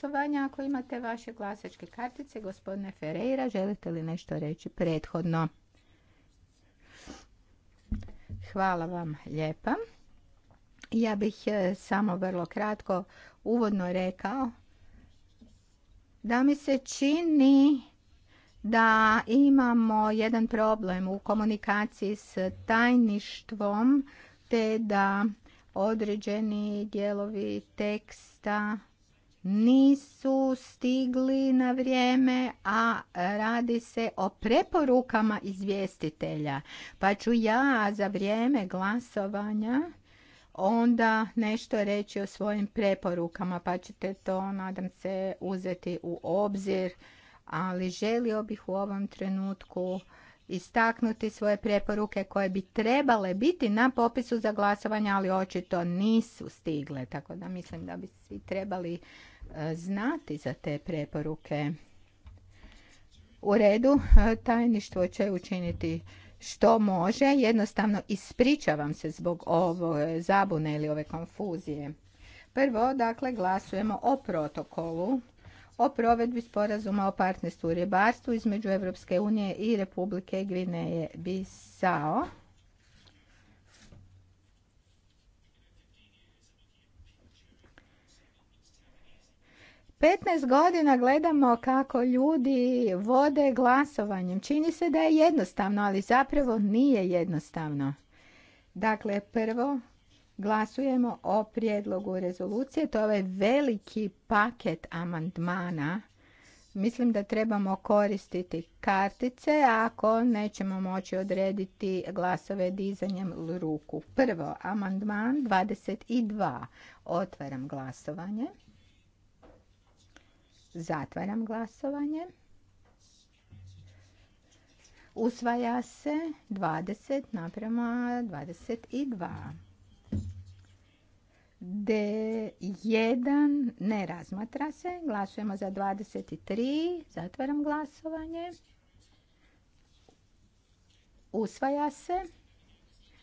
glasovanja. Ako imate vaše glasačke kartice, gospodine Ferreira, želite li nešto reći prethodno? Hvala vam lijepa. Ja bih e, samo vrlo kratko uvodno rekao da mi se čini da imamo jedan problem u komunikaciji s tajništvom te da određeni dijelovi teksta nisu stigli na vrijeme, a e, radi se o preporukama izvjestitelja. Pa ću ja za vrijeme glasovanja onda nešto reći o svojim preporukama, pa ćete to, nadam se, uzeti u obzir. Ali želio bih u ovom trenutku istaknuti svoje preporuke koje bi trebale biti na popisu za glasovanje, ali očito nisu stigle. Tako da mislim da bi svi trebali znati za te preporuke. U redu, e, tajništvo će učiniti što može. Jednostavno ispričavam se zbog ove zabune ili ove konfuzije. Prvo, dakle, glasujemo o protokolu o provedbi sporazuma o partnerstvu u ribarstvu između Europske unije i Republike Gvineje Bisao. 15 godina gledamo kako ljudi vode glasovanjem. Čini se da je jednostavno, ali zapravo nije jednostavno. Dakle, prvo glasujemo o prijedlogu rezolucije. To je ovaj veliki paket amandmana. Mislim da trebamo koristiti kartice ako nećemo moći odrediti glasove dizanjem ruku. Prvo, amandman 22. Otvaram glasovanje. Zatvaram glasovanje. Usvaja se 20 naprema 22. D1 ne razmatra se. Glasujemo za 23. Zatvaram glasovanje. Usvaja se.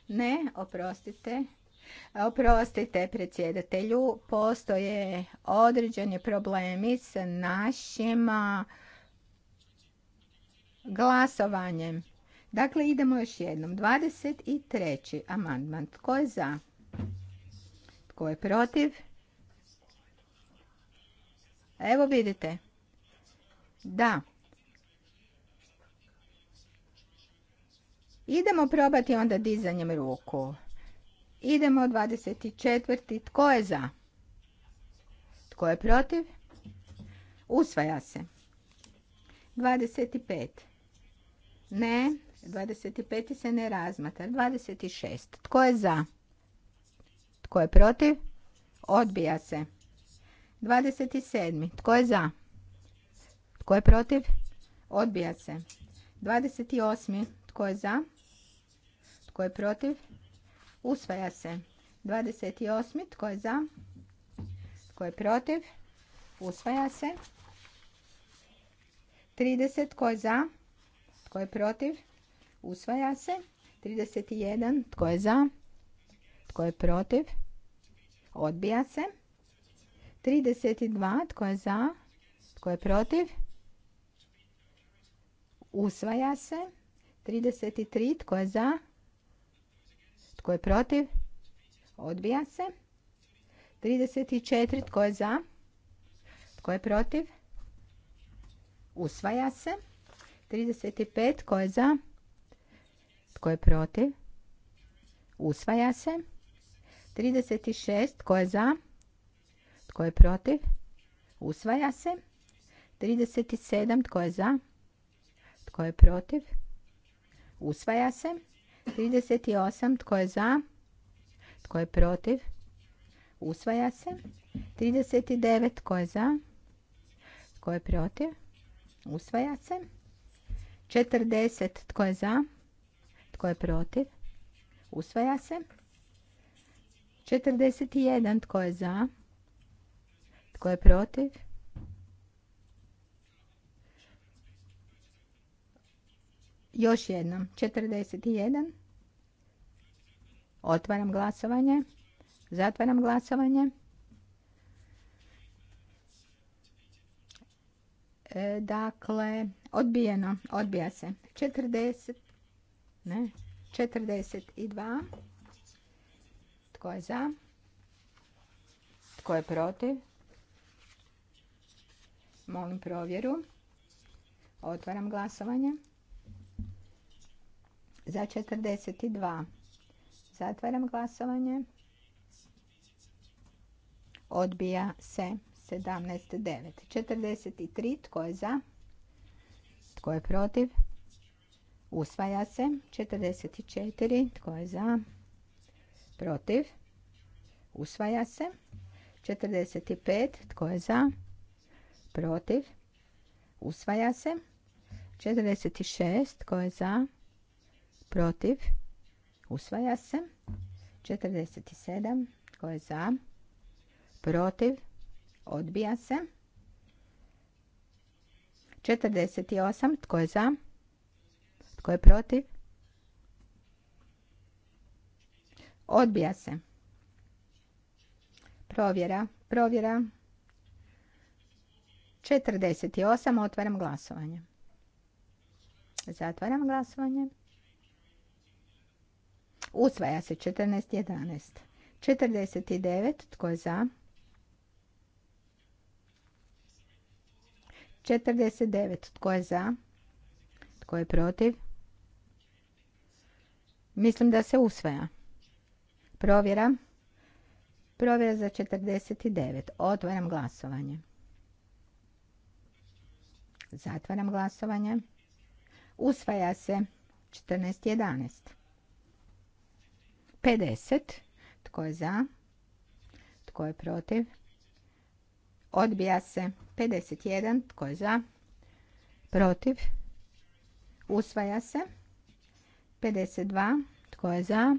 Ne, oprostite. Oprostite predsjedatelju, postoje određeni problemi s našim glasovanjem. Dakle, idemo još jednom. 23. amandman. Tko je za? Tko je protiv? Evo vidite. Da. Idemo probati onda dizanjem ruku. Idemo 24. Tko je za? Tko je protiv? Usvaja se. 25. Ne, 25. se ne razmata. 26. Tko je za? Tko je protiv? Odbija se. 27. Tko je za? Tko je protiv? Odbija se. 28. Tko je za? Tko je protiv? Usvaja se. 28. Tko je za? Tko je protiv? Usvaja se. 30. Tko je za? Tko je protiv? Usvaja se. 31. Tko je za? Tko je protiv? Odbija se. 32. Tko je za? Tko je protiv? Usvaja se. 33. Tko je za? Tko je protiv? Odbija se. 34. Tko je za? Tko je protiv? Usvaja se. 35. Tko je za? Tko je protiv? Usvaja se. 36. Tko je za? Tko je protiv? Usvaja se. 37. Tko je za? Tko je protiv? Usvaja se. 38. Tko je za? Tko je protiv? Usvaja se. 39. Tko je za? Tko je protiv? Usvaja se. 40. Tko je za? Tko je protiv? Usvaja se. 41. Tko je za? Tko je protiv? Još jednom, 41. Otvaram glasovanje. Zatvaram glasovanje. E, dakle, odbijeno, odbija se. 40, ne, 42. Tko je za? Tko je protiv? Molim provjeru. Otvaram glasovanje. Za 42. Zatvaram glasovanje. Odbija se 17.9. 43. Tko je za? Tko je protiv? Usvaja se. 44. Tko je za? Protiv? Usvaja se. 45. Tko je za? Protiv? Usvaja se. 46. Tko je za? protiv, usvaja se. 47, tko je za, protiv, odbija se. 48, tko je za, tko je protiv, odbija se. Provjera, provjera. 48, otvaram glasovanje. Zatvaram glasovanje. Usvaja se 14.11. 49. Tko je za? 49. Tko je za? Tko je protiv? Mislim da se usvaja. Provjera. Provjera za 49. Otvaram glasovanje. Zatvaram glasovanje. Usvaja se 14.11. 50. Tko je za? Tko je protiv? Odbija se. 51. Tko je za? Protiv? Usvaja se. 52. Tko je za?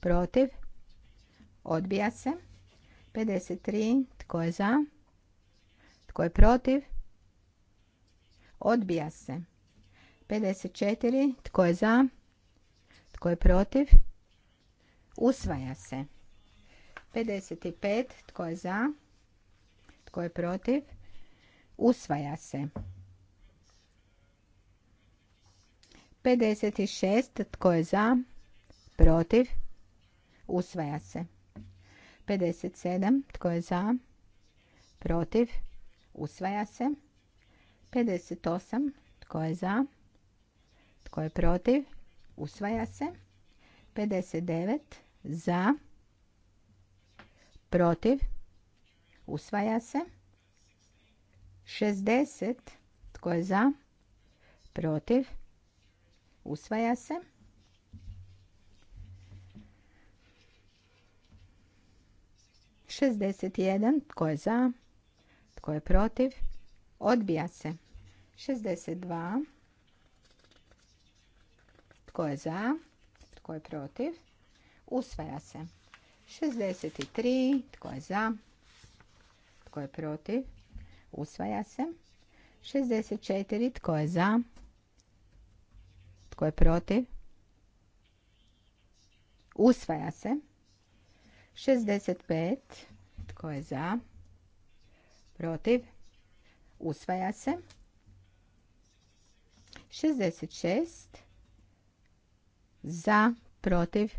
Protiv? Odbija se. 53. Tko je za? Tko je protiv? Odbija se. 54. Tko je za? Tko je protiv? Usvaja se. 55. Tko je za? Tko je protiv? Usvaja se. 56. Tko je za? Protiv? Usvaja se. 57. Tko je za? Protiv? Usvaja se. 58. Tko je za? Tko je protiv? Usvaja se. 59 za, protiv, usvaja se. 60, tko je za, protiv, usvaja se. Šestdeset jedan, tko je za, tko je protiv, odbija se. Šestdeset dva, tko je za, tko je protiv, Usvaja se. 63. Tko je za? Tko je protiv? Usvaja se. 64. Tko je za? Tko je protiv? Usvaja se. 65. Tko je za? Protiv? Usvaja se. 66. Za, protiv,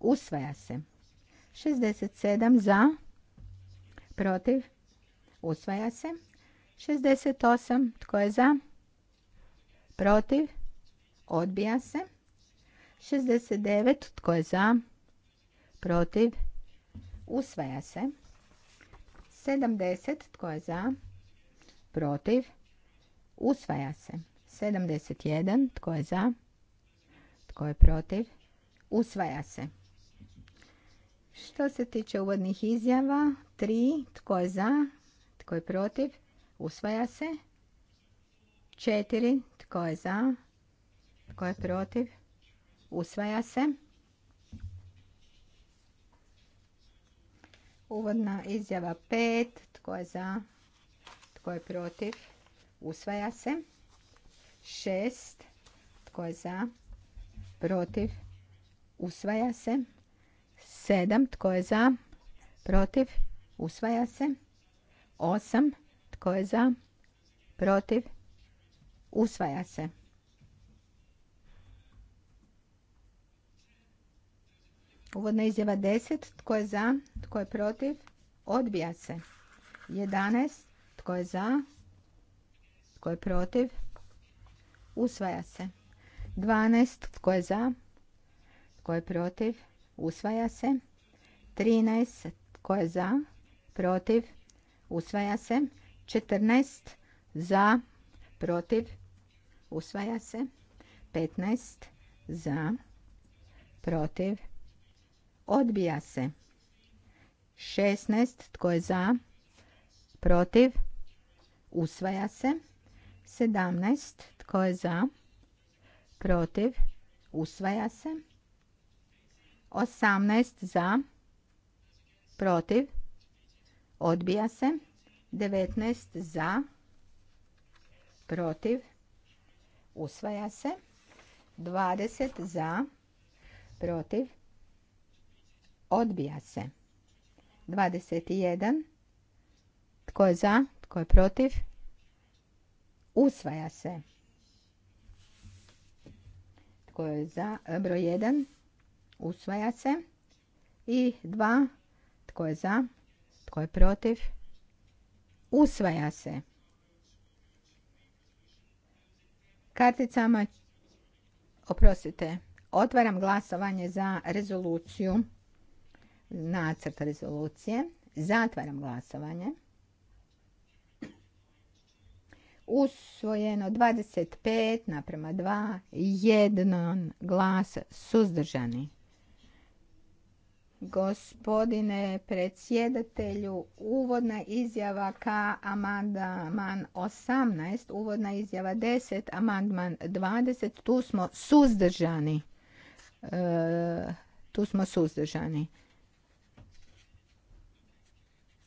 Usvaja se. 67 za. Protiv. Usvaja se. 68. Tko je za? Protiv. Odbija se. 69. Tko je za? Protiv. Usvaja se. 70. Tko je za? Protiv. Usvaja se. 71. Tko je za? Tko je protiv? Usvaja se. Što se tiče uvodnih izjava, 3. Tko je za? Tko je protiv? Usvaja se. Četiri, Tko je za? Tko je protiv? Usvaja se. Uvodna izjava pet, Tko je za? Tko je protiv? Usvaja se. Šest, Tko je za? Protiv? Usvaja se. Sedam, Tko je za? Protiv? Usvaja se. Osam, Tko je za? Protiv? Usvaja se. Uvodna izjava 10. Tko je za? Tko je protiv? Odbija se. 11. Tko je za? Tko je protiv? Usvaja se. 12. Tko je za? Tko je protiv? usvaja se. 13 tko je za, protiv, usvaja se. 14 za, protiv, usvaja se. 15 za, protiv, odbija se. 16 tko je za, protiv, usvaja se. 17 tko je za, protiv, usvaja se. 18 za, protiv, odbija se. 19 za, protiv, usvaja se. 20 za, protiv, odbija se. 21. Tko je za? Tko je protiv? Usvaja se. Tko je za? Broj 1 usvaja se. I dva. tko je za, tko je protiv, usvaja se. Karticama, oprostite, otvaram glasovanje za rezoluciju, nacrt rezolucije. Zatvaram glasovanje. Usvojeno 25 naprema 2, jedan glas suzdržani. Gospodine predsjedatelju, uvodna izjava K, amandman 18, uvodna izjava 10, amandman 20, tu smo suzdržani. E, tu smo suzdržani.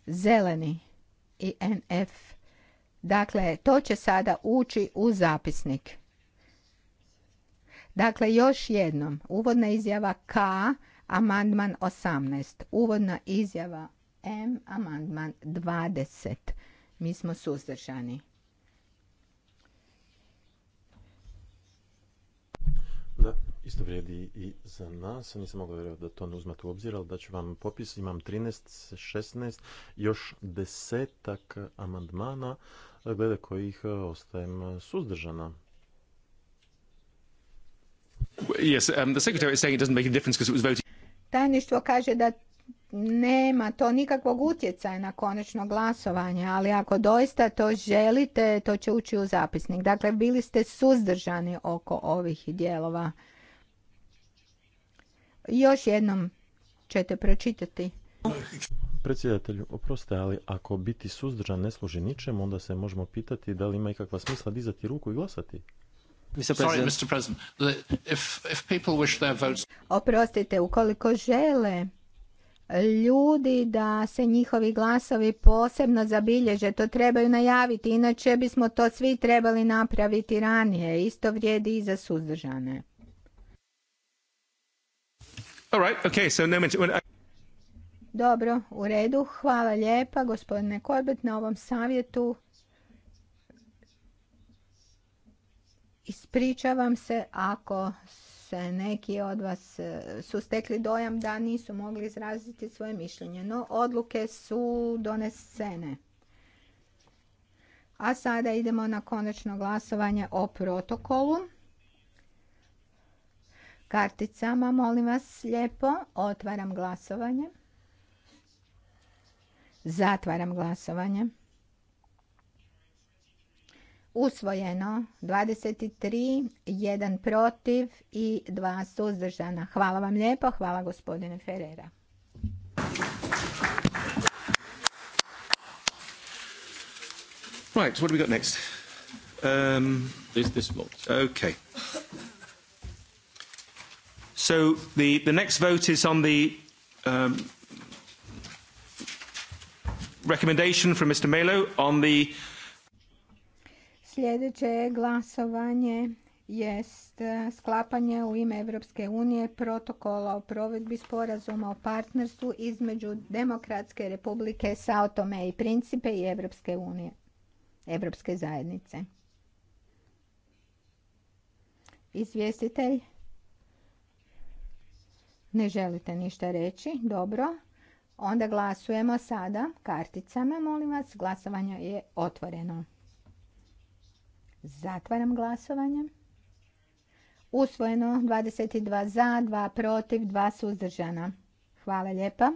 Zeleni i NF. Dakle, to će sada ući u zapisnik. Dakle, još jednom, uvodna izjava K, Amandman 18. Uvodna izjava M. Amandman 20. Mi smo suzdržani. Da, isto vrijedi i za nas. Nisam mogla vjerovati da to ne uzmate u obzir, ali da ću vam popis. Imam 13, 16, još desetak amandmana glede kojih e, ostajem suzdržana. Yes, um, the secretary Tajništvo kaže da nema to nikakvog utjecaja na konačno glasovanje, ali ako doista to želite, to će ući u zapisnik. Dakle, bili ste suzdržani oko ovih dijelova. Još jednom ćete pročitati. Predsjedatelju, oproste, ali ako biti suzdržan ne služi ničemu, onda se možemo pitati da li ima ikakva smisla dizati ruku i glasati. Oprostite, ukoliko žele ljudi da se njihovi glasovi posebno zabilježe, to trebaju najaviti, inače bismo to svi trebali napraviti ranije. Isto vrijedi i za suzdržane. Dobro, u redu. Hvala lijepa gospodine Korbet na ovom savjetu. Ispričavam se ako se neki od vas e, su stekli dojam da nisu mogli izraziti svoje mišljenje, no odluke su donesene. A sada idemo na konačno glasovanje o protokolu. Karticama, molim vas lijepo, otvaram glasovanje. Zatvaram glasovanje usvojeno 23, 1 protiv i 2 suzdržana. Hvala vam lijepo, hvala gospodine Ferrera. Right, what have we got next? Um, this, this vote. Okay. So the, the next vote is on the um, recommendation from Mr. Melo on the Sljedeće glasovanje jest e, sklapanje u ime Europske unije protokola o provedbi sporazuma o partnerstvu između Demokratske republike Sao Tome i Principe i Europske unije, Europske zajednice. Izvjestitelj? Ne želite ništa reći? Dobro. Onda glasujemo sada karticama, molim vas. Glasovanje je otvoreno. Zatvaram glasovanje. Usvojeno 22 za, 2 protiv, 2 suzdržana. Hvala lijepa.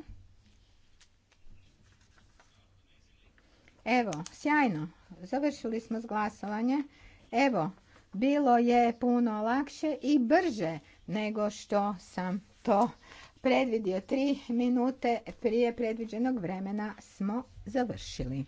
Evo, sjajno. Završili smo s glasovanje. Evo, bilo je puno lakše i brže nego što sam to predvidio. Tri minute prije predviđenog vremena smo završili.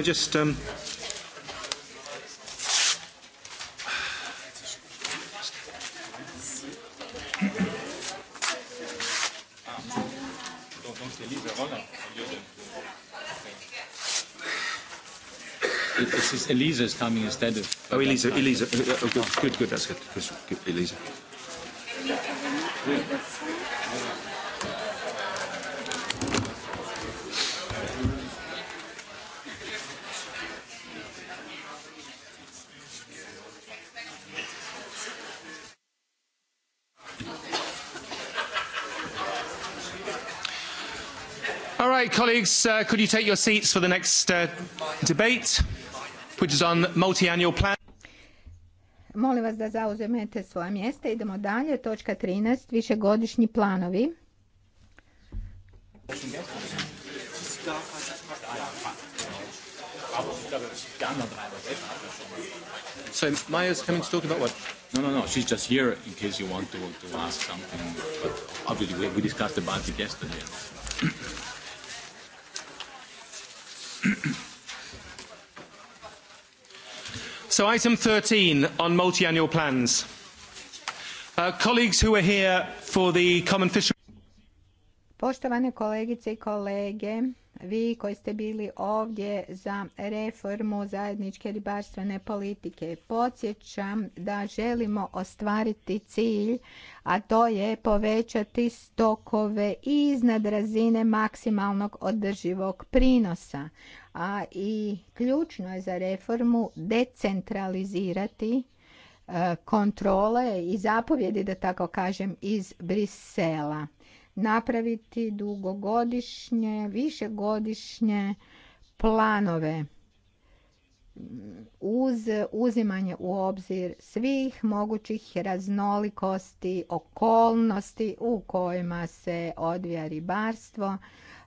I just um, This is Elisa is coming instead of. Oh, Elisa, Elisa. Uh, uh, oh, good, good, good. That's good. Good, Elisa. colleagues, uh, could you take your seats for the next uh, debate, which is on multi-annual plan? Molim vas da zauzmete svoje mjesta. Idemo dalje. Točka 13. Višegodišnji planovi. So Maya's coming to talk about what? No, no, no. She's just here in case you want to, to ask something. But obviously, we, we discussed about it yesterday. so item on plans uh, colleagues Poštovane kolegice i kolege, vi koji ste bili ovdje za reformu zajedničke ribarstvene politike, podsjećam da želimo ostvariti cilj, a to je povećati stokove iznad razine maksimalnog održivog prinosa a i ključno je za reformu decentralizirati e, kontrole i zapovjedi, da tako kažem, iz Brisela. Napraviti dugogodišnje, višegodišnje planove uz uzimanje u obzir svih mogućih raznolikosti, okolnosti u kojima se odvija ribarstvo,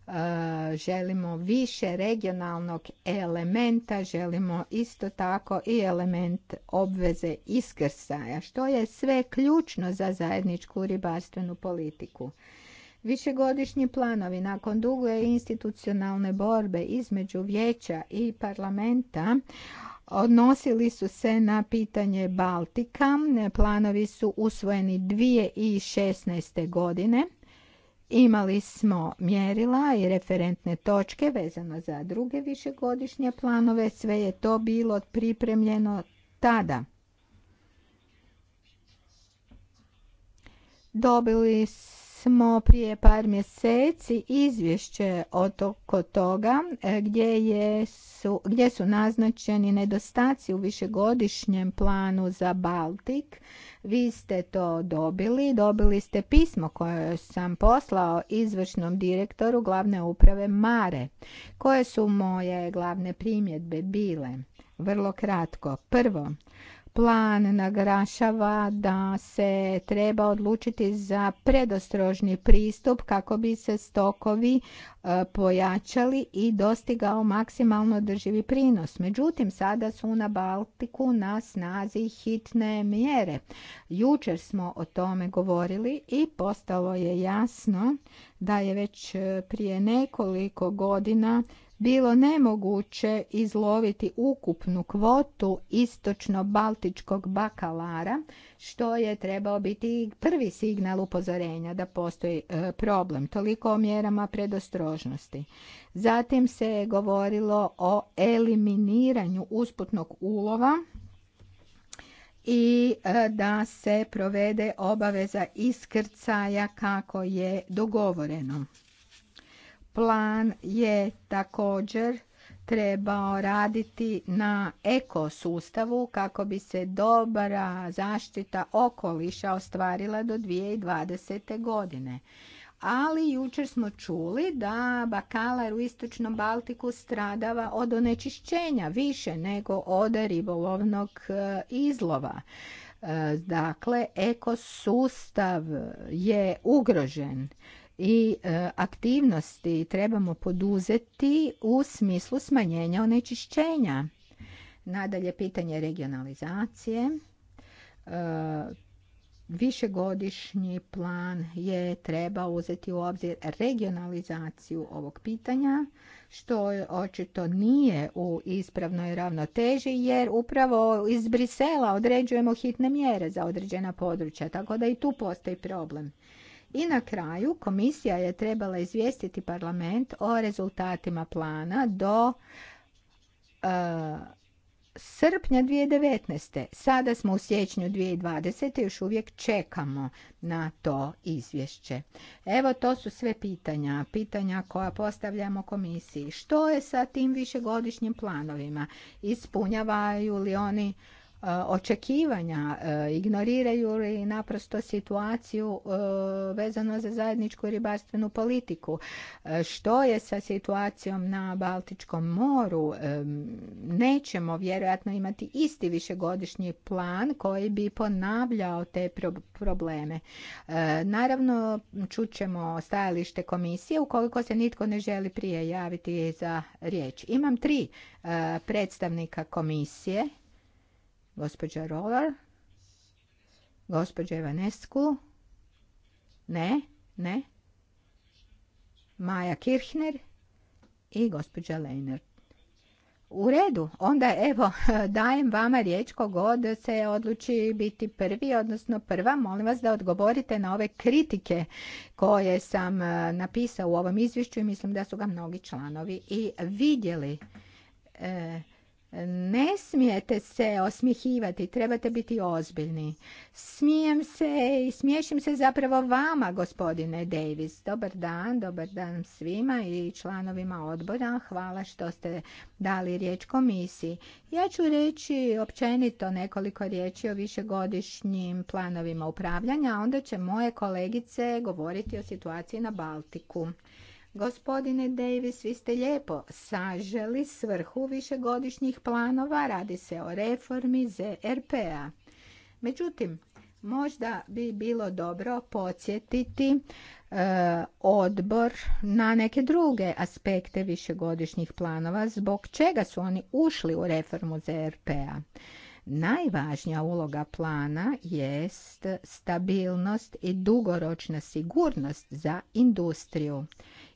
E, želimo više regionalnog elementa, želimo isto tako i element obveze iskrsaja, što je sve ključno za zajedničku ribarstvenu politiku. Višegodišnji planovi nakon duge institucionalne borbe između vijeća i parlamenta odnosili su se na pitanje Baltika. Planovi su usvojeni 2016. godine Imali smo mjerila i referentne točke vezano za druge višegodišnje planove. Sve je to bilo pripremljeno tada. Dobili smo smo prije par mjeseci izvješće oko toga e, gdje, je su, gdje su naznačeni nedostaci u višegodišnjem planu za Baltik. Vi ste to dobili, dobili ste pismo koje sam poslao izvršnom direktoru glavne uprave Mare. Koje su moje glavne primjedbe bile? Vrlo kratko. Prvo, plan naglašava da se treba odlučiti za predostrožni pristup kako bi se stokovi e, pojačali i dostigao maksimalno drživi prinos. Međutim, sada su na Baltiku na snazi hitne mjere. Jučer smo o tome govorili i postalo je jasno da je već e, prije nekoliko godina bilo nemoguće izloviti ukupnu kvotu istočno-baltičkog bakalara, što je trebao biti prvi signal upozorenja da postoji e, problem. Toliko o mjerama predostrožnosti. Zatim se je govorilo o eliminiranju usputnog ulova i e, da se provede obaveza iskrcaja kako je dogovoreno plan je također trebao raditi na ekosustavu kako bi se dobra zaštita okoliša ostvarila do 2020. godine. Ali jučer smo čuli da bakalar u istočnom Baltiku stradava od onečišćenja više nego od ribolovnog e, izlova. E, dakle, ekosustav je ugrožen i e, aktivnosti trebamo poduzeti u smislu smanjenja onečišćenja. Nadalje, pitanje regionalizacije. E, višegodišnji plan je treba uzeti u obzir regionalizaciju ovog pitanja, što očito nije u ispravnoj ravnoteži, jer upravo iz Brisela određujemo hitne mjere za određena područja, tako da i tu postoji problem. I na kraju komisija je trebala izvijestiti parlament o rezultatima plana do e, srpnja 2019. Sada smo u siječnju 2020. još uvijek čekamo na to izvješće. Evo to su sve pitanja, pitanja koja postavljamo komisiji. Što je sa tim višegodišnjim planovima? Ispunjavaju li oni očekivanja, e, ignoriraju li naprosto situaciju e, vezano za zajedničku ribarstvenu politiku. E, što je sa situacijom na Baltičkom moru? Nećemo vjerojatno imati isti višegodišnji plan koji bi ponavljao te probleme. Naravno, čućemo stajalište komisije ukoliko se nitko ne želi prije javiti za riječ. Imam tri predstavnika komisije Gospođa Rolar? Gospođa Evanescu? Ne, ne. Maja Kirchner i gospođa Lejner. U redu, onda evo dajem vama riječ kogod se odluči biti prvi, odnosno prva. Molim vas da odgovorite na ove kritike koje sam e, napisao u ovom izvješću i mislim da su ga mnogi članovi i vidjeli. E, ne smijete se osmihivati, trebate biti ozbiljni. Smijem se i smiješim se zapravo vama, gospodine Davis. Dobar dan, dobar dan svima i članovima odbora. Hvala što ste dali riječ komisiji. Ja ću reći općenito nekoliko riječi o višegodišnjim planovima upravljanja, a onda će moje kolegice govoriti o situaciji na Baltiku. Gospodine Davis, vi ste lijepo saželi svrhu višegodišnjih planova, radi se o reformi ZRP-a. Međutim, možda bi bilo dobro podsjetiti e, odbor na neke druge aspekte višegodišnjih planova, zbog čega su oni ušli u reformu ZRP-a. Najvažnija uloga plana jest stabilnost i dugoročna sigurnost za industriju.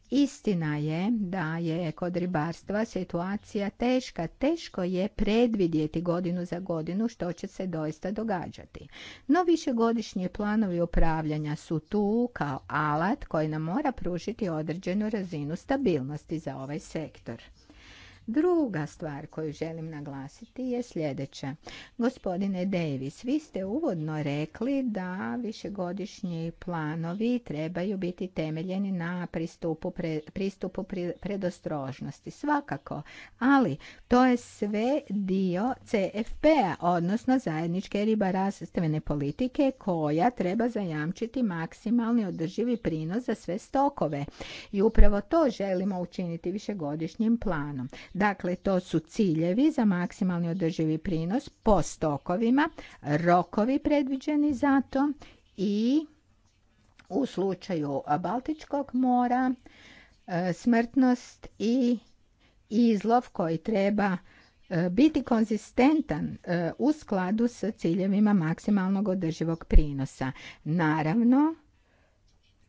Istina je da je kod ribarstva situacija teška. Teško je predvidjeti godinu za godinu što će se doista događati. No višegodišnji planovi upravljanja su tu kao alat koji nam mora pružiti određenu razinu stabilnosti za ovaj sektor. Druga stvar koju želim naglasiti je sljedeća. Gospodine Davis, vi ste uvodno rekli da višegodišnji planovi trebaju biti temeljeni na pristupu, pre, predostrožnosti. Svakako, ali to je sve dio CFP-a, odnosno zajedničke ribarastvene politike koja treba zajamčiti maksimalni održivi prinos za sve stokove. I upravo to želimo učiniti višegodišnjim planom. Dakle, to su ciljevi za maksimalni održivi prinos po stokovima, rokovi predviđeni za to i u slučaju Baltičkog mora e, smrtnost i izlov koji treba e, biti konzistentan e, u skladu s ciljevima maksimalnog održivog prinosa. Naravno,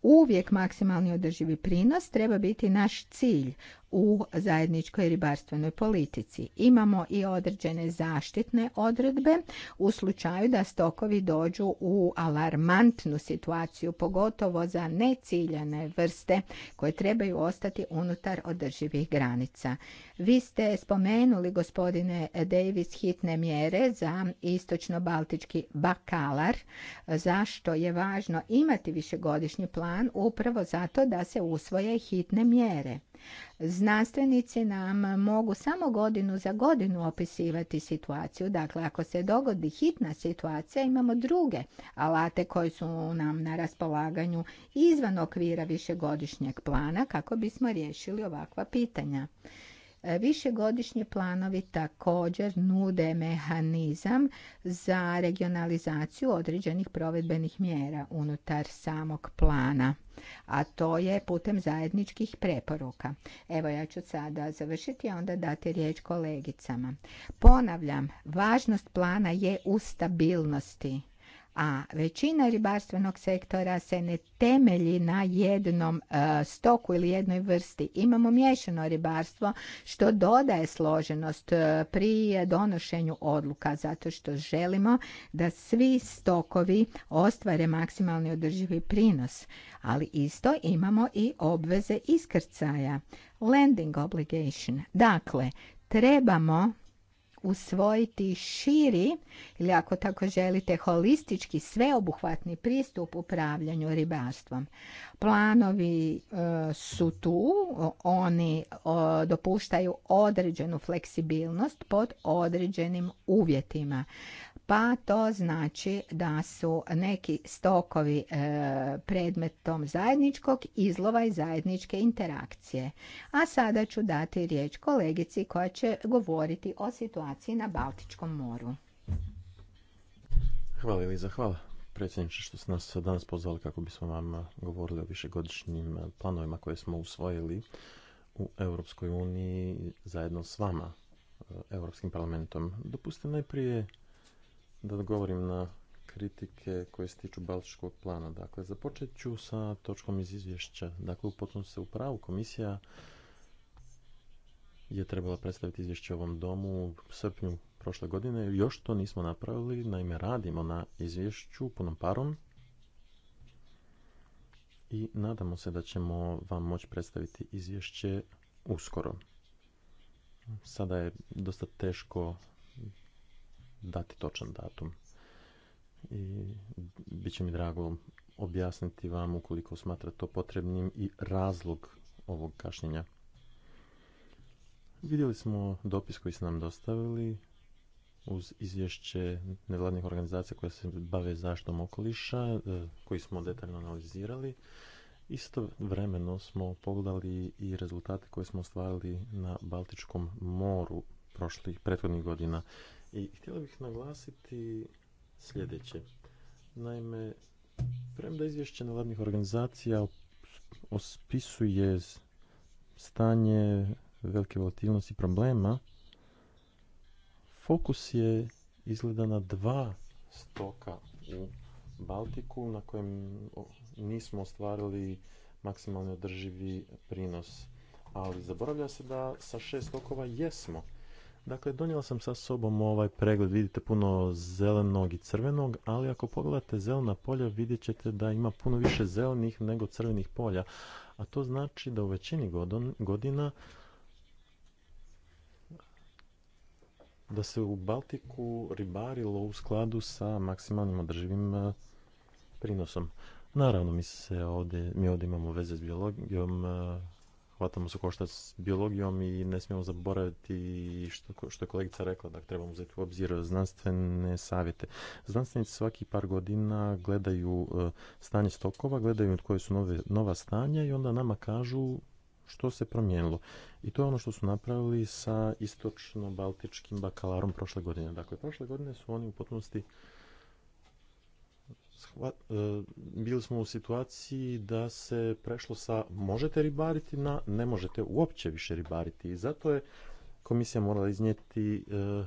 uvijek maksimalni održivi prinos treba biti naš cilj u zajedničkoj ribarstvenoj politici. Imamo i određene zaštitne odredbe u slučaju da stokovi dođu u alarmantnu situaciju, pogotovo za neciljane vrste koje trebaju ostati unutar održivih granica. Vi ste spomenuli, gospodine Davis, hitne mjere za istočno-baltički bakalar. Zašto je važno imati višegodišnji plan? Upravo zato da se usvoje hitne mjere. Znanstvenici nam mogu samo godinu za godinu opisivati situaciju. Dakle, ako se dogodi hitna situacija, imamo druge alate koji su nam na raspolaganju izvan okvira višegodišnjeg plana kako bismo riješili ovakva pitanja. E, višegodišnji planovi također nude mehanizam za regionalizaciju određenih provedbenih mjera unutar samog plana a to je putem zajedničkih preporuka. Evo ja ću sada završiti, a onda dati riječ kolegicama. Ponavljam, važnost plana je u stabilnosti a većina ribarstvenog sektora se ne temelji na jednom e, stoku ili jednoj vrsti. Imamo miješano ribarstvo što dodaje složenost e, pri donošenju odluka zato što želimo da svi stokovi ostvare maksimalni održivi prinos, ali isto imamo i obveze iskrcaja, Lending obligation. Dakle, trebamo usvojiti širi ili ako tako želite holistički sveobuhvatni pristup upravljanju ribarstvom. Planovi e, su tu, oni dopuštaju određenu fleksibilnost pod određenim uvjetima pa to znači da su neki stokovi e, predmetom zajedničkog izlova i zajedničke interakcije. A sada ću dati riječ kolegici koja će govoriti o situaciji na Baltičkom moru. Hvala Eliza, hvala predsjedniče što ste nas danas pozvali kako bismo vam govorili o višegodišnjim planovima koje smo usvojili u Europskoj uniji zajedno s vama, e, Europskim parlamentom. Dopustite najprije da odgovorim na kritike koje se tiču baltičkog plana. Dakle, započet ću sa točkom iz izvješća. Dakle, u se u pravu komisija je trebala predstaviti izvješće ovom domu u srpnju prošle godine. Još to nismo napravili, naime radimo na izvješću punom parom i nadamo se da ćemo vam moći predstaviti izvješće uskoro. Sada je dosta teško dati točan datum. I bit će mi drago objasniti vam ukoliko smatra to potrebnim i razlog ovog kašnjenja. Vidjeli smo dopis koji ste nam dostavili uz izvješće nevladnih organizacija koje se bave zaštom okoliša, e, koji smo detaljno analizirali. Isto vremeno smo pogledali i rezultate koje smo ostvarili na Baltičkom moru prošlih prethodnih godina i htjela bih naglasiti sljedeće. Naime, premda izvješće nevladnih organizacija ospisuje stanje velike volatilnosti problema, fokus je izgleda na dva stoka u Baltiku na kojem nismo ostvarili maksimalno održivi prinos. Ali zaboravlja se da sa šest stokova jesmo. Dakle, donijela sam sa sobom ovaj pregled, vidite puno zelenog i crvenog, ali ako pogledate zelena polja vidjet ćete da ima puno više zelenih nego crvenih polja. A to znači da u većini godina da se u Baltiku ribarilo u skladu sa maksimalnim održivim e, prinosom. Naravno, mi, se mi ovdje imamo veze s biologijom, e, hvatamo se koštac s biologijom i ne smijemo zaboraviti što, što je kolegica rekla, da trebamo uzeti u obzir znanstvene savjete. Znanstvenici svaki par godina gledaju e, stanje stokova, gledaju koje su nove, nova stanja i onda nama kažu što se promijenilo. I to je ono što su napravili sa istočno-baltičkim bakalarom prošle godine. Dakle, prošle godine su oni u potpunosti E, bili smo u situaciji da se prešlo sa možete ribariti na ne možete uopće više ribariti i zato je komisija morala iznijeti e,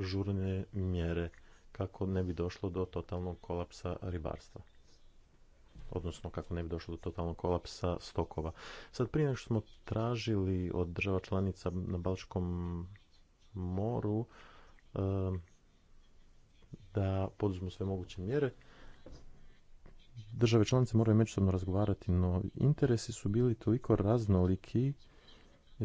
žurne mjere kako ne bi došlo do totalnog kolapsa ribarstva odnosno kako ne bi došlo do totalnog kolapsa stokova. Sad prije nego što smo tražili od država članica na Balčkom moru e, da poduzmu sve moguće mjere, države članice moraju međusobno razgovarati, no interesi su bili toliko raznoliki. E,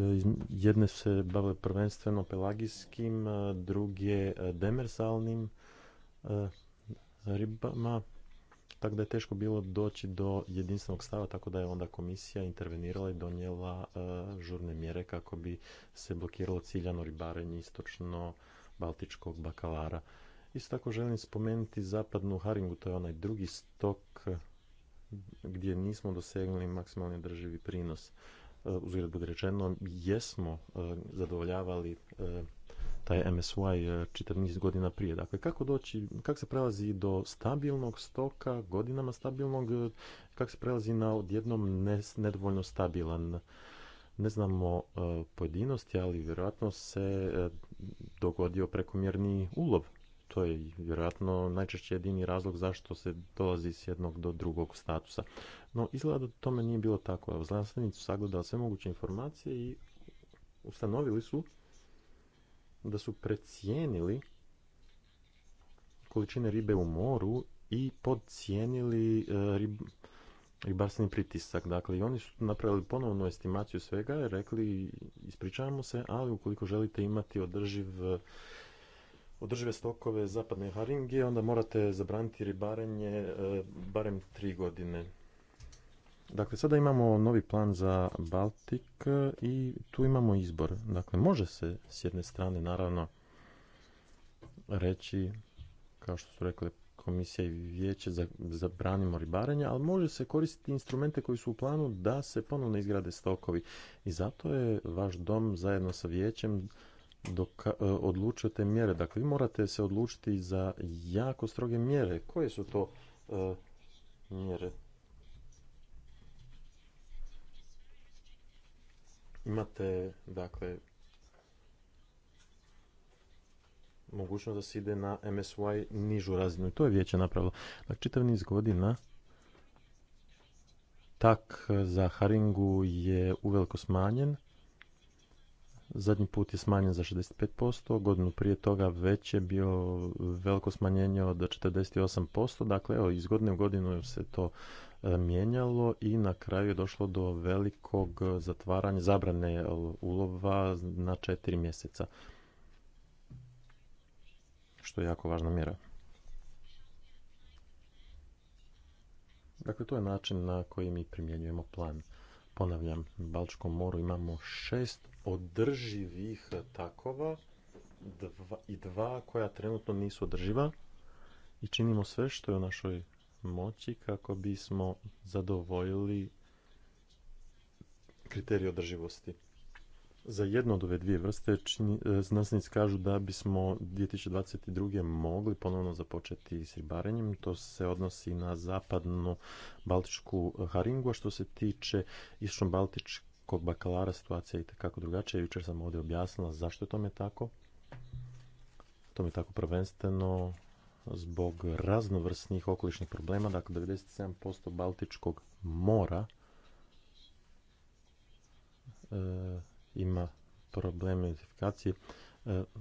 jedne se bavile prvenstveno pelagijskim, e, druge e, demersalnim ribama, tako da je teško bilo doći do jedinstvenog stava, tako da je onda komisija intervenirala i donijela žurne mjere kako bi se blokiralo ciljano ribarenje istočno baltičkog bakalara. Isto tako želim spomenuti zapadnu haringu, to je onaj drugi stok eh, gdje nismo dosegnuli maksimalni drživi prinos. Eh, Uzgled bude rečeno, jesmo eh, zadovoljavali taj MSY 14 godina prije. Dakle, kako doći, kako se prelazi do stabilnog stoka, godinama stabilnog, kako se prelazi na odjednom nedovoljno stabilan ne znamo pojedinosti, ali vjerojatno se dogodio prekomjerni ulov to je vjerojatno najčešće jedini razlog zašto se dolazi s jednog do drugog statusa. No, izgleda da tome nije bilo tako. Znanstvenici su sagledali sve moguće informacije i ustanovili su da su precijenili količine ribe u moru i podcijenili e, rib, ribarstveni pritisak. Dakle, i oni su napravili ponovnu estimaciju svega, rekli ispričavamo se, ali ukoliko želite imati održiv održive stokove zapadne haringe, onda morate zabraniti ribarenje e, barem tri godine. Dakle, sada imamo novi plan za Baltik e, i tu imamo izbor. Dakle, može se s jedne strane naravno reći, kao što su rekli komisija i vijeće, zabranimo ribarenje, ali može se koristiti instrumente koji su u planu da se ponovno izgrade stokovi. I zato je vaš dom zajedno sa vijećem dok e, mjere. Dakle, vi morate se odlučiti za jako stroge mjere. Koje su to e, mjere? Imate, dakle, mogućnost da se ide na MSY nižu razinu. I To je vijeće napravilo. Dakle, čitav niz godina tak za Haringu je uveliko smanjen zadnji put je smanjen za 65%, godinu prije toga već je bio veliko smanjenje od 48%, dakle evo, iz godine u godinu se to e, mijenjalo i na kraju je došlo do velikog zatvaranja zabrane e, ulova na četiri mjeseca. Što je jako važna mjera. Dakle, to je način na koji mi primjenjujemo plan. Ponavljam, u Balčkom moru imamo šest održivih takova dva, i dva koja trenutno nisu održiva i činimo sve što je u našoj moći kako bismo zadovoljili kriterije održivosti. Za jednu od ove dvije vrste čini, e, znanstvenici kažu da bismo 2022. mogli ponovno započeti s ribarenjem. To se odnosi na zapadnu baltičku haringu, a što se tiče istočno baltičkog bakalara situacija je itekako drugačija. Jučer sam ovdje objasnila zašto je tome tako. to je tako prvenstveno zbog raznovrsnih okolišnih problema. Dakle, 97% baltičkog mora e, ima probleme identifikacije.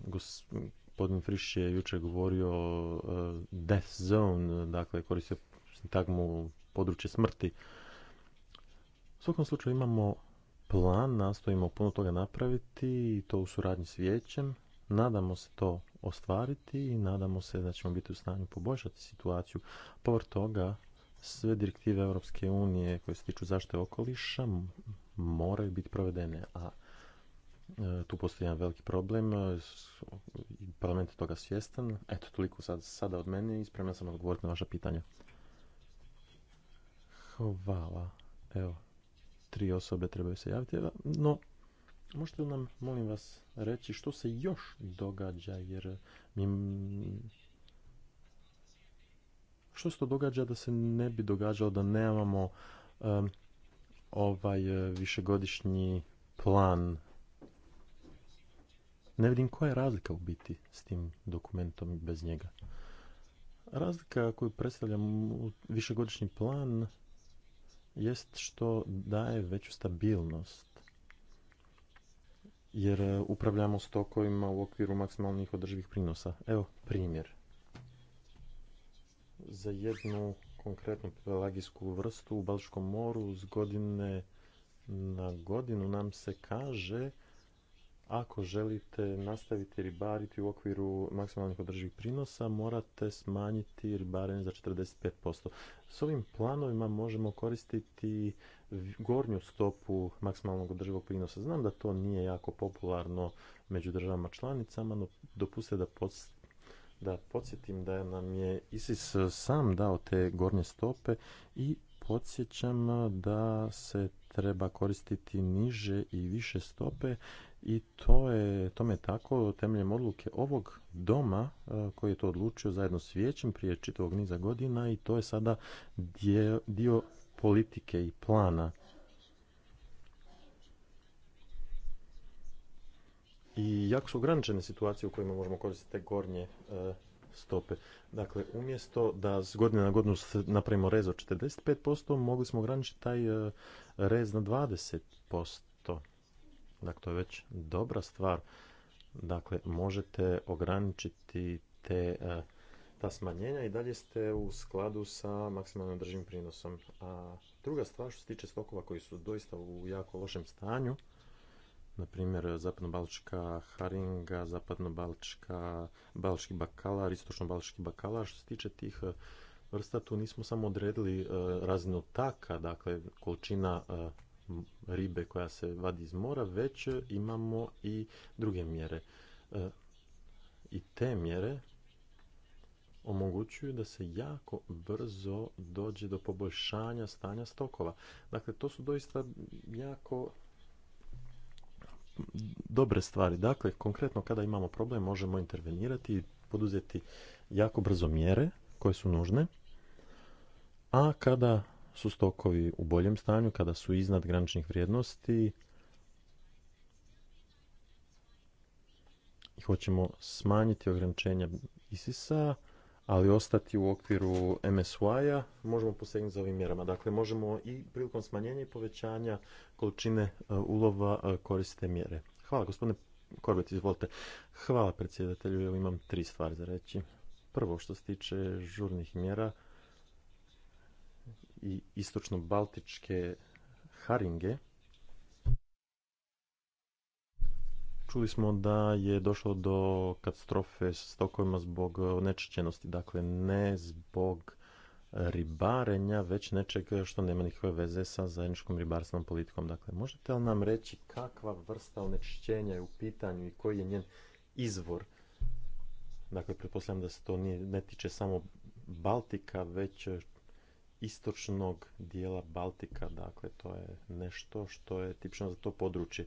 Gospodin Friš je jučer govorio o e, death zone, dakle koristio sintagmu područje smrti. U svakom slučaju imamo plan, nastojimo puno toga napraviti i to u suradnji s vijećem. Nadamo se to ostvariti i nadamo se da ćemo biti u stanju poboljšati situaciju. Povr toga, sve direktive Europske unije koje se tiču zaštite okoliša moraju biti provedene, a E, tu postoji jedan veliki problem, e, parlament je toga svjestan. Eto, toliko sad, sada od mene i spreman sam odgovoriti na vaša pitanja. Hvala. Evo, tri osobe trebaju se javiti, no možete li nam, molim vas, reći što se još događa, jer mi... Što se to događa da se ne bi događalo da nemamo ovaj e, višegodišnji plan ne vidim koja je razlika u biti s tim dokumentom bez njega. Razlika koju predstavljam u višegodišnji plan jest što daje veću stabilnost. Jer upravljamo stokovima u okviru maksimalnih održivih prinosa. Evo primjer. Za jednu konkretnu pelagijsku vrstu u Balškom moru s godine na godinu nam se kaže ako želite nastaviti ribariti u okviru maksimalnih održivih prinosa, morate smanjiti ribarenje za 45%. S ovim planovima možemo koristiti gornju stopu maksimalnog održivog prinosa. Znam da to nije jako popularno među državama članicama, no dopuste da da podsjetim da nam je ISIS sam dao te gornje stope i podsjećam da se treba koristiti niže i više stope i to je tome tako temeljem odluke ovog doma e, koji je to odlučio zajedno s vijećem prije čitavog niza godina i to je sada dio, politike i plana i jako su ograničene situacije u kojima možemo koristiti te gornje e, stope. Dakle, umjesto da s godine na godinu napravimo rez od 45%, mogli smo ograničiti taj e, rez na 20%. Dakle, to je već dobra stvar. Dakle, možete ograničiti te, e, ta smanjenja i dalje ste u skladu sa maksimalno održivim prinosom. A druga stvar što se tiče stokova koji su doista u jako lošem stanju, na primjer zapadno-balčka haringa, zapadno balčki bakalar, istočno-balčki bakalar, što se tiče tih e, vrsta tu nismo samo odredili e, razinu taka, dakle količina ribe koja se vadi iz mora, već imamo i druge mjere. E, I te mjere omogućuju da se jako brzo dođe do poboljšanja stanja stokova. Dakle, to su doista jako dobre stvari. Dakle, konkretno kada imamo problem možemo intervenirati i poduzeti jako brzo mjere koje su nužne. A kada su stokovi u boljem stanju, kada su iznad graničnih vrijednosti i hoćemo smanjiti ograničenja ISIS-a, ali ostati u okviru MSY-a, možemo posegnuti za ovim mjerama. Dakle, možemo i prilikom smanjenja i povećanja količine e, ulova e, koristiti mjere. Hvala, gospodine Korbet, izvolite. Hvala predsjedatelju, jer imam tri stvari za reći. Prvo, što se tiče žurnih mjera, i istočno-baltičke haringe. Čuli smo da je došlo do katastrofe s stokovima zbog onečišćenosti, dakle ne zbog ribarenja, već nečeg što nema nikakve veze sa zajedničkom ribarstvenom politikom. Dakle, možete li nam reći kakva vrsta onečišćenja je u pitanju i koji je njen izvor? Dakle, pretpostavljam da se to ne tiče samo Baltika, već istočnog dijela Baltika, dakle to je nešto što je tipično za to područje.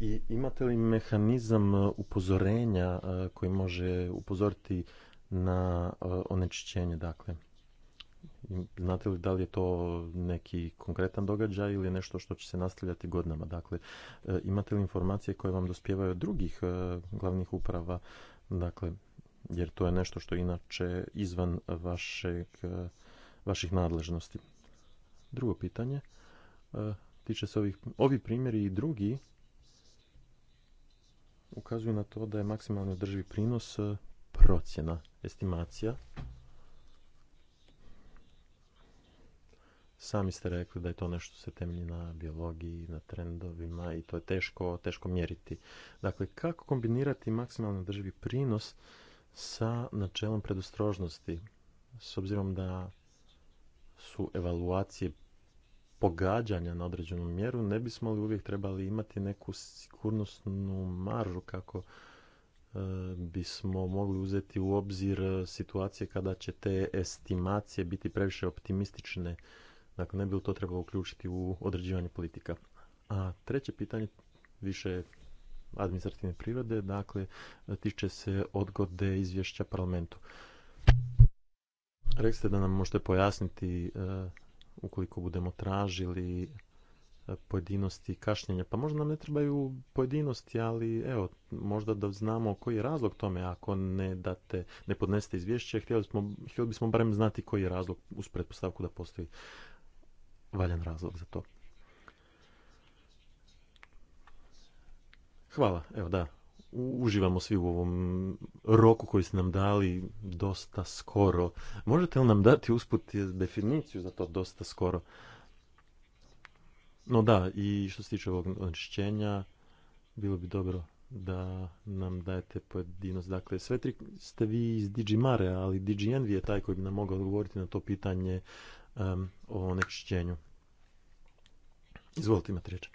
I imate li mehanizam e, upozorenja e, koji može upozoriti na e, onečišćenje, dakle? Znate li da li je to neki konkretan događaj ili nešto što će se nastavljati godinama? Dakle, imate li informacije koje vam dospijevaju od drugih glavnih uprava? Dakle, jer to je nešto što je inače izvan vašeg, e, vaših nadležnosti. Drugo pitanje e, tiče se ovih, ovi primjeri i drugi ukazuju na to da je maksimalni održivi prinos e, procjena, estimacija. Sami ste rekli da je to nešto se temelji na biologiji, na trendovima i to je teško, teško mjeriti. Dakle, kako kombinirati maksimalno održivi prinos sa načelom predostrožnosti s obzirom da su evaluacije pogađanja na određenu mjeru, ne bismo li uvijek trebali imati neku sigurnosnu maržu kako e, bismo mogli uzeti u obzir situacije kada će te estimacije biti previše optimistične. Dakle, ne bi li to trebalo uključiti u određivanje politika. A treće pitanje više administrativne prirode, dakle tiče se odgode izvješća parlamentu. Rekli ste da nam možete pojasniti e, ukoliko budemo tražili e, pojedinosti kašnjenja. Pa možda nam ne trebaju pojedinosti, ali evo, možda da znamo koji je razlog tome. Ako ne date, ne podnesete izvješće, htjeli, smo, htjeli bismo barem znati koji je razlog uz pretpostavku da postoji valjan razlog za to. Hvala, evo da, uživamo svi u ovom roku koji ste nam dali dosta skoro. Možete li nam dati usput definiciju za to dosta skoro? No da, i što se tiče ovog onečišćenja, bilo bi dobro da nam dajete pojedinost. Dakle, sve tri ste vi iz Digimare, ali DigiNV je taj koji bi nam mogao odgovoriti na to pitanje o onečišćenju. Izvolite imati riječ.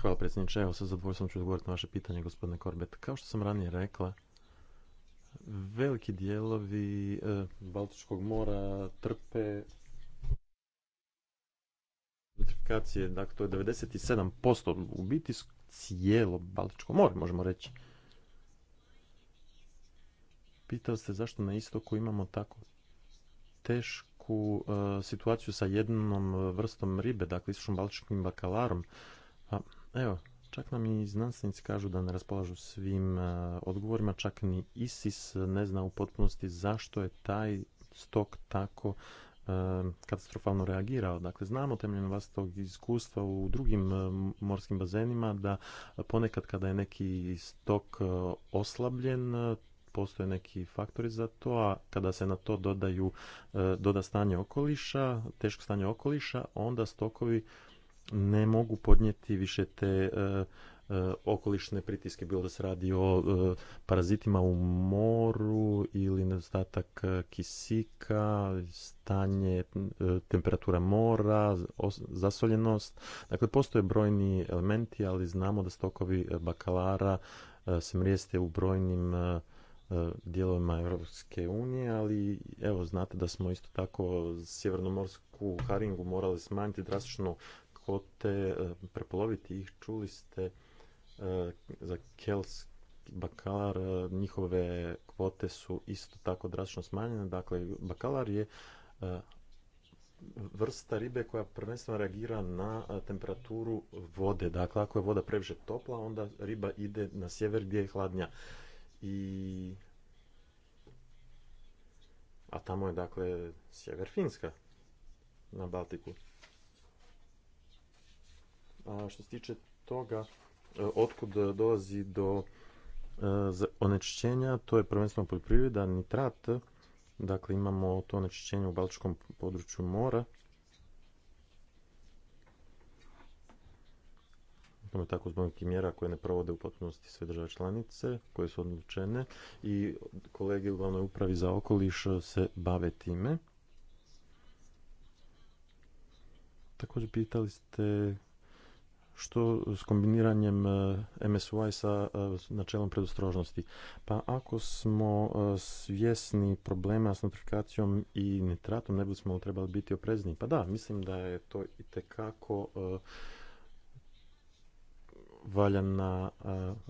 Hvala predsjedniče. Evo sa zadovoljstvom ću odgovoriti na vaše pitanje, gospodine Korbet. Kao što sam ranije rekla, veliki dijelovi e, Baltičkog mora trpe notifikacije, dakle to je 97%, u biti cijelo Baltičko more, možemo reći. Pitao ste zašto na istoku imamo tako tešku e, situaciju sa jednom e, vrstom ribe, dakle istočnom baltičkim bakalarom. Pa, Evo, čak nam i znanstvenici kažu da ne raspolažu svim e, odgovorima, čak ni ISIS ne zna u potpunosti zašto je taj stok tako e, katastrofalno reagirao. Dakle, znamo temeljem tog iskustva u drugim e, morskim bazenima da ponekad kada je neki stok oslabljen, postoje neki faktori za to, a kada se na to dodaju, doda stanje okoliša, teško stanje okoliša, onda stokovi ne mogu podnijeti više te e, e, okolišne pritiske, bilo da se radi o e, parazitima u moru ili nedostatak kisika, stanje temperatura mora, zasoljenost. Dakle, postoje brojni elementi, ali znamo da stokovi bakalara se mrijeste u brojnim dijelovima Europske unije, ali evo znate da smo isto tako sjevernomorsku haringu morali smanjiti drastično kvote, e, prepoloviti ih, čuli ste e, za kelski bakalar, e, njihove kvote su isto tako drastično smanjene, dakle bakalar je vrsta ribe koja prvenstveno reagira na temperaturu vode. Dakle, ako je voda previše topla, onda riba ide na sjever gdje je hladnja. I... A tamo je, dakle, sjever Finska na Baltiku što se tiče toga, e, otkud dolazi do e, onečišćenja, to je prvenstveno poljoprivreda, nitrat, dakle imamo to onečišćenje u baltičkom području mora. Imamo tako zbog nekih mjera koje ne provode u potpunosti sve države članice, koje su odlučene i kolege u glavnoj upravi za okoliš se bave time. Također pitali ste što s kombiniranjem eh, MSY sa eh, načelom predostrožnosti? Pa ako smo eh, svjesni problema s notifikacijom i nitratom, ne bismo trebali biti oprezni. Pa da, mislim da je to i tekako valjan,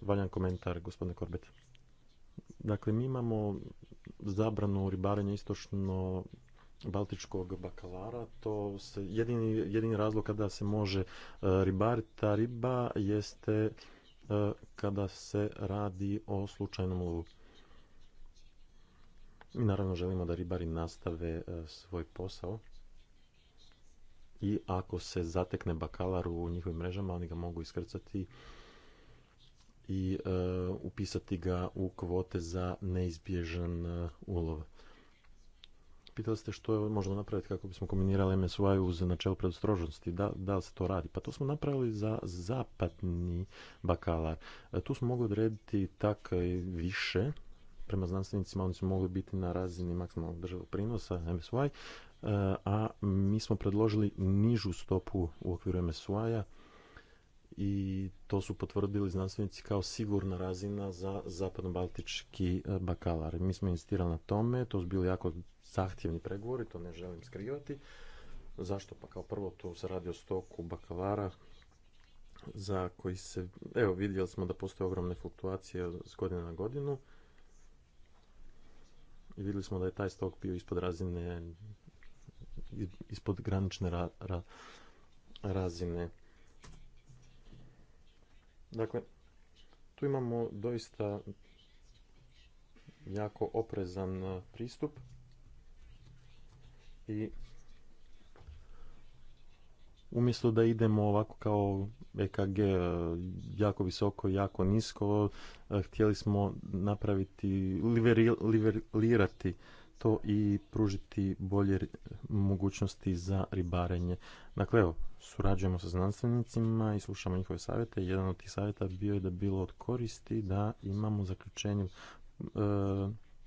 valjan komentar, gospodine Korbet. Dakle, mi imamo zabranu ribarenja istočno baltičkog bakalara, to se jedini, jedini razlog kada se može e, ribariti ta riba jeste e, kada se radi o slučajnom lovu. I naravno želimo da ribari nastave e, svoj posao. I ako se zatekne bakalar u njihovim mrežama, oni ga mogu iskrcati i upisati ga u kvote za neizbježan ulov pitali ste što možda napraviti kako bismo kombinirali MSY uz načelo predostrožnosti. Da, da li se to radi? Pa to smo napravili za zapadni bakalar. E, tu smo mogli odrediti tak više. Prema znanstvenicima oni su mogli biti na razini maksimalnog državog prinosa, MSY, e, a mi smo predložili nižu stopu u okviru MSY-a i to su potvrdili znanstvenici kao sigurna razina za zapadno-baltički e, bakalar. Mi smo insistirali na tome, to su bili jako zahtjevni pregovori, to ne želim skrivati. Zašto? Pa kao prvo tu se radi o stoku bakavara za koji se, evo vidjeli smo da postoje ogromne fluktuacije s godine na godinu i vidjeli smo da je taj stok bio ispod razine ispod granične razine. Dakle, tu imamo doista jako oprezan eh, pristup i umjesto da idemo ovako kao EKG e, jako visoko, jako nisko, e, htjeli smo napraviti, liveri, to i pružiti bolje mogućnosti za ribarenje. Dakle, evo, surađujemo sa znanstvenicima i slušamo njihove savjete. Jedan od tih savjeta bio je da bilo od koristi da imamo zaključenje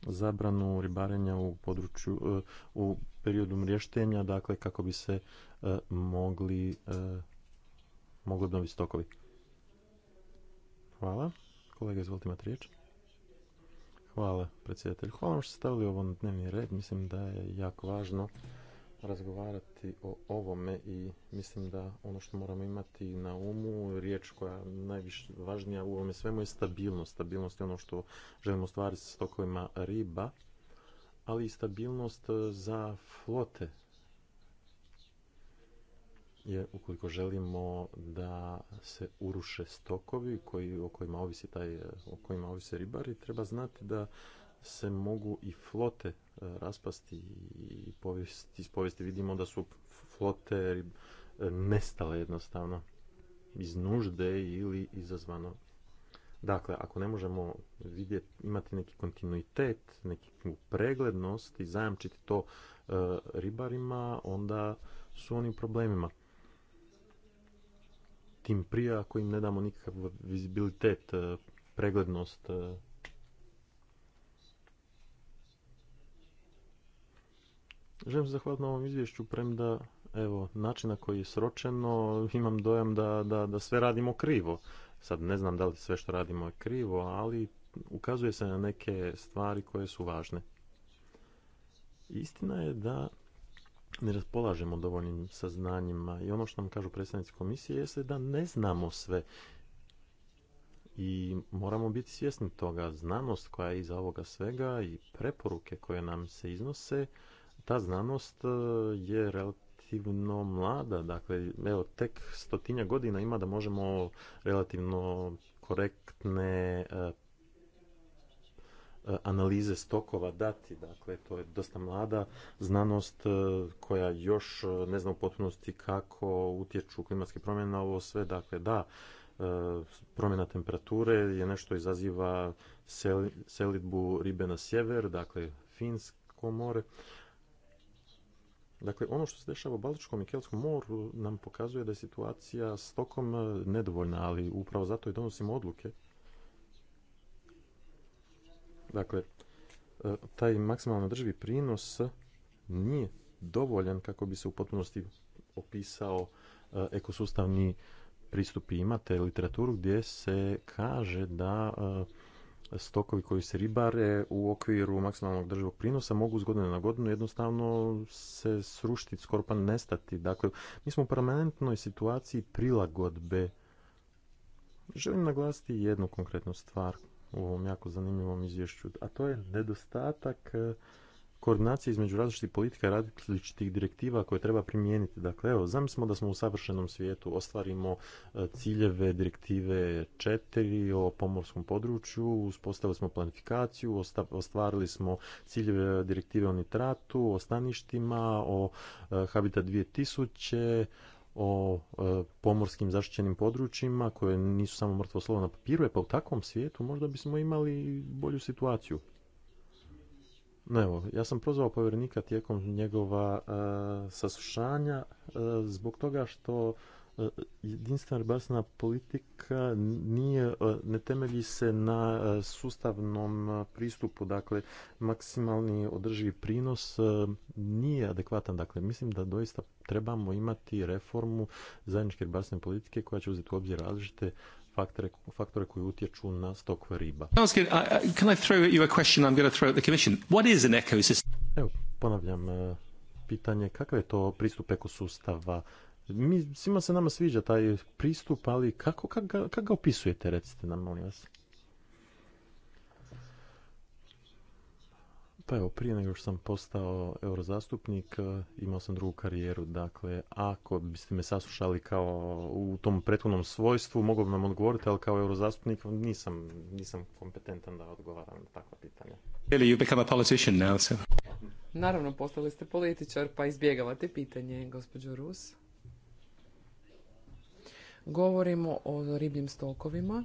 zabranu ribarenja u području e, u periodu mriještenja, dakle kako bi se e, mogli e, mogli obnoviti stokovi. Hvala. Kolega, izvolite imati riječ. Hvala predsjedatelj. Hvala vam što ste stavili ovo na dnevni red. Mislim da je jako važno razgovarati o ovome i mislim da ono što moramo imati na umu, riječ koja je važnija u ovome svemu je stabilnost. Stabilnost je ono što želimo stvariti s stokovima riba ali i stabilnost e, za flote. Jer ukoliko želimo da se uruše stokovi koji, o, kojima ovisi taj, e, o kojima ovise ribari, treba znati da se mogu i flote e, raspasti i povijest, iz povijesti vidimo da su flote nestale jednostavno iz nužde ili izazvano Dakle, ako ne možemo vidjeti, imati neki kontinuitet, neku preglednost i zajamčiti to e, ribarima, onda su oni u problemima. Tim prije ako im ne damo nikakav vizibilitet, e, preglednost. E, Želim se zahvaliti na ovom izvješću, premda evo, način na koji je sročeno, imam dojam da, da, da sve radimo krivo. Sad ne znam da li sve što radimo je krivo, ali ukazuje se na neke stvari koje su važne. Istina je da ne raspolažemo dovoljnim saznanjima i ono što nam kažu predstavnici komisije jeste da ne znamo sve i moramo biti svjesni toga znanost koja je iza ovoga svega i preporuke koje nam se iznose ta znanost e, je relativno mlada, dakle, evo, tek stotinja godina ima da možemo relativno korektne e, e, analize stokova dati. Dakle, to je dosta mlada znanost e, koja još ne zna u potpunosti kako utječu klimatske promjene na ovo sve. Dakle, da, promjena temperature je nešto izaziva selitbu ribe na sjever, dakle, Finsko more, Dakle, ono što se dešava u Baltičkom i Kelskom moru nam pokazuje da je situacija s tokom e, nedovoljna, ali upravo zato i donosimo odluke. Dakle, e, taj maksimalno drživi prinos nije dovoljan kako bi se u potpunosti opisao e, ekosustavni pristup. Imate literaturu gdje se kaže da stokovi koji se ribare u okviru maksimalnog državog prinosa mogu s godine na godinu jednostavno se srušiti, skoro pa nestati. Dakle, mi smo u permanentnoj situaciji prilagodbe. Želim naglasiti jednu konkretnu stvar u ovom jako zanimljivom izvješću, a to je nedostatak koordinacije između različitih politika i različitih direktiva koje treba primijeniti. Dakle, evo, smo da smo u savršenom svijetu, ostvarimo e, ciljeve direktive 4 o pomorskom području, uspostavili smo planifikaciju, ostvarili smo ciljeve direktive o nitratu, o staništima, o e, Habitat 2000, o e, pomorskim zaštićenim područjima koje nisu samo mrtvo slovo na papiru, je pa u takvom svijetu možda bismo imali bolju situaciju. No evo, ja sam prozvao povjerenika tijekom njegova uh, saslušanja e, zbog toga što e, jedinstvena ribarstvena politika nije, ne temelji se na sustavnom pristupu, dakle maksimalni održivi prinos nije adekvatan, dakle mislim da doista trebamo imati reformu zajedničke ribarstvene politike koja će uzeti u obzir različite faktore, faktore koji utječu na stok riba. Evo, ponavljam uh, pitanje, kakav je to pristup ekosustava? Mi, svima se nama sviđa taj pristup, ali kako, kako, kako ga opisujete, recite nam, molim vas? Pa evo, prije nego što sam postao eurozastupnik, e, imao sam drugu karijeru. Dakle, ako biste me saslušali kao u tom prethodnom svojstvu, mogu bi vam odgovoriti, ali kao eurozastupnik nisam, nisam kompetentan da odgovaram na takva pitanja. you become a politician now, Naravno, postali ste političar, pa izbjegavate pitanje, gospođo Rus. Govorimo o ribljim stokovima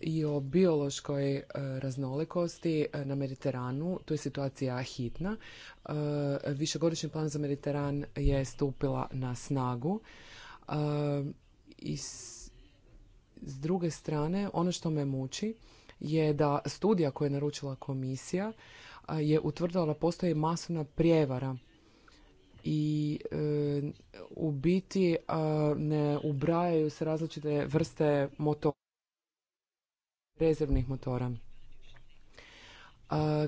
i o biološkoj e, raznolikosti e, na Mediteranu. Tu je situacija hitna. E, višegodišnji plan za Mediteran je stupila na snagu. s druge strane, ono što me muči je da studija koju je naručila komisija je utvrdila da postoji masovna prijevara i u biti ne ubrajaju se različite vrste motora rezervnih motora.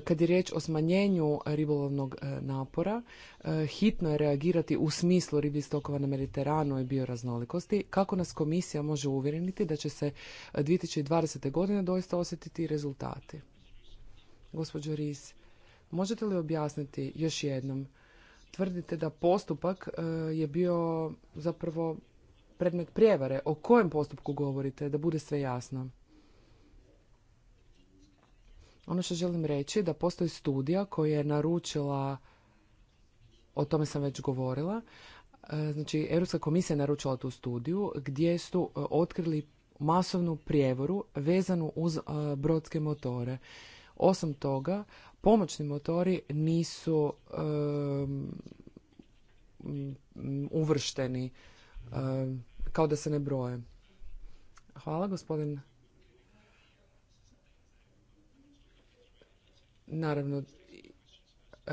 Kad je riječ o smanjenju ribolovnog e, napora, e, hitno je reagirati u smislu ribljih stokova na Mediteranu i bioraznolikosti. Kako nas komisija može uvjeriti da će se 2020. E, godine doista osjetiti rezultati? Gospođo Ris, možete li objasniti još jednom? Tvrdite da postupak je bio zapravo predmet prijevare. O kojem postupku govorite? Da bude sve jasno. Ono što želim reći da postoji studija koja je naručila, o tome sam već govorila, e, znači Europska komisija je naručila tu studiju gdje su e, otkrili masovnu prijevoru vezanu uz e, brodske motore. Osim toga, pomoćni motori nisu uvršteni kao da se ne broje. Hvala gospodin Naravno,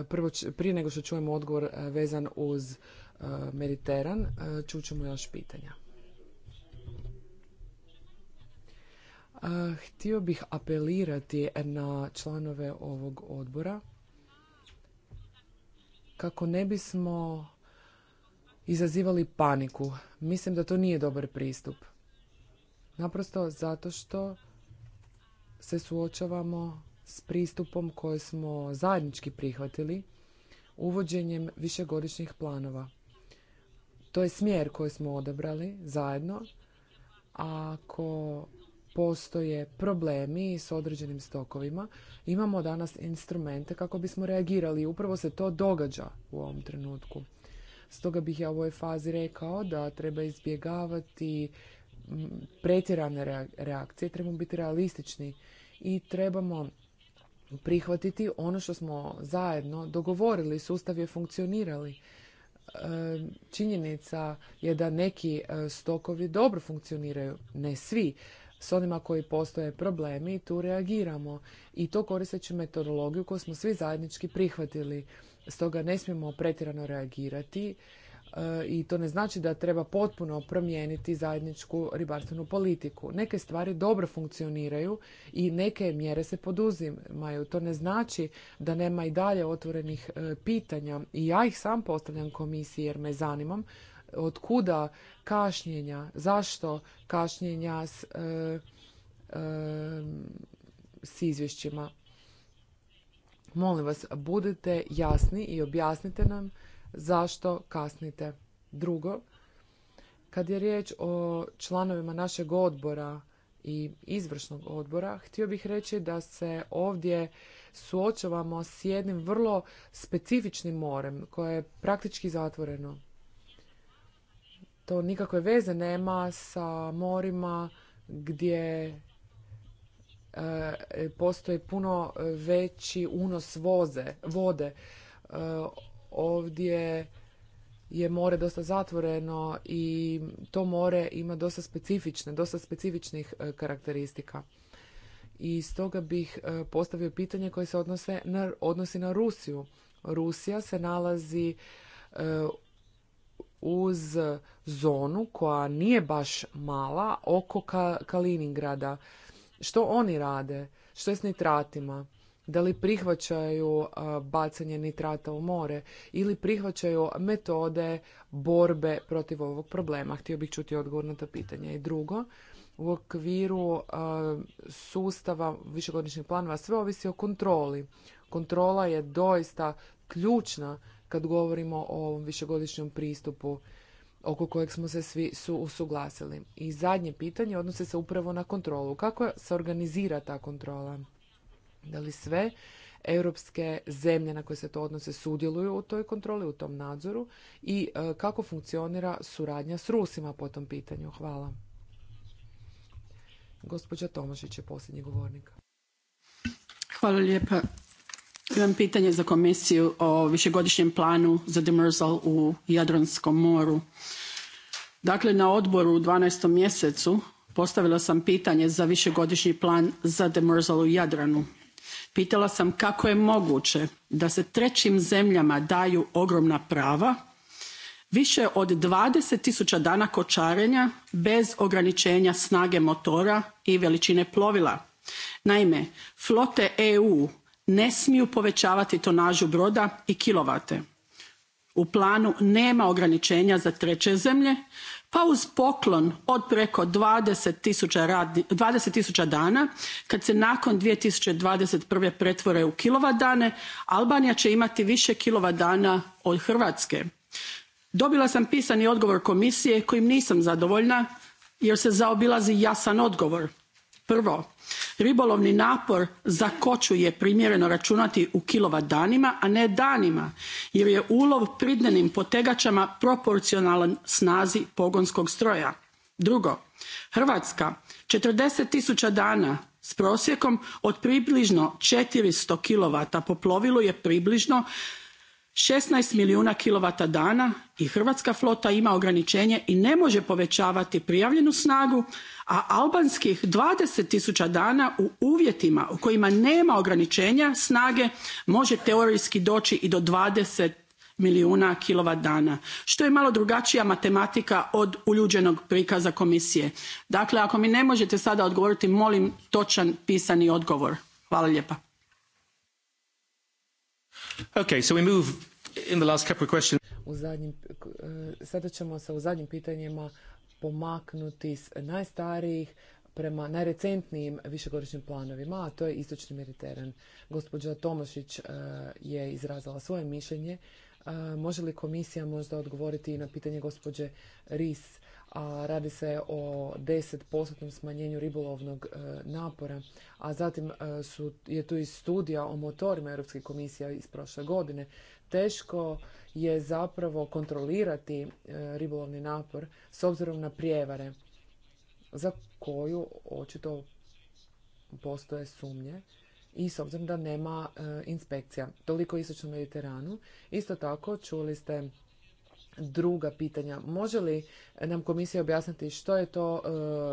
prvo, prije nego što čujemo odgovor eh, vezan uz eh, Mediteran, eh, čućemo još pitanja. Htio bih apelirati na članove ovog odbora kako ne bismo izazivali paniku. Mislim da to nije dobar pristup. Naprosto zato što se suočavamo s pristupom koji smo zajednički prihvatili uvođenjem višegodišnjih planova. To je smjer koji smo odabrali zajedno. Ako postoje problemi s određenim stokovima, imamo danas instrumente kako bismo reagirali. Upravo se to događa u ovom trenutku. Stoga bih ja u ovoj fazi rekao da treba izbjegavati pretjerane reakcije, trebamo biti realistični i trebamo prihvatiti ono što smo zajedno dogovorili, sustav je funkcionirali. E, činjenica je da neki e, stokovi dobro funkcioniraju, ne svi. S onima koji postoje problemi tu reagiramo i to koristeći metodologiju koju smo svi zajednički prihvatili. Stoga ne smijemo pretjerano reagirati E, i to ne znači da treba potpuno promijeniti zajedničku ribarstvenu politiku. Neke stvari dobro funkcioniraju i neke mjere se poduzimaju. To ne znači da nema i dalje otvorenih e, pitanja i ja ih sam postavljam komisiji jer me zanimam od kuda kašnjenja, zašto kašnjenja s, e, s izvješćima. Molim vas, budite jasni i objasnite nam zašto kasnite. Drugo, kad je riječ o članovima našeg odbora i izvršnog odbora, htio bih reći da se ovdje suočavamo s jednim vrlo specifičnim morem koje je praktički zatvoreno. To nikakve veze nema sa morima gdje e, postoji puno veći unos voze, vode. E, Ovdje je more dosta zatvoreno i to more ima dosta specifične, dosta specifičnih e, karakteristika. I stoga bih e, postavio pitanje koje se odnose na, odnosi na Rusiju. Rusija se nalazi e, uz zonu koja nije baš mala oko Kaliningrada. Što oni rade? Što je s nitratima? da li prihvaćaju bacanje nitrata u more ili prihvaćaju metode borbe protiv ovog problema. Htio bih čuti odgovor na to pitanje. I drugo, u okviru sustava višegodišnjih planova sve ovisi o kontroli. Kontrola je doista ključna kad govorimo o ovom višegodišnjem pristupu oko kojeg smo se svi su usuglasili. I zadnje pitanje odnosi se upravo na kontrolu. Kako se organizira ta kontrola? Da li sve europske zemlje na koje se to odnose sudjeluju u toj kontroli, u tom nadzoru i e, kako funkcionira suradnja s Rusima po tom pitanju? Hvala. Gospođa Tomašić je posljednji govornik. Hvala lijepa. Imam pitanje za komisiju o višegodišnjem planu za demersal u Jadranskom moru. Dakle, na odboru u 12. mjesecu postavila sam pitanje za višegodišnji plan za demersal u Jadranu pitala sam kako je moguće da se trećim zemljama daju ogromna prava više od dvadeset tisuća dana kočarenja bez ograničenja snage motora i veličine plovila. naime flote eu ne smiju povećavati tonažu broda i kilovate. u planu nema ograničenja za treće zemlje pa uz poklon od preko twenty zero dana kad se nakon. two thousand and twenty pretvore u kilovat dane albanija će imati više kilovat dana od hrvatske. dobila sam pisani odgovor komisije kojim nisam zadovoljna jer se zaobilazi jasan odgovor. prvo ribolovni napor za koču je primjereno računati u kilovat danima a ne danima jer je ulov pridnenim potegačama proporcionalan snazi pogonskog stroja. drugo hrvatska četrdeset tisuća dana s prosjekom od približno četiristo kilovata po plovilu je približno sixteen milijuna kilovata dana i hrvatska flota ima ograničenje i ne moe poveavati prijavljenu snagu a albanskih twenty zero dana u uvjetima u kojima nema ograničenja snage moe teorijski doi i do twenty milijuna kilovat dana to je malo drugačija matematika od uljuenog prikaza komisije. dakle ako mi ne moete sada odgovoriti molim toan pisani odgovor. hvala lijepa. Okay, sada ćemo se u zadnjim pitanjima pomaknuti s najstarijih prema najrecentnijim višegodišnjim planovima, a to je Istočni Mediteran. Gospođa Tomašić eh, je izrazila svoje mišljenje. Eh, može li komisija možda odgovoriti na pitanje gospođe Ris a radi se o 10% smanjenju ribolovnog e, napora, a zatim e, su, je tu i studija o motorima Europske komisije iz prošle godine. Teško je zapravo kontrolirati e, ribolovni napor s obzirom na prijevare za koju očito postoje sumnje i s obzirom da nema inspekcija. Toliko istočnom Mediteranu. Isto tako čuli ste druga pitanja. Može li nam komisija objasniti što je to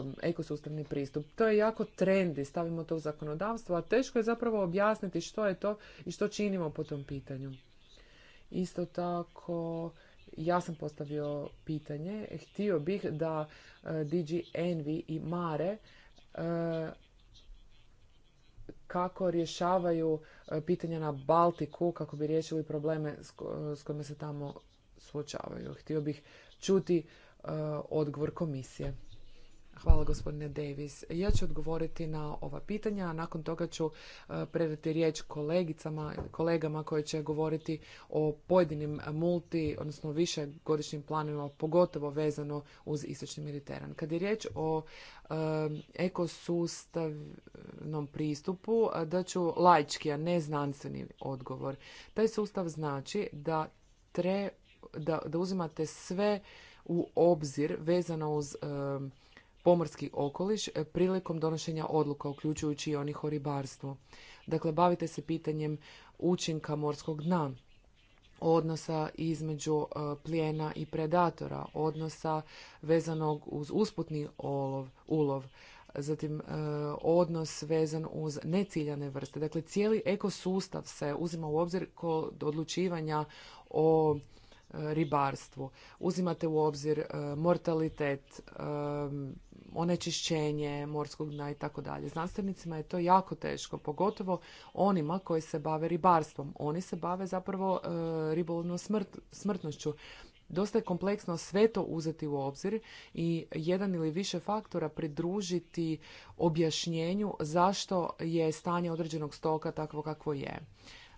um, ekosustavni pristup? To je jako trendi, stavimo to u zakonodavstvo, a teško je zapravo objasniti što je to i što činimo po tom pitanju. Isto tako, ja sam postavio pitanje, htio bih da e, uh, DG Envy i Mare uh, kako rješavaju uh, pitanja na Baltiku, kako bi riješili probleme s kojima se tamo suočavaju. Htio bih čuti e, odgovor komisije. Hvala gospodine Davis. Ja ću odgovoriti na ova pitanja, a nakon toga ću e, predati riječ kolegicama, kolegama koji će govoriti o pojedinim multi, odnosno višegodišnjim planovima, pogotovo vezano uz Istočni Mediteran. Kad je riječ o e, ekosustavnom pristupu, da ću laički, a ne znanstveni odgovor. Taj sustav znači da tre, da, da uzimate sve u obzir vezano uz e, pomorski okoliš e, prilikom donošenja odluka, uključujući i onih o ribarstvu. Dakle, bavite se pitanjem učinka morskog dna, odnosa između e, plijena i predatora, odnosa vezanog uz usputni olov, ulov, zatim odnos vezan uz neciljane vrste. Dakle, cijeli ekosustav se uzima u obzir kod odlučivanja o ribarstvu. Uzimate u obzir e, mortalitet, e, onečišćenje morskog dna i tako dalje. Znanstvenicima je to jako teško, pogotovo onima koji se bave ribarstvom. Oni se bave zapravo e, ribolovnom smrtnošću. Dosta je kompleksno sve to uzeti u obzir i jedan ili više faktora pridružiti objašnjenju zašto je stanje određenog stoka takvo kakvo je.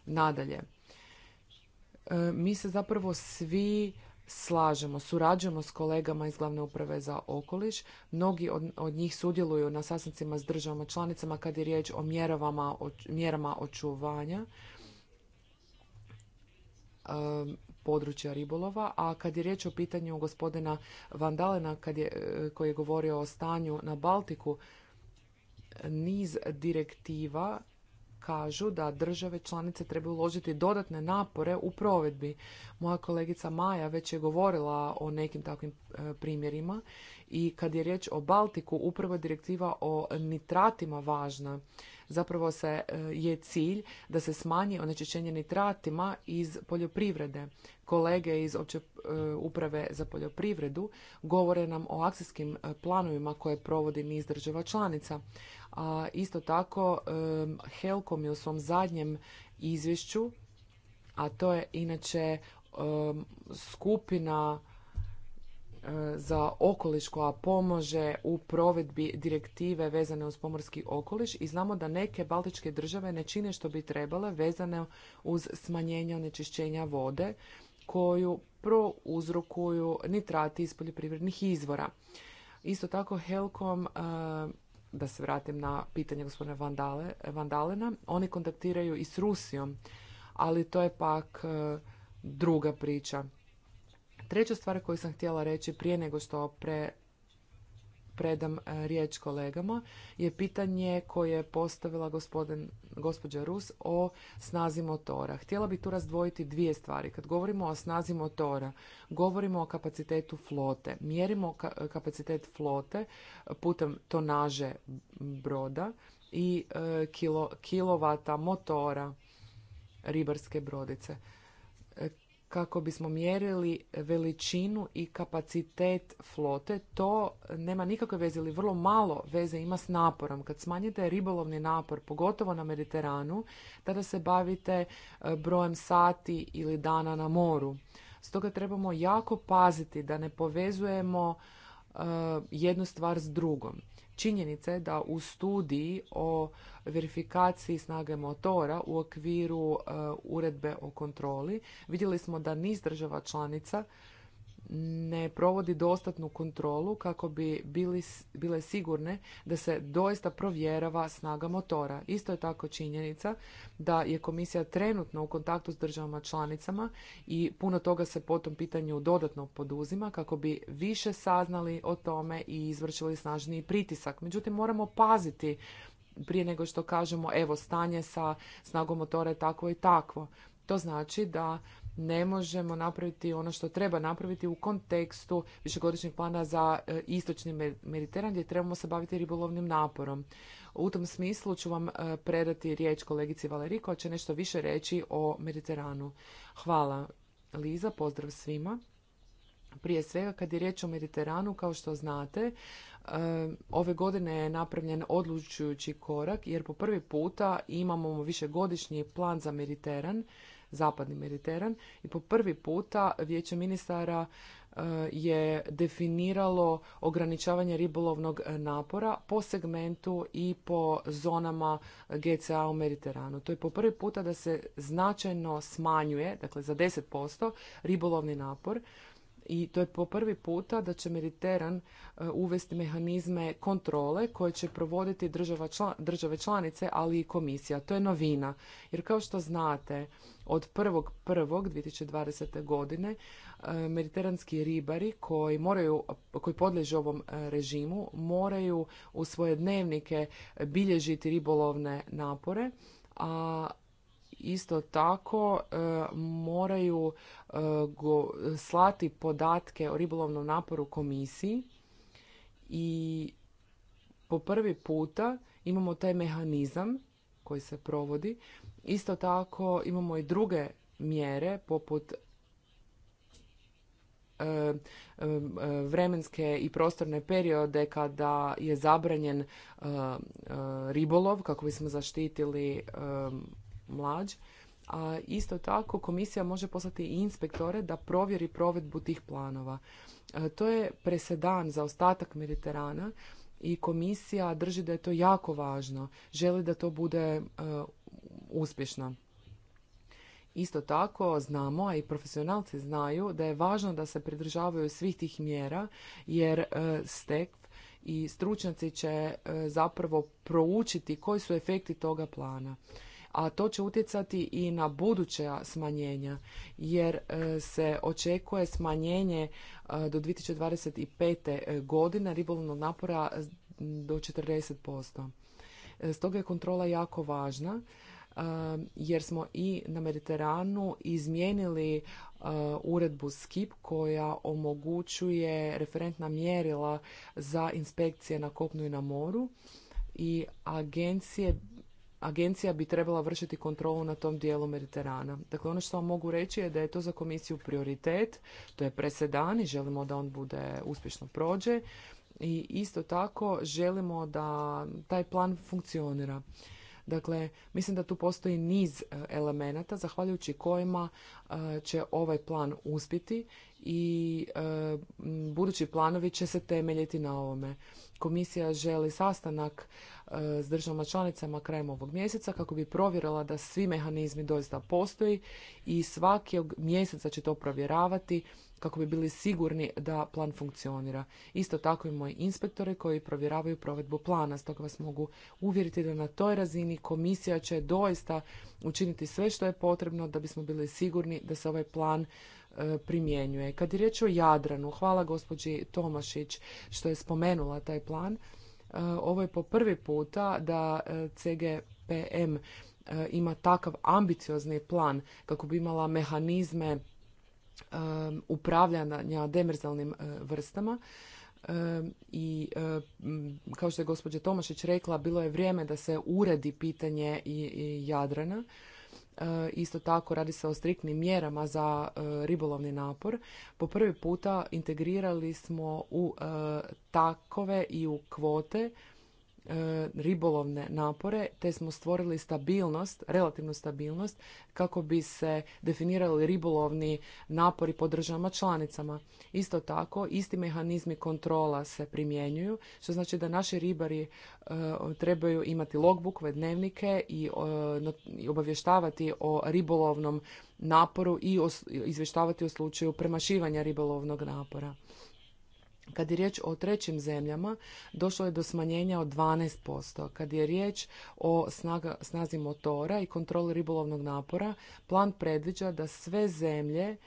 Nadalje, E, mi se zapravo svi slažemo, surađujemo s kolegama iz glavne uprave za okoliš. Mnogi od, od njih sudjeluju na sastancima s državama članicama kad je riječ o mjerama, o, mjerama očuvanja e, područja ribolova, a kad je riječ o pitanju gospodina Vandalena kad je, e, koji je govorio o stanju na Baltiku, niz direktiva kažu da države članice trebaju uložiti dodatne napore u provedbi. Moja kolegica Maja već je govorila o nekim takvim e, primjerima i kad je riječ o Baltiku, upravo je direktiva o nitratima važna. Zapravo se e, je cilj da se smanji onečišćenje nitratima iz poljoprivrede. Kolege iz opće E, uprave za poljoprivredu govore nam o akcijskim e, planovima koje provodi niz država članica. A isto tako e, Helkom je u svom zadnjem izvješću, a to je inače skupina za okoliš koja pomože u provedbi direktive vezane uz pomorski okoliš i znamo da neke baltičke države ne čine što bi trebale vezane uz smanjenje onečišćenja vode koju prouzrokuju nitrati iz poljoprivrednih izvora. Isto tako Helkom, e, da se vratim na pitanje gospodina Vandale, Vandalena, oni kontaktiraju i s Rusijom, ali to je pak e, druga priča. Treća stvar koju sam htjela reći prije nego što pre, predam e, riječ kolegama, je pitanje koje je postavila gospodin, gospođa Rus o snazi motora. Htjela bi tu razdvojiti dvije stvari. Kad govorimo o snazi motora, govorimo o kapacitetu flote. Mjerimo kapacitet flote putem tonaže broda i e, kilovata motora ribarske brodice kako bismo mjerili veličinu i kapacitet flote, to nema nikakve veze ili vrlo malo veze ima s naporom. Kad smanjite ribolovni napor, pogotovo na Mediteranu, tada se bavite e, brojem sati ili dana na moru. Stoga trebamo jako paziti da ne povezujemo e, jednu stvar s drugom. Činjenica da u studiji o verifikaciji snage motora u okviru e, uredbe o kontroli vidjeli smo da niz država članica ne provodi dostatnu kontrolu kako bi bili, bile sigurne da se doista provjerava snaga motora. Isto je tako činjenica da je komisija trenutno u kontaktu s državama članicama i puno toga se po tom pitanju dodatno poduzima kako bi više saznali o tome i izvršili snažniji pritisak. Međutim, moramo paziti prije nego što kažemo evo stanje sa snagom motora je takvo i takvo. To znači da ne možemo napraviti ono što treba napraviti u kontekstu višegodišnjeg plana za e, istočni Mediteran gdje trebamo se baviti ribolovnim naporom. U tom smislu ću vam e, predati riječ kolegici Valeri koja će nešto više reći o Mediteranu. Hvala Liza, pozdrav svima. Prije svega kad je riječ o Mediteranu, kao što znate, e, ove godine je napravljen odlučujući korak jer po prvi puta imamo višegodišnji plan za Mediteran zapadni Mediteran i po prvi puta vijeće ministara e, je definiralo ograničavanje ribolovnog e, napora po segmentu i po zonama GCA u Mediteranu. To je po prvi puta da se značajno smanjuje, dakle za 10% ribolovni napor i to je po prvi puta da će Mediteran e, uvesti mehanizme kontrole koje će provoditi države članice, ali i komisija. To je novina. Jer kao što znate, od 1.1.2020. godine e, mediteranski ribari koji moraju, koji podliježu ovom e, režimu, moraju u svoje dnevnike bilježiti ribolovne napore, a isto tako e, moraju e, go, slati podatke o ribolovnom naporu komisiji i po prvi puta imamo taj mehanizam koji se provodi. Isto tako imamo i druge mjere poput e, vremenske i prostorne periode kada je zabranjen ribolov kako bismo zaštitili mlađ, a isto tako komisija može poslati i inspektore da provjeri provedbu tih planova. E, to je presedan za ostatak Mediterana i komisija drži da je to jako važno. Želi da to bude e, uspješno. Isto tako znamo, a i profesionalci znaju, da je važno da se pridržavaju svih tih mjera, jer e, stek i stručnjaci će zapravo proučiti koji su efekti toga plana a to će utjecati i na buduća smanjenja jer e, se očekuje smanjenje e, do 2025. E, godine ribolovnog napora do 40%. Stoga je kontrola jako važna jer smo i na Mediteranu izmijenili uredbu SKIP koja omogućuje referentna mjerila za inspekcije na kopnu i na moru i agencije agencija bi trebala vršiti kontrolu na tom dijelu Mediterana. Dakle, ono što vam mogu reći je da je to za komisiju prioritet, to je presedan i želimo da on bude uspješno prođe i isto tako želimo da taj plan funkcionira. Dakle, mislim da tu postoji niz e, elemenata zahvaljujući kojima e, će ovaj plan uspjeti i e, budući planovi će se temeljiti na ovome. Komisija želi sastanak s državama članicama krajem ovog mjeseca kako bi provjerila da svi mehanizmi doista postoji i svakog mjeseca će to provjeravati kako bi bili sigurni da plan funkcionira. Isto tako i moji inspektore koji provjeravaju provedbu plana, stoga vas mogu uvjeriti da na toj razini komisija će doista učiniti sve što je potrebno da bismo bili sigurni da se ovaj plan e, primjenjuje. Kad je riječ o Jadranu, hvala gospođi Tomašić što je spomenula taj plan. E, ovo je po prvi puta da e, CGPM ima takav ambiciozni plan kako bi imala mehanizme Um, upravljanja demerzalnim uh, vrstama um, i uh, kao što je gospođa Tomašić rekla, bilo je vrijeme da se uredi pitanje i Jadrana. Uh, isto tako radi se o striktnim mjerama za ribolovni napor. Po prvi puta integrirali smo u takove i u kvote E, ribolovne napore, te smo stvorili stabilnost, relativnu stabilnost, kako bi se definirali ribolovni napori po državama članicama. Isto tako, isti mehanizmi kontrola se primjenjuju, što znači da naši ribari e, trebaju imati logbukove, dnevnike e, i obavještavati o ribolovnom naporu i izvještavati o slučaju premašivanja ribolovnog napora. Kad je riječ o trećim zemljama, došlo je do smanjenja od 12%. Kad je riječ o snaga, snazi motora i kontroli ribolovnog napora, plan predviđa da sve zemlje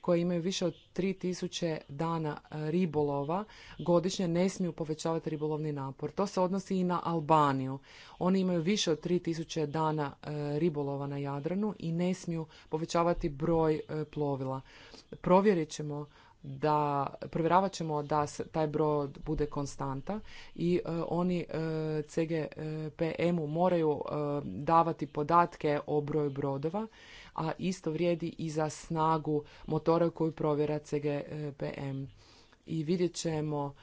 koje imaju više od 3000 dana e, ribolova godišnje ne smiju povećavati ribolovni napor. To se odnosi i na Albaniju. Oni imaju više od 3000 dana e, ribolova na Jadranu i ne smiju povećavati broj e, plovila. Provjerit ćemo da provjeravat ćemo da taj brod bude konstanta i e, oni e, CGPM-u moraju e, davati podatke o broju brodova, a isto vrijedi i za snagu motora koju provjera CGPM. I vidjet ćemo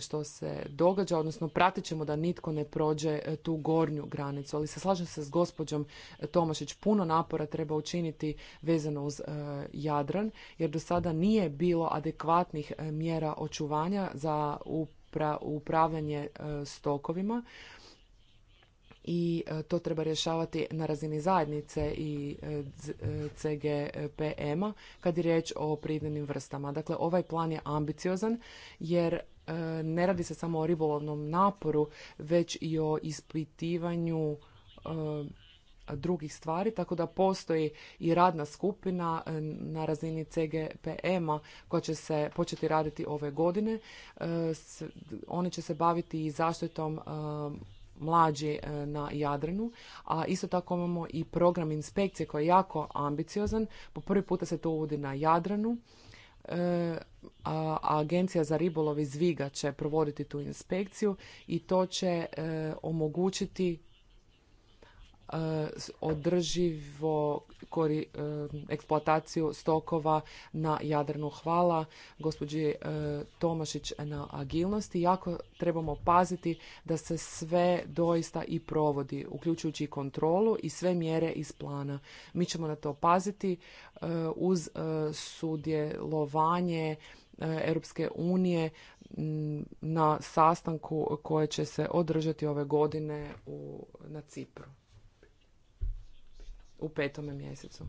što se događa, odnosno pratit ćemo da nitko ne prođe e, tu gornju granicu. Ali se slažem se s gospođom Tomašić, puno napora treba učiniti vezano uz e, Jadran, jer do sada nije bilo adekvatnih e, mjera očuvanja za upravljanje stokovima i e, to treba rješavati na razini zajednice i e, e, CGPM-a kad je riječ o prirodnim vrstama. Dakle, ovaj plan je ambiciozan jer ne radi se samo o ribolovnom naporu, već i o ispitivanju drugih stvari, tako da postoji i radna skupina na razini CGPM-a koja će se početi raditi ove godine. Oni će se baviti i zaštitom mlađi e, na Jadranu, a isto tako imamo i program inspekcije koji je jako ambiciozan. Po prvi puta se to uvodi na Jadranu. E, a Agencija za ribolov iz Viga će provoditi tu inspekciju i to će e, omogućiti E, održivo kori, e, eksploataciju stokova na Jadranu. Hvala gospođi e, Tomašić na agilnosti. Jako trebamo paziti da se sve doista i provodi, uključujući i kontrolu i sve mjere iz plana. Mi ćemo na to paziti uz sudjelovanje Europske unije na sastanku koje će se održati ove godine na Cipru u petome mjesecu.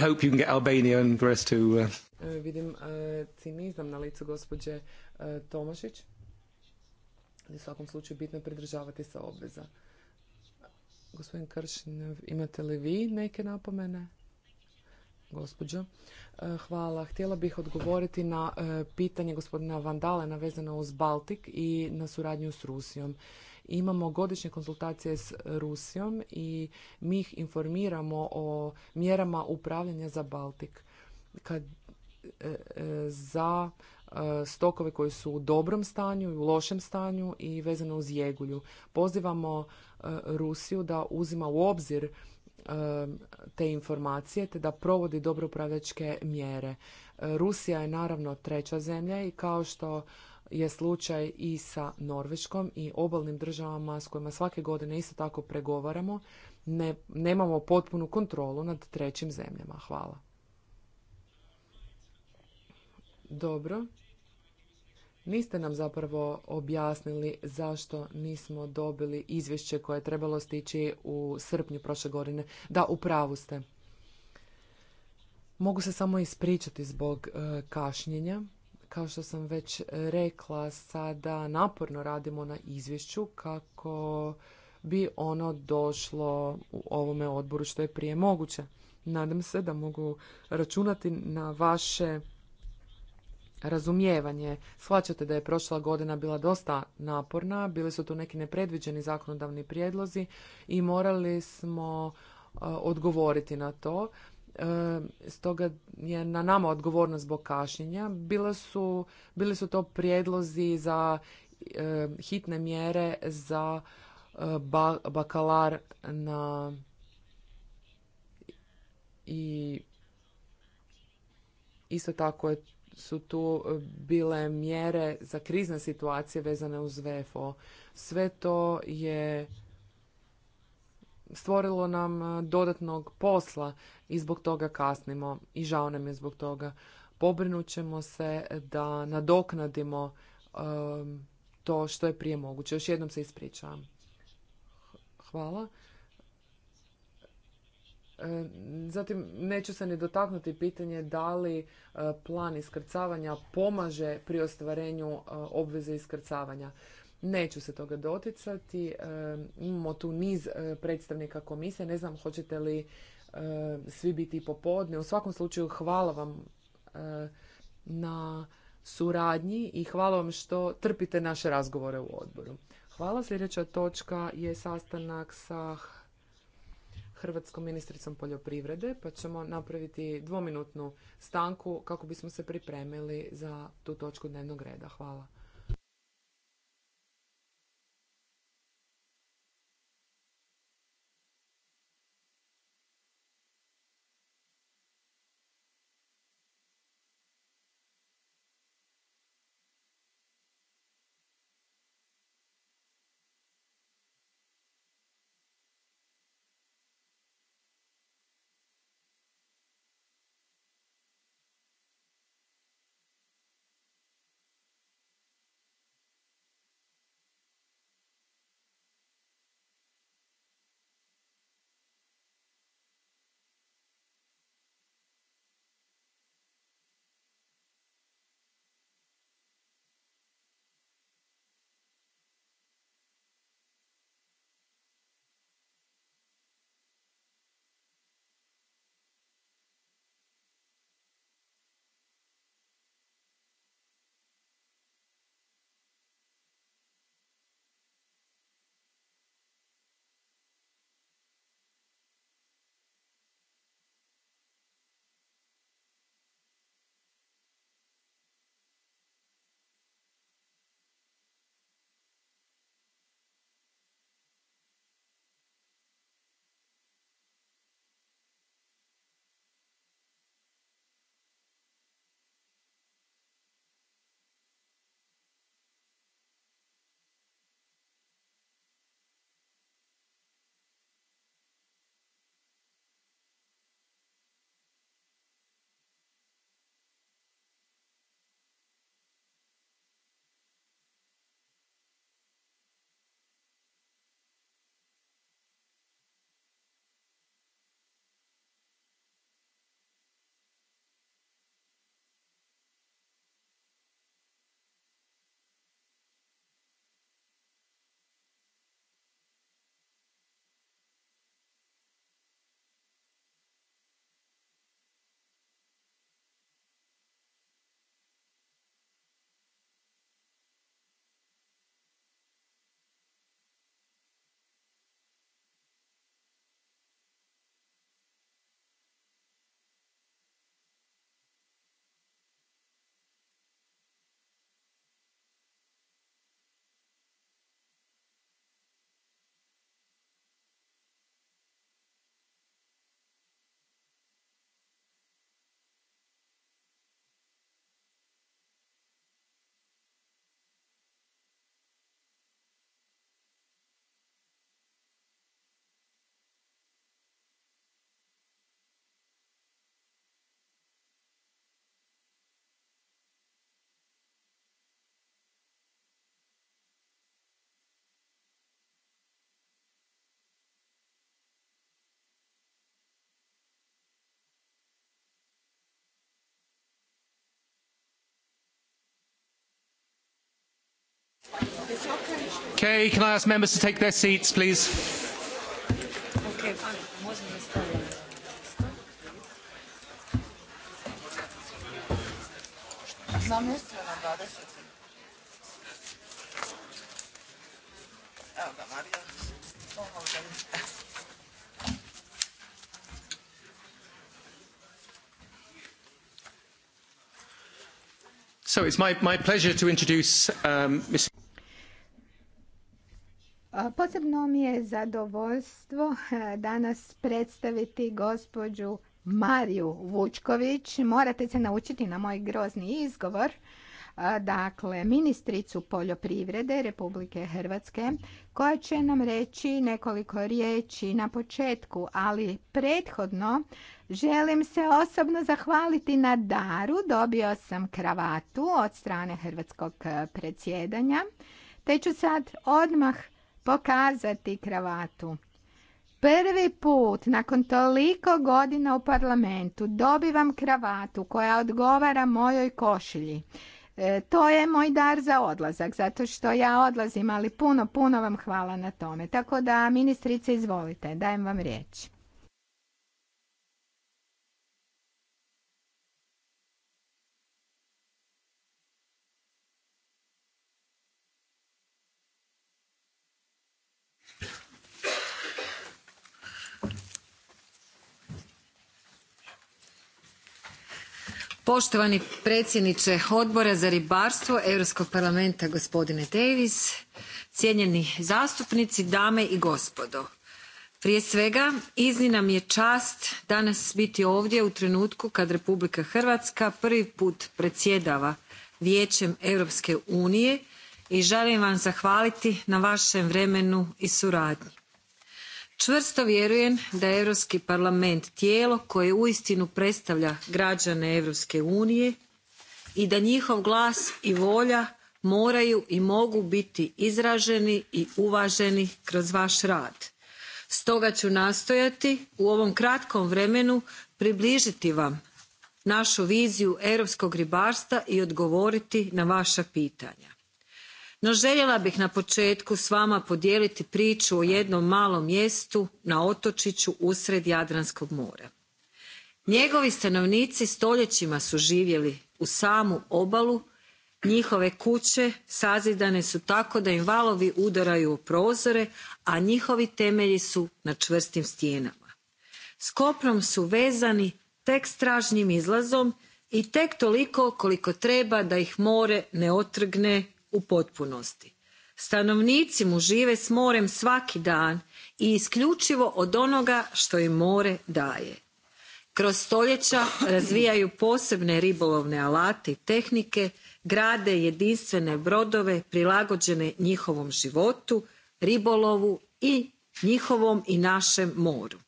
Hope you can get Albania and rest to, uh... E, vidim e, cinizam na licu gospođe e, Tomašić. U svakom slučaju bitno je pridržavati se obveza. Gospodin Kršin, imate li vi neke napomene? Gospođo, e, hvala. Htjela bih odgovoriti na e, pitanje gospodina Vandalena vezano uz Baltik i na suradnju s Rusijom. Imamo godišnje konzultacije s Rusijom i mi ih informiramo o mjerama upravljanja za Baltik. Kad e, e, za e, stokove koji su u dobrom stanju i u lošem stanju i vezano uz jegulju. Pozivamo Rusiju da uzima u obzir te informacije te da provodi dobro upravljačke mjere. Rusija je naravno treća zemlja i kao što je slučaj i sa Norveškom i obalnim državama s kojima svake godine isto tako pregovaramo, ne, nemamo potpunu kontrolu nad trećim zemljama. Hvala. Dobro. Niste nam zapravo objasnili zašto nismo dobili izvješće koje je trebalo stići u srpnju prošle godine. Da, u pravu ste. Mogu se samo ispričati zbog e, kašnjenja. Kao što sam već rekla, sada naporno radimo na izvješću kako bi ono došlo u ovome odboru što je prije moguće. Nadam se da mogu računati na vaše razumijevanje. Shvaćate da je prošla godina bila dosta naporna, bili su tu neki nepredviđeni zakonodavni prijedlozi i morali smo odgovoriti na to. E, stoga je na nama odgovornost zbog kašnjenja. bili su to prijedlozi za e, hitne mjere za e, bakalar na i isto tako su tu bile mjere za krizne situacije vezane uz VFO. Sve to je stvorilo nam e, dodatnog posla i zbog toga kasnimo i žao nam je zbog toga. Pobrinut ćemo se da nadoknadimo to što je prije moguće. Još jednom se ispričavam. Hvala. E, zatim, neću se ni dotaknuti pitanje da li e, plan iskrcavanja pomaže pri ostvarenju obveze iskrcavanja. Neću se toga doticati. E, imamo tu niz e, predstavnika komisije. Ne znam hoćete li e, svi biti popodne. U svakom slučaju hvala vam na suradnji i hvala vam što trpite naše razgovore u odboru. Hvala. Sljedeća točka je sastanak sa Hrvatskom ministricom poljoprivrede, pa ćemo napraviti dvominutnu stanku kako bismo se pripremili za tu točku dnevnog reda. Hvala. Okay, can I ask members to take their seats, please? So it's my, my pleasure to introduce um, Mr. Posebno mi je zadovoljstvo e, danas predstaviti gospođu Mariju Vučković. Morate se naučiti na moj grozni izgovor. E, dakle, ministricu poljoprivrede Republike Hrvatske koja će nam reći nekoliko riječi na početku, ali prethodno želim se osobno zahvaliti na daru. Dobio sam kravatu od strane hrvatskog e, predsjedanja. Te ću sad odmah pokazati kravatu. Prvi put nakon toliko godina u parlamentu dobivam kravatu koja odgovara mojoj košilji. E, to je moj dar za odlazak, zato što ja odlazim, ali puno, puno vam hvala na tome. Tako da, ministrice, izvolite, dajem vam riječ. poštovani predsjedniče odbora za ribarstvo europskog parlamenta gospodine Davis, cijenjeni zastupnici dame i gospodo prije svega iznimna mi je čast danas biti ovdje u trenutku kad republika hrvatska prvi put predsjedava vijećem europske unije i želim vam zahvaliti na vašem vremenu i suradnji. Čvrsto vjerujem da je Europski parlament tijelo koje uistinu predstavlja građane Europske unije i da njihov glas i volja moraju i mogu biti izraženi i uvaženi kroz vaš rad. Stoga ću nastojati u ovom kratkom vremenu približiti vam našu viziju europskog ribarstva i odgovoriti na vaša pitanja no željela bih na početku s vama podijeliti priču o jednom malom mjestu na otočiću usred jadranskog mora. njegovi stanovnici stoljećima su živjeli u samu obalu njihove kuće sazidane su tako da im valovi udaraju u prozore a njihovi temelji su na čvrstim stijenama. s kopnom su vezani tek stražnjim izlazom i tek toliko koliko treba da ih more ne otrgne u potpunosti. Stanovnici mu žive s morem svaki dan i isključivo od onoga što im more daje. Kroz stoljeća razvijaju posebne ribolovne alate i tehnike, grade jedinstvene brodove prilagođene njihovom životu, ribolovu i njihovom i našem moru.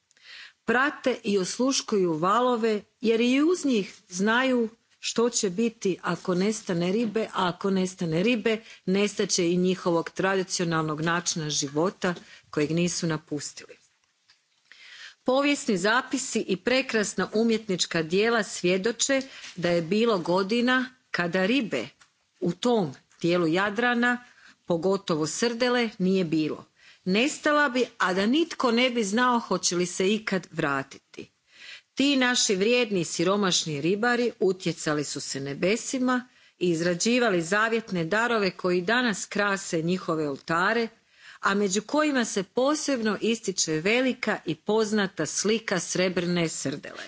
Prate i osluškuju valove jer i uz njih znaju što će biti ako nestane ribe a ako nestane ribe nestat i njihovog tradicionalnog načina života kojeg nisu napustili. povijesni zapisi i prekrasna umjetnička djela svjedoče da je bilo godina kada ribe u tom dijelu jadrana pogotovo srdele nije bilo. nestala bi a da nitko ne bi znao hoće li se ikad vratiti ti naši vrijedni i siromašni ribari utjecali su se nebesima i izrađivali zavjetne darove koji danas krase njihove oltare a među kojima se posebno ističe velika i poznata slika srebrne srdele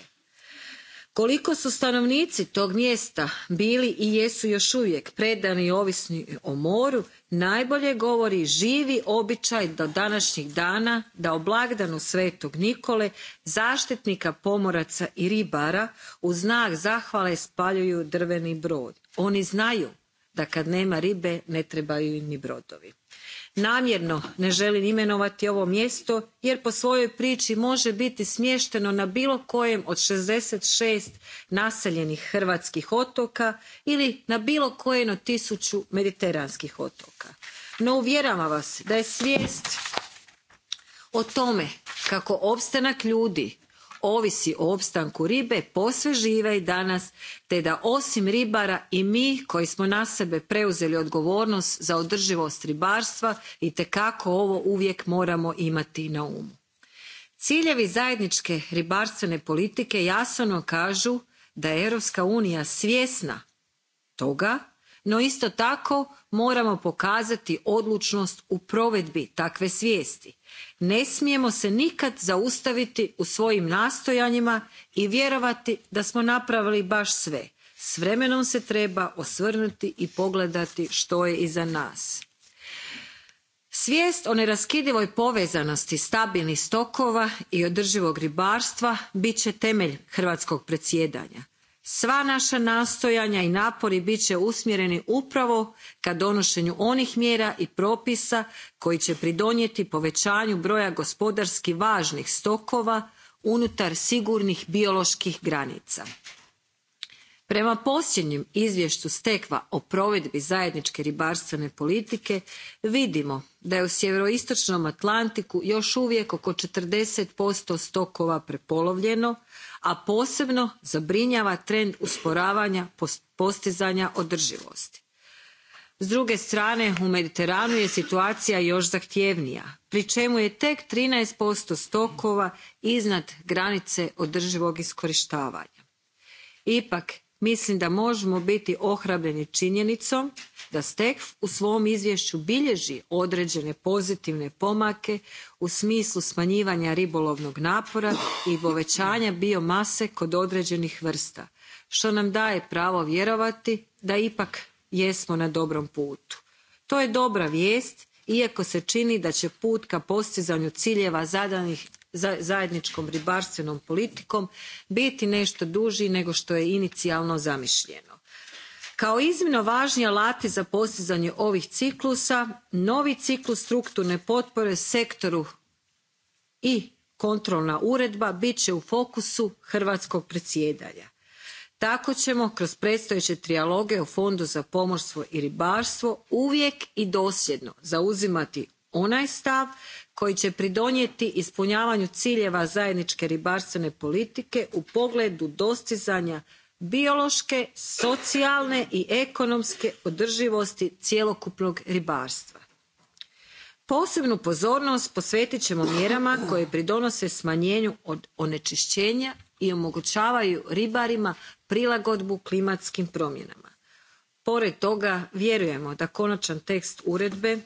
koliko su stanovnici tog mjesta bili i jesu još uvijek predani i ovisni o moru najbolje govori živi običaj do današnjih dana da o blagdanu svetog nikole zaštitnika pomoraca i ribara u znak zahvale spaljuju drveni brod. oni znaju da kad nema ribe ne trebaju im ni brodovi namjerno ne želim imenovati ovo mjesto jer po svojoj priči može biti smješteno na bilo kojem od sixty six naseljenih hrvatskih otoka ili na bilo kojem od tisuću mediteranskih otoka no uvjeravam vas da je svijest o tome kako opstanak ljudi ovisi o opstanku ribe posve žive i danas te da osim ribara i mi koji smo na sebe preuzeli odgovornost za održivost ribarstva itekako ovo uvijek moramo imati na umu. ciljevi zajedničke ribarstvene politike jasno nam kažu da je europska unija svjesna toga no isto tako moramo pokazati odlučnost u provedbi takve svijesti ne smijemo se nikad zaustaviti u svojim nastojanjima i vjerovati da smo napravili baš sve. s vremenom se treba osvrnuti i pogledati što je iza nas. svijest o neraskidivoj povezanosti stabilnih stokova i održivog ribarstva bit će temelj hrvatskog predsjedanja sva naša nastojanja i napori bit će usmjereni upravo ka donošenju onih mjera i propisa koji će pridonijeti povećanju broja gospodarski važnih stokova unutar sigurnih bioloških granica. Prema posljednjem izvješću Stekva o provedbi zajedničke ribarstvene politike vidimo da je u sjeveroistočnom Atlantiku još uvijek oko 40% stokova prepolovljeno, a posebno zabrinjava trend usporavanja postizanja održivosti. S druge strane u Mediteranu je situacija još zahtjevnija pri čemu je tek 13% stokova iznad granice održivog iskorištavanja. Ipak mislim da možemo biti ohrabreni činjenicom da STEK u svom izvješću bilježi određene pozitivne pomake u smislu smanjivanja ribolovnog napora i povećanja biomase kod određenih vrsta što nam daje pravo vjerovati da ipak jesmo na dobrom putu. to je dobra vijest iako se čini da će put ka postizanju ciljeva zadanih zajedničkom ribarstvenom politikom biti nešto duži nego što je inicijalno zamišljeno. Kao iznimno važni alati za postizanje ovih ciklusa, novi ciklus strukturne potpore sektoru i kontrolna uredba bit će u fokusu hrvatskog predsjedanja. Tako ćemo kroz predstojeće trijaloge o Fondu za pomorstvo i ribarstvo uvijek i dosljedno zauzimati onaj stav koji će pridonijeti ispunjavanju ciljeva zajedničke ribarstvene politike u pogledu dostizanja biološke socijalne i ekonomske održivosti cjelokupnog ribarstva. posebnu pozornost posvetit ćemo mjerama koje pridonose smanjenju od onečišćenja i omogućavaju ribarima prilagodbu klimatskim promjenama. pored toga vjerujemo da konačan tekst uredbe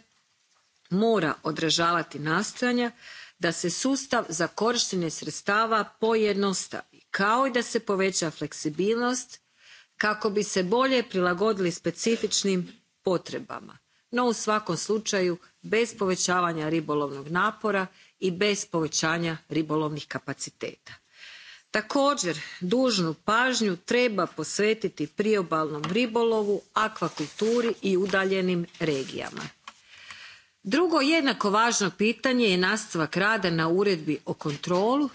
mora odražavati nastojanja da se sustav za korištenje sredstava pojednostavi kao i da se poveća fleksibilnost kako bi se bolje prilagodili specifičnim potrebama no u svakom slučaju bez povećavanja ribolovnog napora i bez povećanja ribolovnih kapaciteta. Također dužnu pažnju treba posvetiti priobalnom ribolovu, akvakulturi i udaljenim regijama drugo jednako važno pitanje je nastavak rada na uredbi o kontroli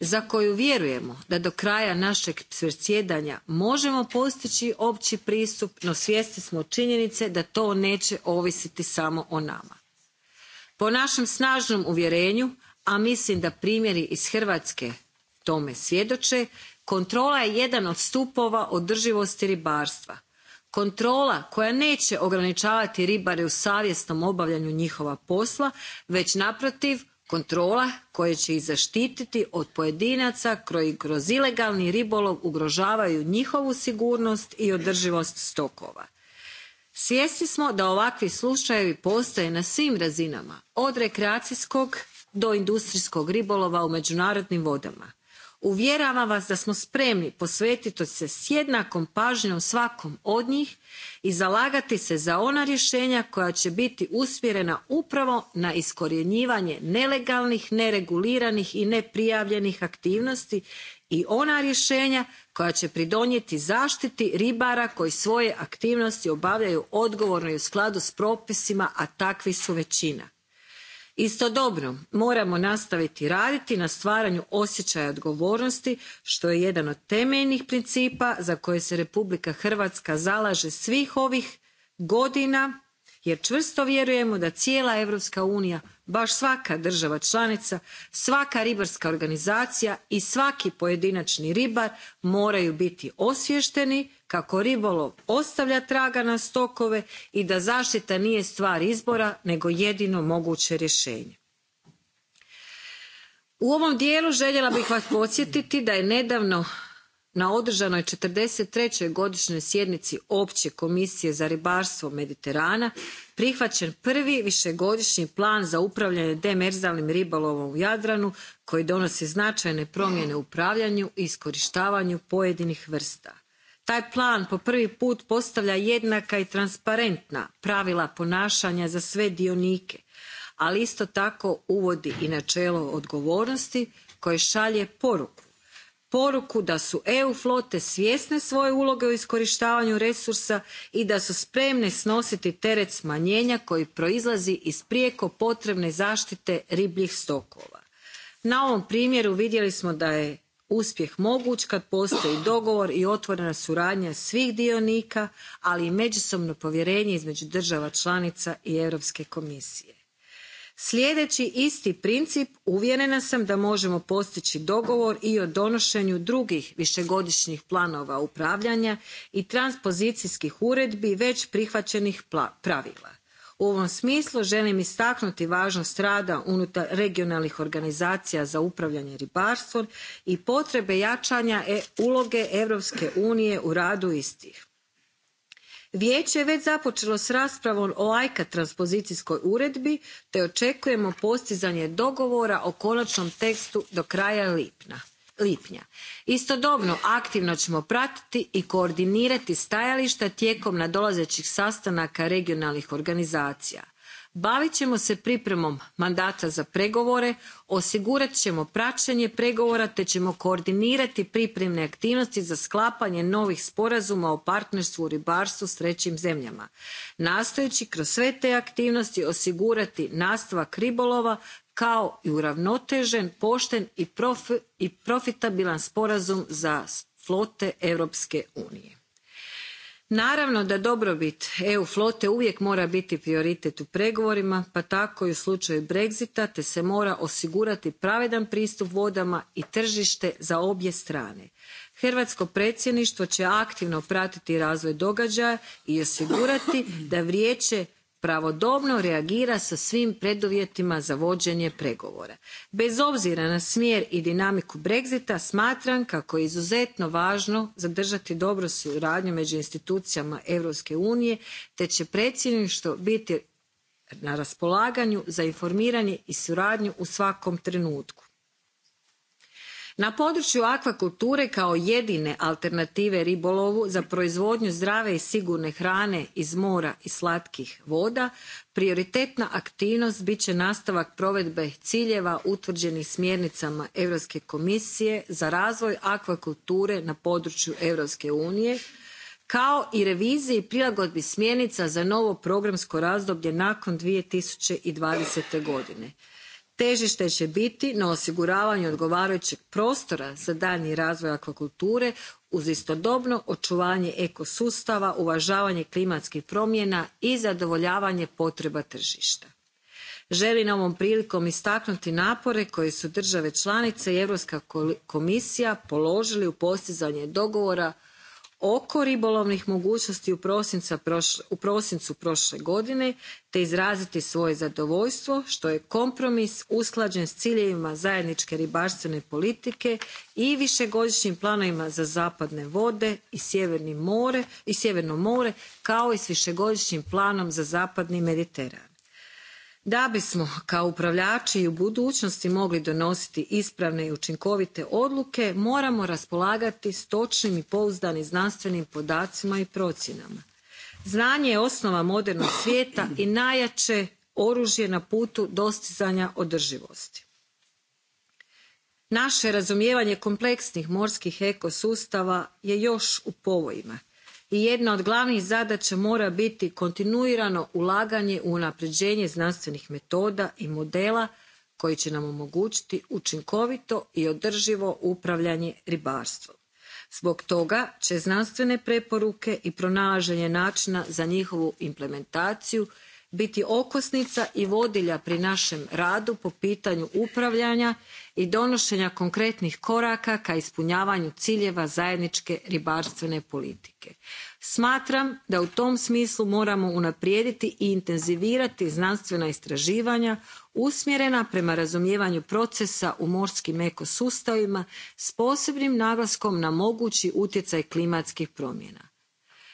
za koju vjerujemo da do kraja našeg predsjedanja možemo postići opći pristup no svjesni smo činjenice da to neće ovisiti samo o nama. po našem snažnom uvjerenju a mislim da primjeri iz hrvatske tome svjedoče kontrola je jedan od stupova održivosti ribarstva kontrola koja neće ograničavati ribare u savjesnom obavljanju njihova posla već naprotiv kontrola koja će ih zaštititi od pojedinaca koji kroz ilegalni ribolov ugrožavaju njihovu sigurnost i održivost stokova. Svjesni smo da ovakvi slučajevi postoje na svim razinama od rekreacijskog do industrijskog ribolova u međunarodnim vodama uvjeravam vas da smo spremni posvetiti se s jednakom pažnjom svakom od njih i zalagati se za ona rješenja koja će biti usmjerena upravo na iskorjenjivanje nelegalnih nereguliranih i neprijavljenih aktivnosti i ona rješenja koja će pridonijeti zaštiti ribara koji svoje aktivnosti obavljaju odgovorno i u skladu s propisima a takvi su većina istodobno moramo nastaviti raditi na stvaranju osjećaja odgovornosti što je jedan od temeljnih principa za koje se republika hrvatska zalaže svih ovih godina jer čvrsto vjerujemo da cijela europska unija baš svaka država članica svaka ribarska organizacija i svaki pojedinačni ribar moraju biti osviješteni kako ribolov ostavlja traga na stokove i da zaštita nije stvar izbora nego jedino moguće rješenje. u ovom dijelu željela bih vas podsjetiti da je nedavno na održanoj forty godišnjoj sjednici opće komisije za ribarstvo mediterana prihvaćen prvi višegodišnji plan za upravljanje demerzalnim ribolovom u jadranu koji donosi značajne promjene u upravljanju i iskorištavanju pojedinih vrsta. taj plan po prvi put postavlja jednaka i transparentna pravila ponašanja za sve dionike ali isto tako uvodi i načelo odgovornosti koje šalje poruku poruku da su eu flote svjesne svoje uloge u iskorištavanju resursa i da su spremne snositi teret smanjenja koji proizlazi iz prijeko potrebne zaštite ribljih stokova. na ovom primjeru vidjeli smo da je uspjeh moguć kad postoji dogovor i otvorena suradnja svih dionika ali i međusobno povjerenje između država članica i europske komisije slijedeći isti princip uvjerena sam da možemo postići dogovor i o donošenju drugih višegodišnjih planova upravljanja i transpozicijskih uredbi već prihvaćenih pravila. u ovom smislu želim istaknuti važnost rada unutar regionalnih organizacija za upravljanje ribarstvom i potrebe jačanja e-, uloge europske unije u radu istih vijeće je već započelo s raspravom o AJKA transpozicijskoj uredbi te očekujemo postizanje dogovora o konačnom tekstu do kraja lipnja. istodobno aktivno ćemo pratiti i koordinirati stajališta tijekom nadolazećih sastanaka regionalnih organizacija bavit ćemo se pripremom mandata za pregovore osigurat ćemo praćenje pregovora te ćemo koordinirati pripremne aktivnosti za sklapanje novih sporazuma o partnerstvu u ribarstvu s trećim zemljama nastojeći kroz sve te aktivnosti osigurati nastavak ribolova kao i uravnotežen pošten i profitabilan sporazum za flote europske unije naravno da dobrobit eu flote uvijek mora biti prioritet u pregovorima pa tako i u slučaju brexita te se mora osigurati pravedan pristup vodama i tržište za obje strane. hrvatsko predsjedništvo će aktivno pratiti razvoj događaja i osigurati da vijeće pravodobno reagira sa svim preduvjetima za vođenje pregovora. Bez obzira na smjer i dinamiku Brexita smatram kako je izuzetno važno zadržati dobru suradnju među institucijama Europske unije te će predsjedništvo biti na raspolaganju za informiranje i suradnju u svakom trenutku na području akvakulture kao jedine alternative ribolovu za proizvodnju zdrave i sigurne hrane iz mora i slatkih voda prioritetna aktivnost bit će nastavak provedbe ciljeva utvrđenih smjernicama europske komisije za razvoj akvakulture na području europske unije kao i reviziji prilagodbi smjernica za novo programsko razdoblje nakon. two thousand and twenty godine težište će biti na osiguravanju odgovarajućeg prostora za daljnji razvoj akvakulture uz istodobno očuvanje ekosustava uvažavanje klimatskih promjena i zadovoljavanje potreba tržišta želim ovom prilikom istaknuti napore koje su države članice i europska komisija položili u postizanje dogovora oko ribolovnih mogućnosti u prosincu prošle godine te izraziti svoje zadovoljstvo što je kompromis usklađen s ciljevima zajedničke ribarstvene politike i višegodišnjim planovima za zapadne vode i sjeverno more kao i s višegodišnjim planom za zapadni mediteran da bismo kao upravljači i u budućnosti mogli donositi ispravne i učinkovite odluke moramo raspolagati s točnim i pouzdanim znanstvenim podacima i procjenama znanje je osnova modernog svijeta i najjače oružje na putu dostizanja održivosti naše razumijevanje kompleksnih morskih ekosustava je još u povojima i jedna od glavnih zadaća mora biti kontinuirano ulaganje u unapređenje znanstvenih metoda i modela koji će nam omogućiti učinkovito i održivo upravljanje ribarstvom. Zbog toga će znanstvene preporuke i pronalaženje načina za njihovu implementaciju biti okosnica i vodilja pri našem radu po pitanju upravljanja i donošenja konkretnih koraka ka ispunjavanju ciljeva zajedničke ribarstvene politike. smatram da u tom smislu moramo unaprijediti i intenzivirati znanstvena istraživanja usmjerena prema razumijevanju procesa u morskim ekosustavima s posebnim naglaskom na mogući utjecaj klimatskih promjena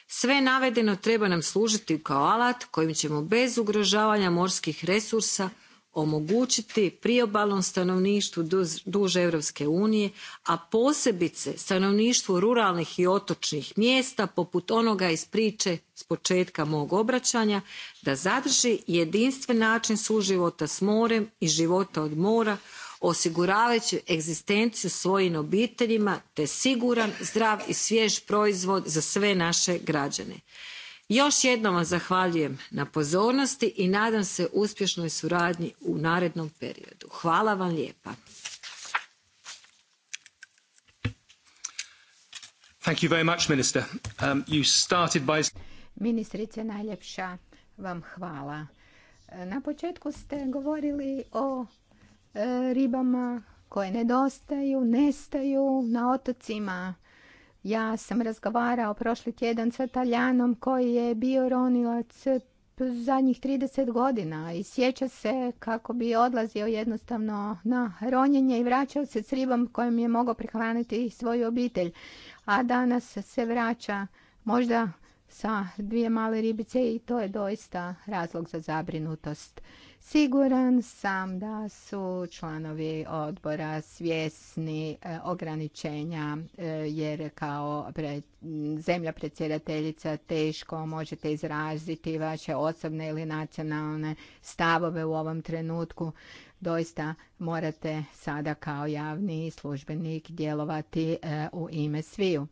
sve navedeno treba nam služiti kao alat kojim ćemo bez ugrožavanja morskih resursa omogućiti priobalnom stanovništvu duž europske unije a posebice stanovništvu ruralnih i otočnih mjesta poput onoga iz priče s početka mog obraćanja da zadrži jedinstven način suživota s morem i života od mora osiguravajući egzistenciju svojim obiteljima te siguran zdrav i svjež proizvod za sve naše građane. još jednom vam zahvaljujem na pozornosti i nadam se uspješnoj suradnji u narednom periodu. hvala vam lijepa. Ministrice, najljepša vam hvala. Na početku ste govorili o ribama koje nedostaju, nestaju na otocima. Ja sam razgovarao prošli tjedan sa Taljanom koji je bio ronilac zadnjih 30 godina i sjeća se kako bi odlazio jednostavno na ronjenje i vraćao se s ribom kojom je mogao prihvaniti svoju obitelj. A danas se vraća možda sa dvije male ribice i to je doista razlog za zabrinutost. Siguran sam da su članovi odbora svjesni e, ograničenja e, jer kao zemlja predsjedateljica teško možete izraziti vaše osobne ili nacionalne stavove u ovom trenutku. Doista morate sada kao javni službenik djelovati e, u ime sviju.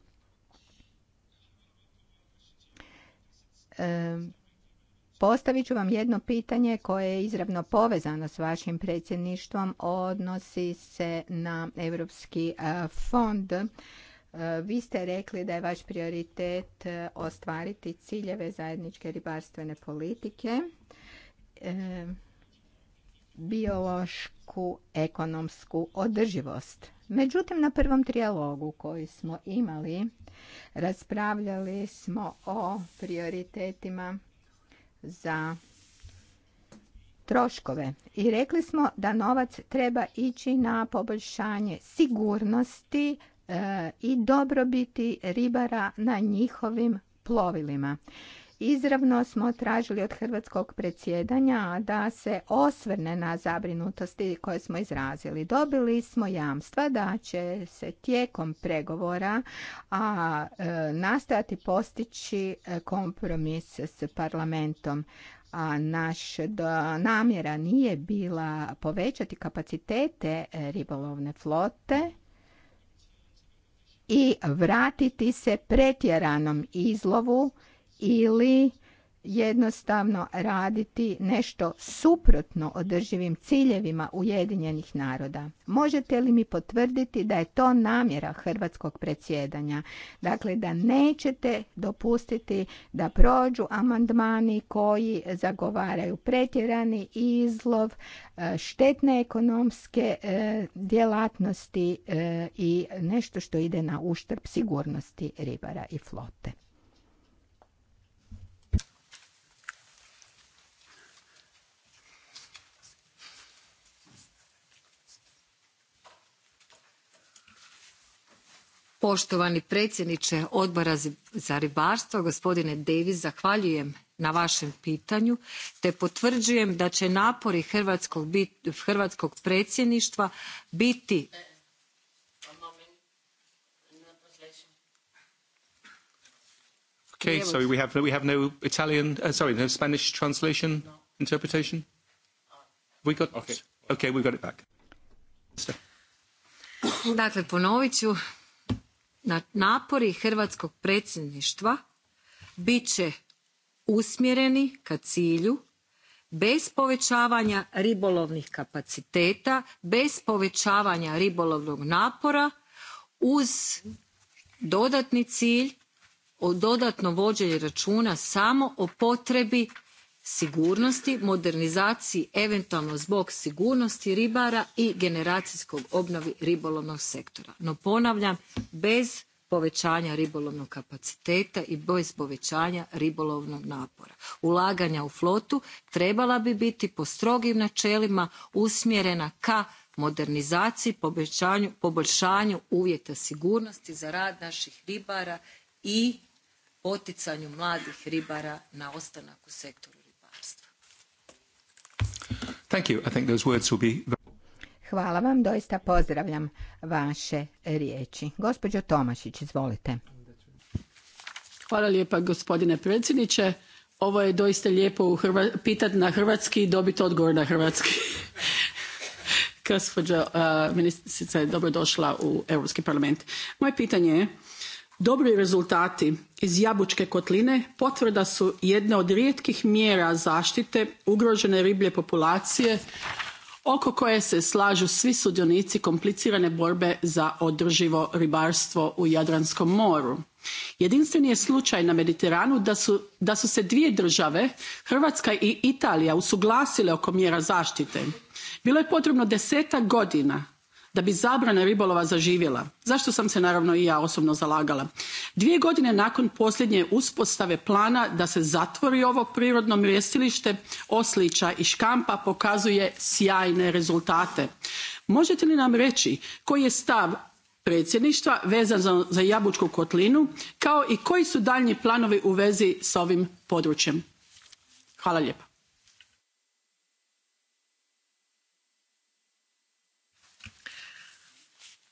Postavit ću vam jedno pitanje koje je izravno povezano s vašim predsjedništvom, odnosi se na Europski e, fond. E, vi ste rekli da je vaš prioritet e, ostvariti ciljeve zajedničke ribarstvene politike, biološku, ekonomsku održivost. Međutim, na prvom trijalogu koji smo imali, raspravljali smo o prioritetima za troškove i rekli smo da novac treba ići na poboljšanje sigurnosti e, i dobrobiti ribara na njihovim plovilima. Izravno smo tražili od hrvatskog predsjedanja da se osvrne na zabrinutosti koje smo izrazili. Dobili smo jamstva da će se tijekom pregovora a e, nastojati postići e, kompromis s parlamentom a naš namjera nije bila povećati kapacitete e, ribolovne flote i vratiti se pretjeranom izlovu ili jednostavno raditi nešto suprotno održivim ciljevima Ujedinjenih naroda. Možete li mi potvrditi da je to namjera hrvatskog predsjedanja? Dakle, da nećete dopustiti da prođu amandmani koji zagovaraju pretjerani izlov, e, štetne ekonomske e, djelatnosti e, i nešto što ide na uštrb sigurnosti ribara i flote. Poštovani predsjedniče odbora za ribarstvo, gospodine Davis, zahvaljujem na vašem pitanju te potvrđujem da će napori hrvatskog, bit, hrvatskog predsjedništva biti Okay, sorry, we have, we have no Italian, uh, sorry, no Spanish translation, interpretation? We got, okay, okay we've got it back. Dakle, ponovit ću, napori hrvatskog predsjedništva bit će usmjereni ka cilju bez povećavanja ribolovnih kapaciteta bez povećavanja ribolovnog napora uz dodatni cilj dodatno vođenje računa samo o potrebi sigurnosti, modernizaciji eventualno zbog sigurnosti ribara i generacijskog obnovi ribolovnog sektora. No ponavljam, bez povećanja ribolovnog kapaciteta i bez povećanja ribolovnog napora. Ulaganja u flotu trebala bi biti po strogim načelima usmjerena ka modernizaciji, poboljšanju, poboljšanju uvjeta sigurnosti za rad naših ribara i poticanju mladih ribara na ostanak u sektoru Thank you. I think those words will be... Hvala vam, doista pozdravljam vaše riječi. Gospođo Tomašić, izvolite. Hvala lijepa gospodine predsjedniče. Ovo je doista lijepo pitati na hrvatski i dobiti odgovor na hrvatski. Gospođo ministrica je dobrodošla u Europski parlament. Moje pitanje je dobri rezultati iz jabučke kotline potvrda su jedne od rijetkih mjera zaštite ugrožene riblje populacije oko koje se slažu svi sudionici komplicirane borbe za održivo ribarstvo u jadranskom moru. jedinstveni je slučaj na mediteranu da su, se dvije države hrvatska i italija usuglasile oko mjera zaštite. bilo je potrebno desetak godina da bi zabrana ribolova zaživjela Zašto sam se naravno i ja osobno zalagala. dvije godine nakon posljednje uspostave plana da se zatvori ovo prirodno mrjestilište oslića i škampa pokazuje sjajne rezultate. možete li nam reći koji je stav predsjedništva vezan za jabučku kotlinu kao i koji su daljnji planovi u vezi s ovim područjem? hvala lijepa.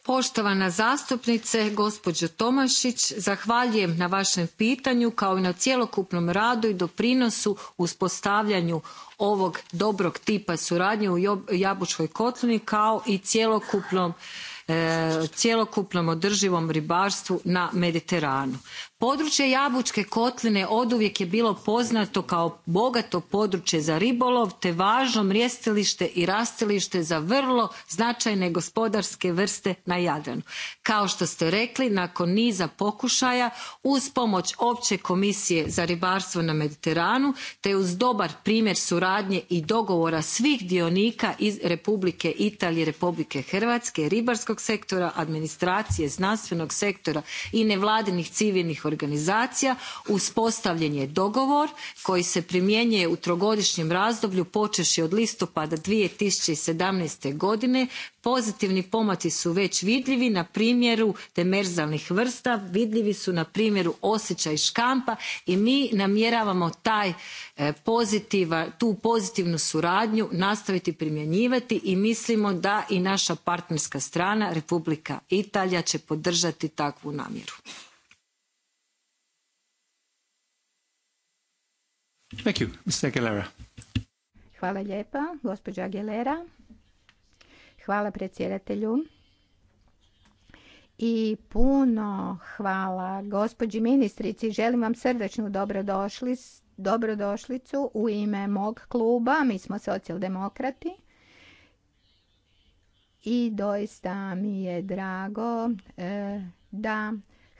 Poštovana zastupnice, gospođo Tomašić, zahvaljujem na vašem pitanju kao i na cjelokupnom radu i doprinosu uspostavljanju ovog dobrog tipa suradnje u Jabučkoj kotlini kao i cjelokupnom, e, održivom ribarstvu na Mediteranu područje jabučke kotline oduvijek je bilo poznato kao bogato područje za ribolov te važno mrijestilište i rastilište za vrlo značajne gospodarske vrste na jadranu. kao što ste rekli nakon niza pokušaja uz pomoć opće komisije za ribarstvo na mediteranu te uz dobar primjer suradnje i dogovora svih dionika iz republike italije i republike hrvatske ribarskog sektora administracije znanstvenog sektora i nevladinih civilnih organizacija uspostavljen je dogovor koji se primjenjuje u trogodišnjem razdoblju počevši od listopada. two thousand and godine pozitivni pomaci su već vidljivi na primjeru temerzalnih vrsta vidljivi su na primjeru osjećaj škampa i mi namjeravamo taj e, pozitiva, tu pozitivnu suradnju nastaviti primjenjivati i mislimo da i naša partnerska strana republika italija će podržati takvu namjeru. Thank you, Hvala lijepa, gospođa Aguilera. Hvala predsjedatelju. I puno hvala gospođi ministrici. Želim vam srdečnu dobrodošli, dobrodošlicu u ime mog kluba. Mi smo socijaldemokrati. I doista mi je drago e, da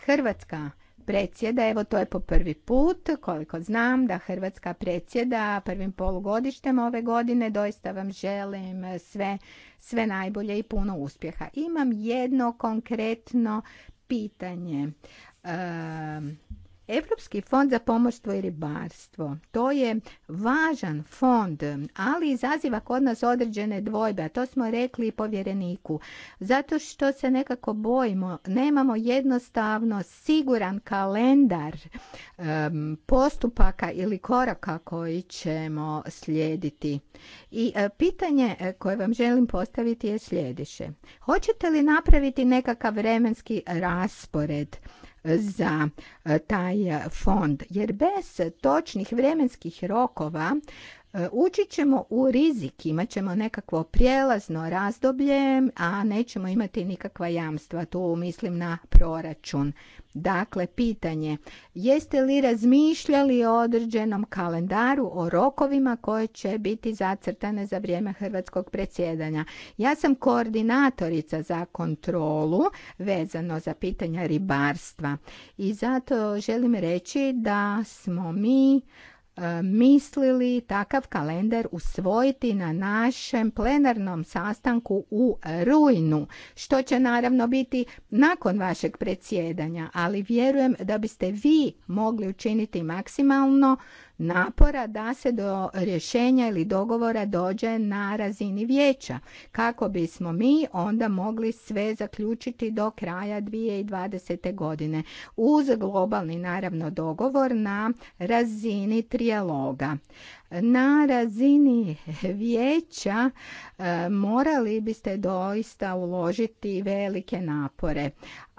Hrvatska predsjeda, evo to je po prvi put, koliko znam da Hrvatska predsjeda prvim polugodištem ove godine, doista vam želim sve, sve najbolje i puno uspjeha. Imam jedno konkretno pitanje. Ehm, Europski fond za pomorstvo i ribarstvo, to je važan fond, ali izaziva kod nas određene dvojbe, a to smo rekli i povjereniku. Zato što se nekako bojimo, nemamo jednostavno siguran kalendar postupaka ili koraka koji ćemo slijediti. I e, pitanje e, koje vam želim postaviti je sljedeće. Hoćete li napraviti nekakav vremenski raspored? za e, taj e, fond jer bez točnih vremenskih rokova E, ući ćemo u rizik, imat ćemo nekakvo prijelazno razdoblje, a nećemo imati nikakva jamstva, tu mislim na proračun. Dakle, pitanje, jeste li razmišljali o određenom kalendaru, o rokovima koje će biti zacrtane za vrijeme hrvatskog predsjedanja? Ja sam koordinatorica za kontrolu vezano za pitanja ribarstva i zato želim reći da smo mi E, mislili takav kalendar usvojiti na našem plenarnom sastanku u rujnu, što će naravno biti nakon vašeg predsjedanja, ali vjerujem da biste vi mogli učiniti maksimalno napora da se do rješenja ili dogovora dođe na razini vijeća kako bismo mi onda mogli sve zaključiti do kraja 2020. godine uz globalni naravno dogovor na razini trijaloga. Na razini vijeća e, morali biste doista uložiti velike napore,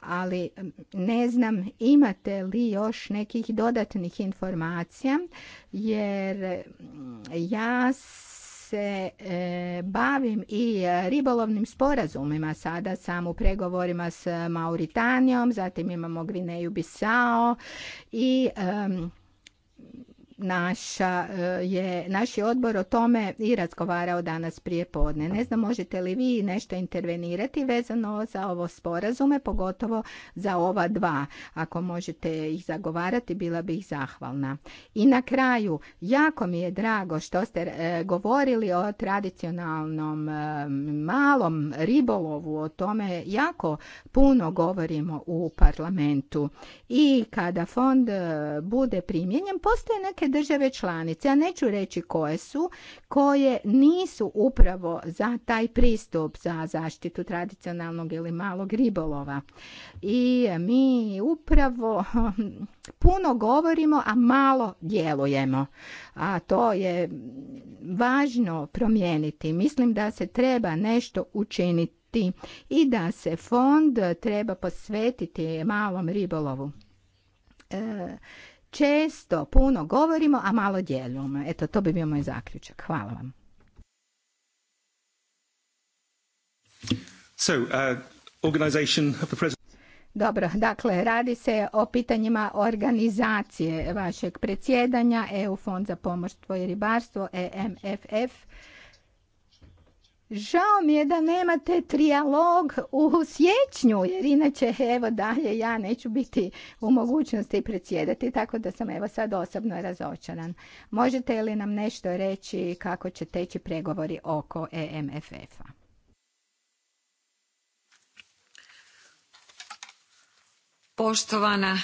ali mm, ne znam imate li još nekih dodatnih informacija jer mm, ja se e, bavim i ribolovnim sporazumima sada sam u pregovorima s Mauritanijom, zatim imamo Gvineju Bisao i naša e, je, naš je odbor o tome i razgovarao danas prije podne. Ne znam, možete li vi nešto intervenirati vezano za ovo sporazume, pogotovo za ova dva. Ako možete ih zagovarati, bila bih zahvalna. I na kraju, jako mi je drago što ste e, govorili o tradicionalnom e, malom ribolovu, o tome jako puno govorimo u parlamentu. I kada fond bude primjenjen, postoje neke države članice, ja neću reći koje su, koje nisu upravo za taj pristup za zaštitu tradicionalnog ili malog ribolova. I mi upravo puno govorimo, a malo djelujemo. A to je važno promijeniti. Mislim da se treba nešto učiniti i da se fond treba posvetiti malom ribolovu e, često puno govorimo, a malo djelujemo. Eto, to bi bio moj zaključak. Hvala vam. Uh, Dobro, dakle, radi se o pitanjima organizacije vašeg predsjedanja, EU fond za pomorstvo i ribarstvo, EMFF Žao mi je da nemate trijalog u sjećnju, jer inače evo dalje ja neću biti u mogućnosti predsjedati, tako da sam evo sad osobno razočaran. Možete li nam nešto reći kako će teći pregovori oko EMFF-a? Poštovana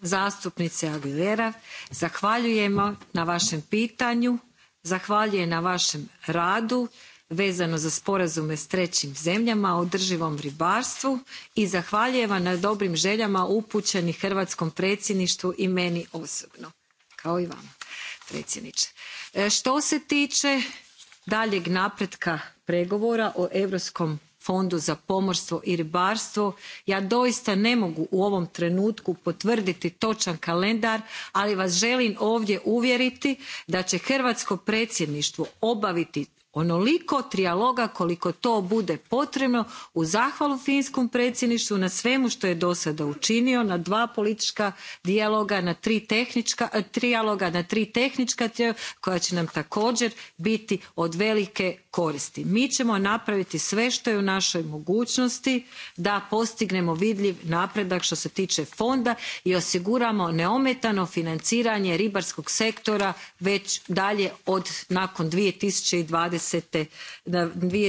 zastupnice Aguilera, zahvaljujemo na vašem pitanju, zahvaljujem na vašem radu vezano za sporazume s trećim zemljama o održivom ribarstvu i zahvaljujem vam na dobrim željama upućeni hrvatskom predsjedništvu i meni osobno kao i vama predsjedniče. E, što se tiče daljeg napretka pregovora o europskom fondu za pomorstvo i ribarstvo ja doista ne mogu u ovom trenutku potvrditi točan kalendar ali vas želim ovdje uvjeriti da će hrvatsko predsjedništvo obaviti onoliko trijaloga koliko to bude potrebno u zahvalu finskom predsjedništvu na svemu što je do sada učinio na dva politička dijaloga na tri tehnička eh, trijaloga na tri tehnička koja će nam također biti od velike koristi. Mi ćemo napraviti sve što je u našoj mogućnosti da postignemo vidljiv napredak što se tiče fonda i osiguramo neometano financiranje ribarskog sektora već dalje od nakon. two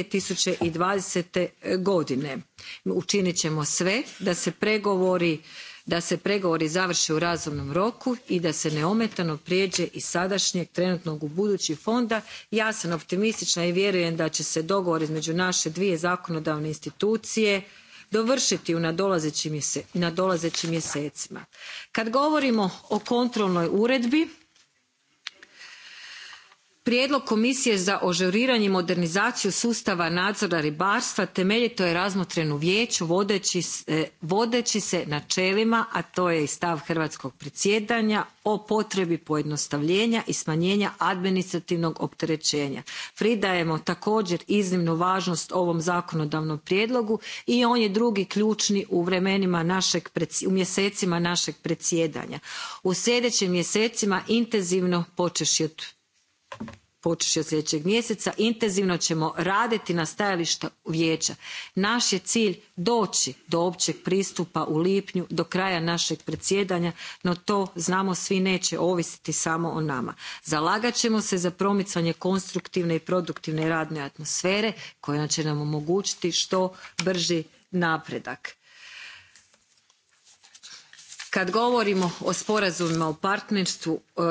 thousand and godine učinit ćemo sve da se pregovori da se pregovori završe u razumnom roku i da se neometano prijeđe iz sadašnjeg trenutnog u budući fonda ja sam optimistična i vjerujem da će se dogovor između naše dvije zakonodavne institucije dovršiti u nadolazećim mjesecima. kad govorimo o kontrolnoj uredbi prijedlog komisije za ažuriranje i modernizaciju sustava nadzora ribarstva temeljito je razmotren u vijeću e, vodeći se načelima a to je i stav hrvatskog predsjedanja o potrebi pojednostavljenja i smanjenja administrativnog opterećenja. pridajemo također iznimnu važnost ovom zakonodavnom prijedlogu i on je drugi ključni u vremenima našeg, u mjesecima našeg predsjedanja. u sljedećim mjesecima intenzivno počevši od počevši od sljedećeg mjeseca intenzivno ćemo raditi na stajališta vijeća. naš je cilj doći do općeg pristupa u lipnju do kraja našeg predsjedanja no to znamo svi neće ovisiti samo o nama. zalagat ćemo se za promicanje konstruktivne i produktivne radne atmosfere koja će nam omogućiti što brži napredak kad govorimo o sporazumima o partnerstvu, e,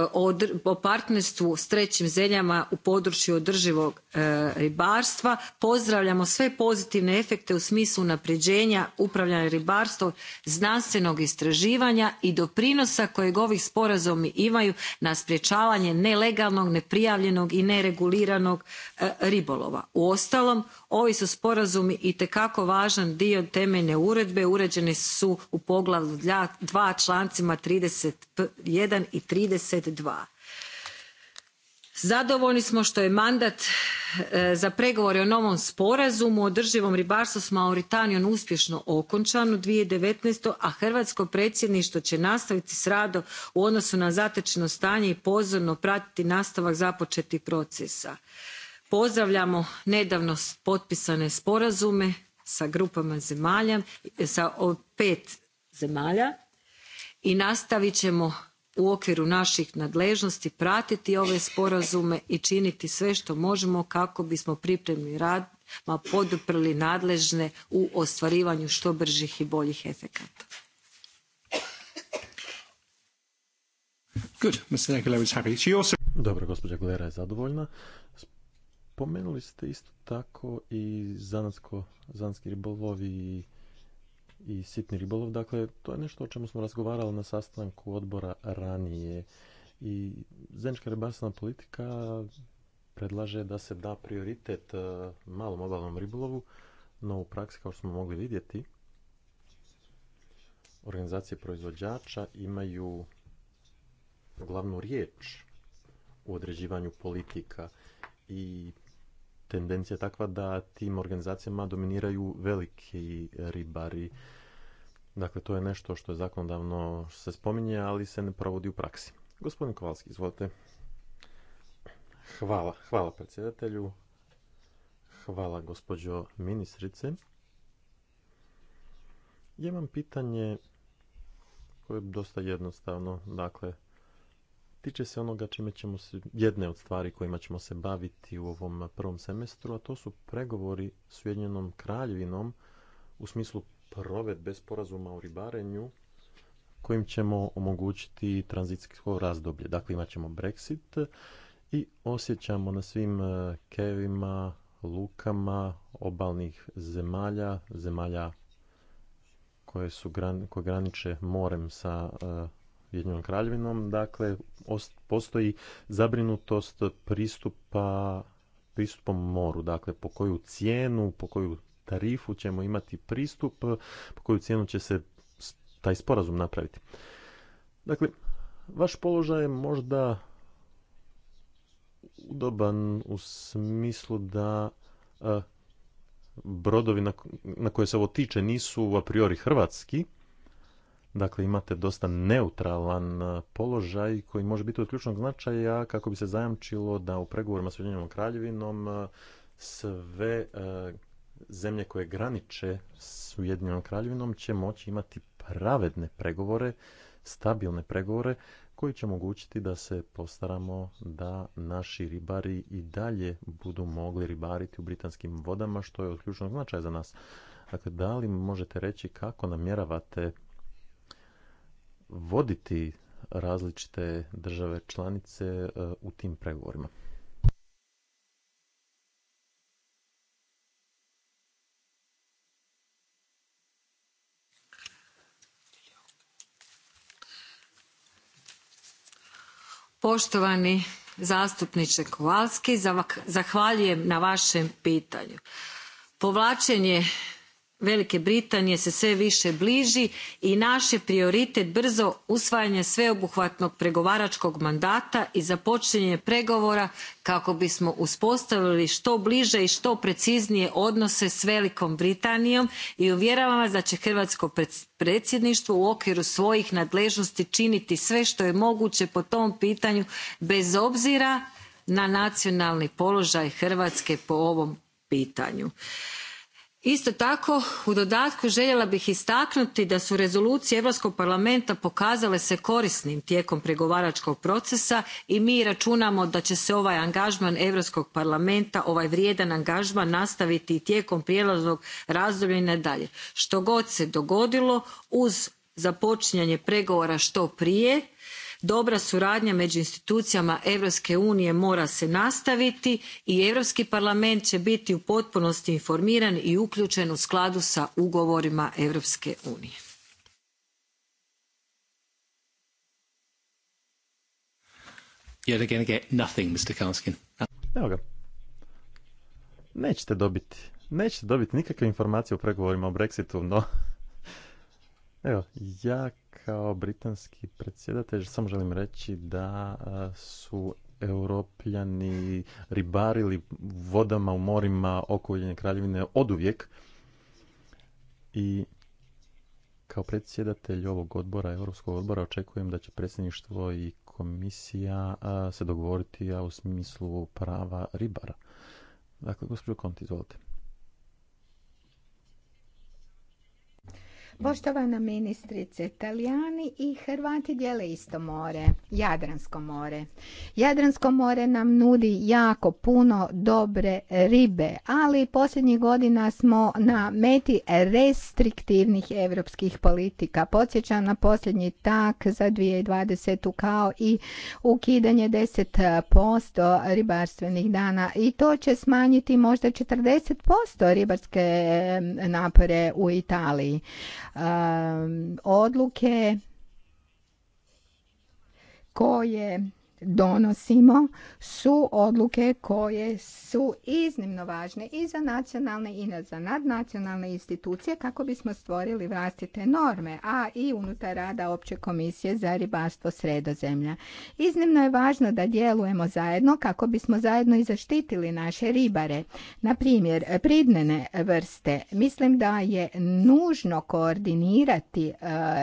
o partnerstvu s trećim zemljama u području održivog e, ribarstva pozdravljamo sve pozitivne efekte u smislu unapređenja upravljanja ribarstvom znanstvenog istraživanja i doprinosa kojeg ovi sporazumi imaju na sprječavanje nelegalnog neprijavljenog i nereguliranog e, ribolova. uostalom ovi su sporazumi itekako važan dio temeljne uredbe Uređene su u poglavlju dva člancima thirty one i thirty two zadovoljni smo što je mandat e, za pregovore o novom sporazumu o održivom ribarstvu s mauritanijom uspješno okončan u. two thousand and a hrvatsko predsjedništvo će nastaviti s radom u odnosu na zatečeno stanje i pozorno pratiti nastavak započetih procesa. pozdravljamo nedavno potpisane sporazume sa grupama zemalja sa pet zemalja i nastavit ćemo u okviru naših nadležnosti pratiti ove sporazume i činiti sve što možemo kako bismo pripremnim ma poduprli nadležne u ostvarivanju što bržih i boljih efekata. Dobro, gospođa je zadovoljna. Spomenuli ste isto tako i zanatsko, zanatski ribolovi i i sitni ribolov. Dakle, to je nešto o čemu smo razgovarali na sastanku odbora ranije. I zajednička ribarstvena politika predlaže da se da prioritet e, malom obalnom ribolovu, no u praksi, kao što smo mogli vidjeti, organizacije proizvođača imaju glavnu riječ u određivanju politika i tendencija je takva da tim organizacijama dominiraju veliki ribari. Dakle, to je nešto što je zakonodavno se spominje, ali se ne provodi u praksi. Gospodin Kovalski, izvolite. Hvala, hvala predsjedatelju. Hvala gospođo ministrice. imam pitanje koje je dosta jednostavno. Dakle, tiče se onoga čime ćemo se, jedne od stvari kojima ćemo se baviti u ovom prvom semestru, a to su pregovori s Ujedinjenom kraljevinom u smislu provedbe sporazuma o ribarenju kojim ćemo omogućiti tranzicijsko razdoblje. Dakle, imat ćemo Brexit i osjećamo na svim e, kevima, lukama obalnih zemalja, zemalja koje, su, koje graniče morem sa e, Ujedinjenom kraljevinom, dakle postoji zabrinutost pristupa pristupom moru, dakle po koju cijenu, po koju tarifu ćemo imati pristup, po koju cijenu će se taj sporazum napraviti. Dakle, vaš položaj je možda udoban u smislu da e, brodovi na koje se ovo tiče nisu a priori hrvatski, Dakle, imate dosta neutralan e, položaj koji može biti od ključnog značaja kako bi se zajamčilo da u pregovorima s Ujedinjenom kraljevinom e, sve e, zemlje koje graniče s Ujedinjenom kraljevinom će moći imati pravedne pregovore, stabilne pregovore koji će omogućiti da se postaramo da naši ribari i dalje budu mogli ribariti u britanskim vodama, što je od ključnog značaja za nas. Dakle, da li možete reći kako namjeravate voditi različite države članice e, u tim pregovorima? Poštovani zastupniče Kovalski, zahvaljujem na vašem pitanju. Povlačenje velike britanije se sve više bliži i naš je prioritet brzo usvajanje sveobuhvatnog pregovaračkog mandata i započinjanje pregovora kako bismo uspostavili što bliže i što preciznije odnose s velikom britanijom i uvjeravam vas da će hrvatsko predsjedništvo u okviru svojih nadležnosti činiti sve što je moguće po tom pitanju bez obzira na nacionalni položaj hrvatske po ovom pitanju isto tako u dodatku željela bih istaknuti da su rezolucije europskog parlamenta pokazale se korisnim tijekom pregovaračkog procesa i mi računamo da će se ovaj angažman europskog parlamenta ovaj vrijedan angažman nastaviti i tijekom prijelaznog razdoblja i nadalje. što god se dogodilo uz započinjanje pregovora što prije dobra suradnja među institucijama europske unije mora se nastaviti i europski parlament će biti u potpunosti informiran i uključen u skladu sa ugovorima europske unije. nothing, Mr. Nećete dobiti, nećete dobiti nikakve informacije o pregovorima o Brexitu, no Evo, ja kao britanski predsjedatelj samo želim reći da su europljani ribarili vodama u morima oko Ujedinjene kraljevine oduvijek i kao predsjedatelj ovog odbora, Europskog odbora, očekujem da će predsjedništvo i komisija se dogovoriti u smislu prava ribara. Dakle, gospođo Konti, izvolite. Poštovana ministrice, Talijani i Hrvati dijele isto more, Jadransko more. Jadransko more nam nudi jako puno dobre ribe, ali posljednjih godina smo na meti restriktivnih europskih politika. Podsjećam na posljednji tak za 2020. kao i ukidanje 10% ribarstvenih dana i to će smanjiti možda 40% ribarske eh, napore u Italiji odluke koje donosimo su odluke koje su iznimno važne i za nacionalne i za nadnacionalne institucije kako bismo stvorili vlastite norme, a i unutar rada Opće komisije za ribarstvo sredozemlja. Iznimno je važno da djelujemo zajedno kako bismo zajedno i zaštitili naše ribare. Na primjer, pridnene vrste. Mislim da je nužno koordinirati e,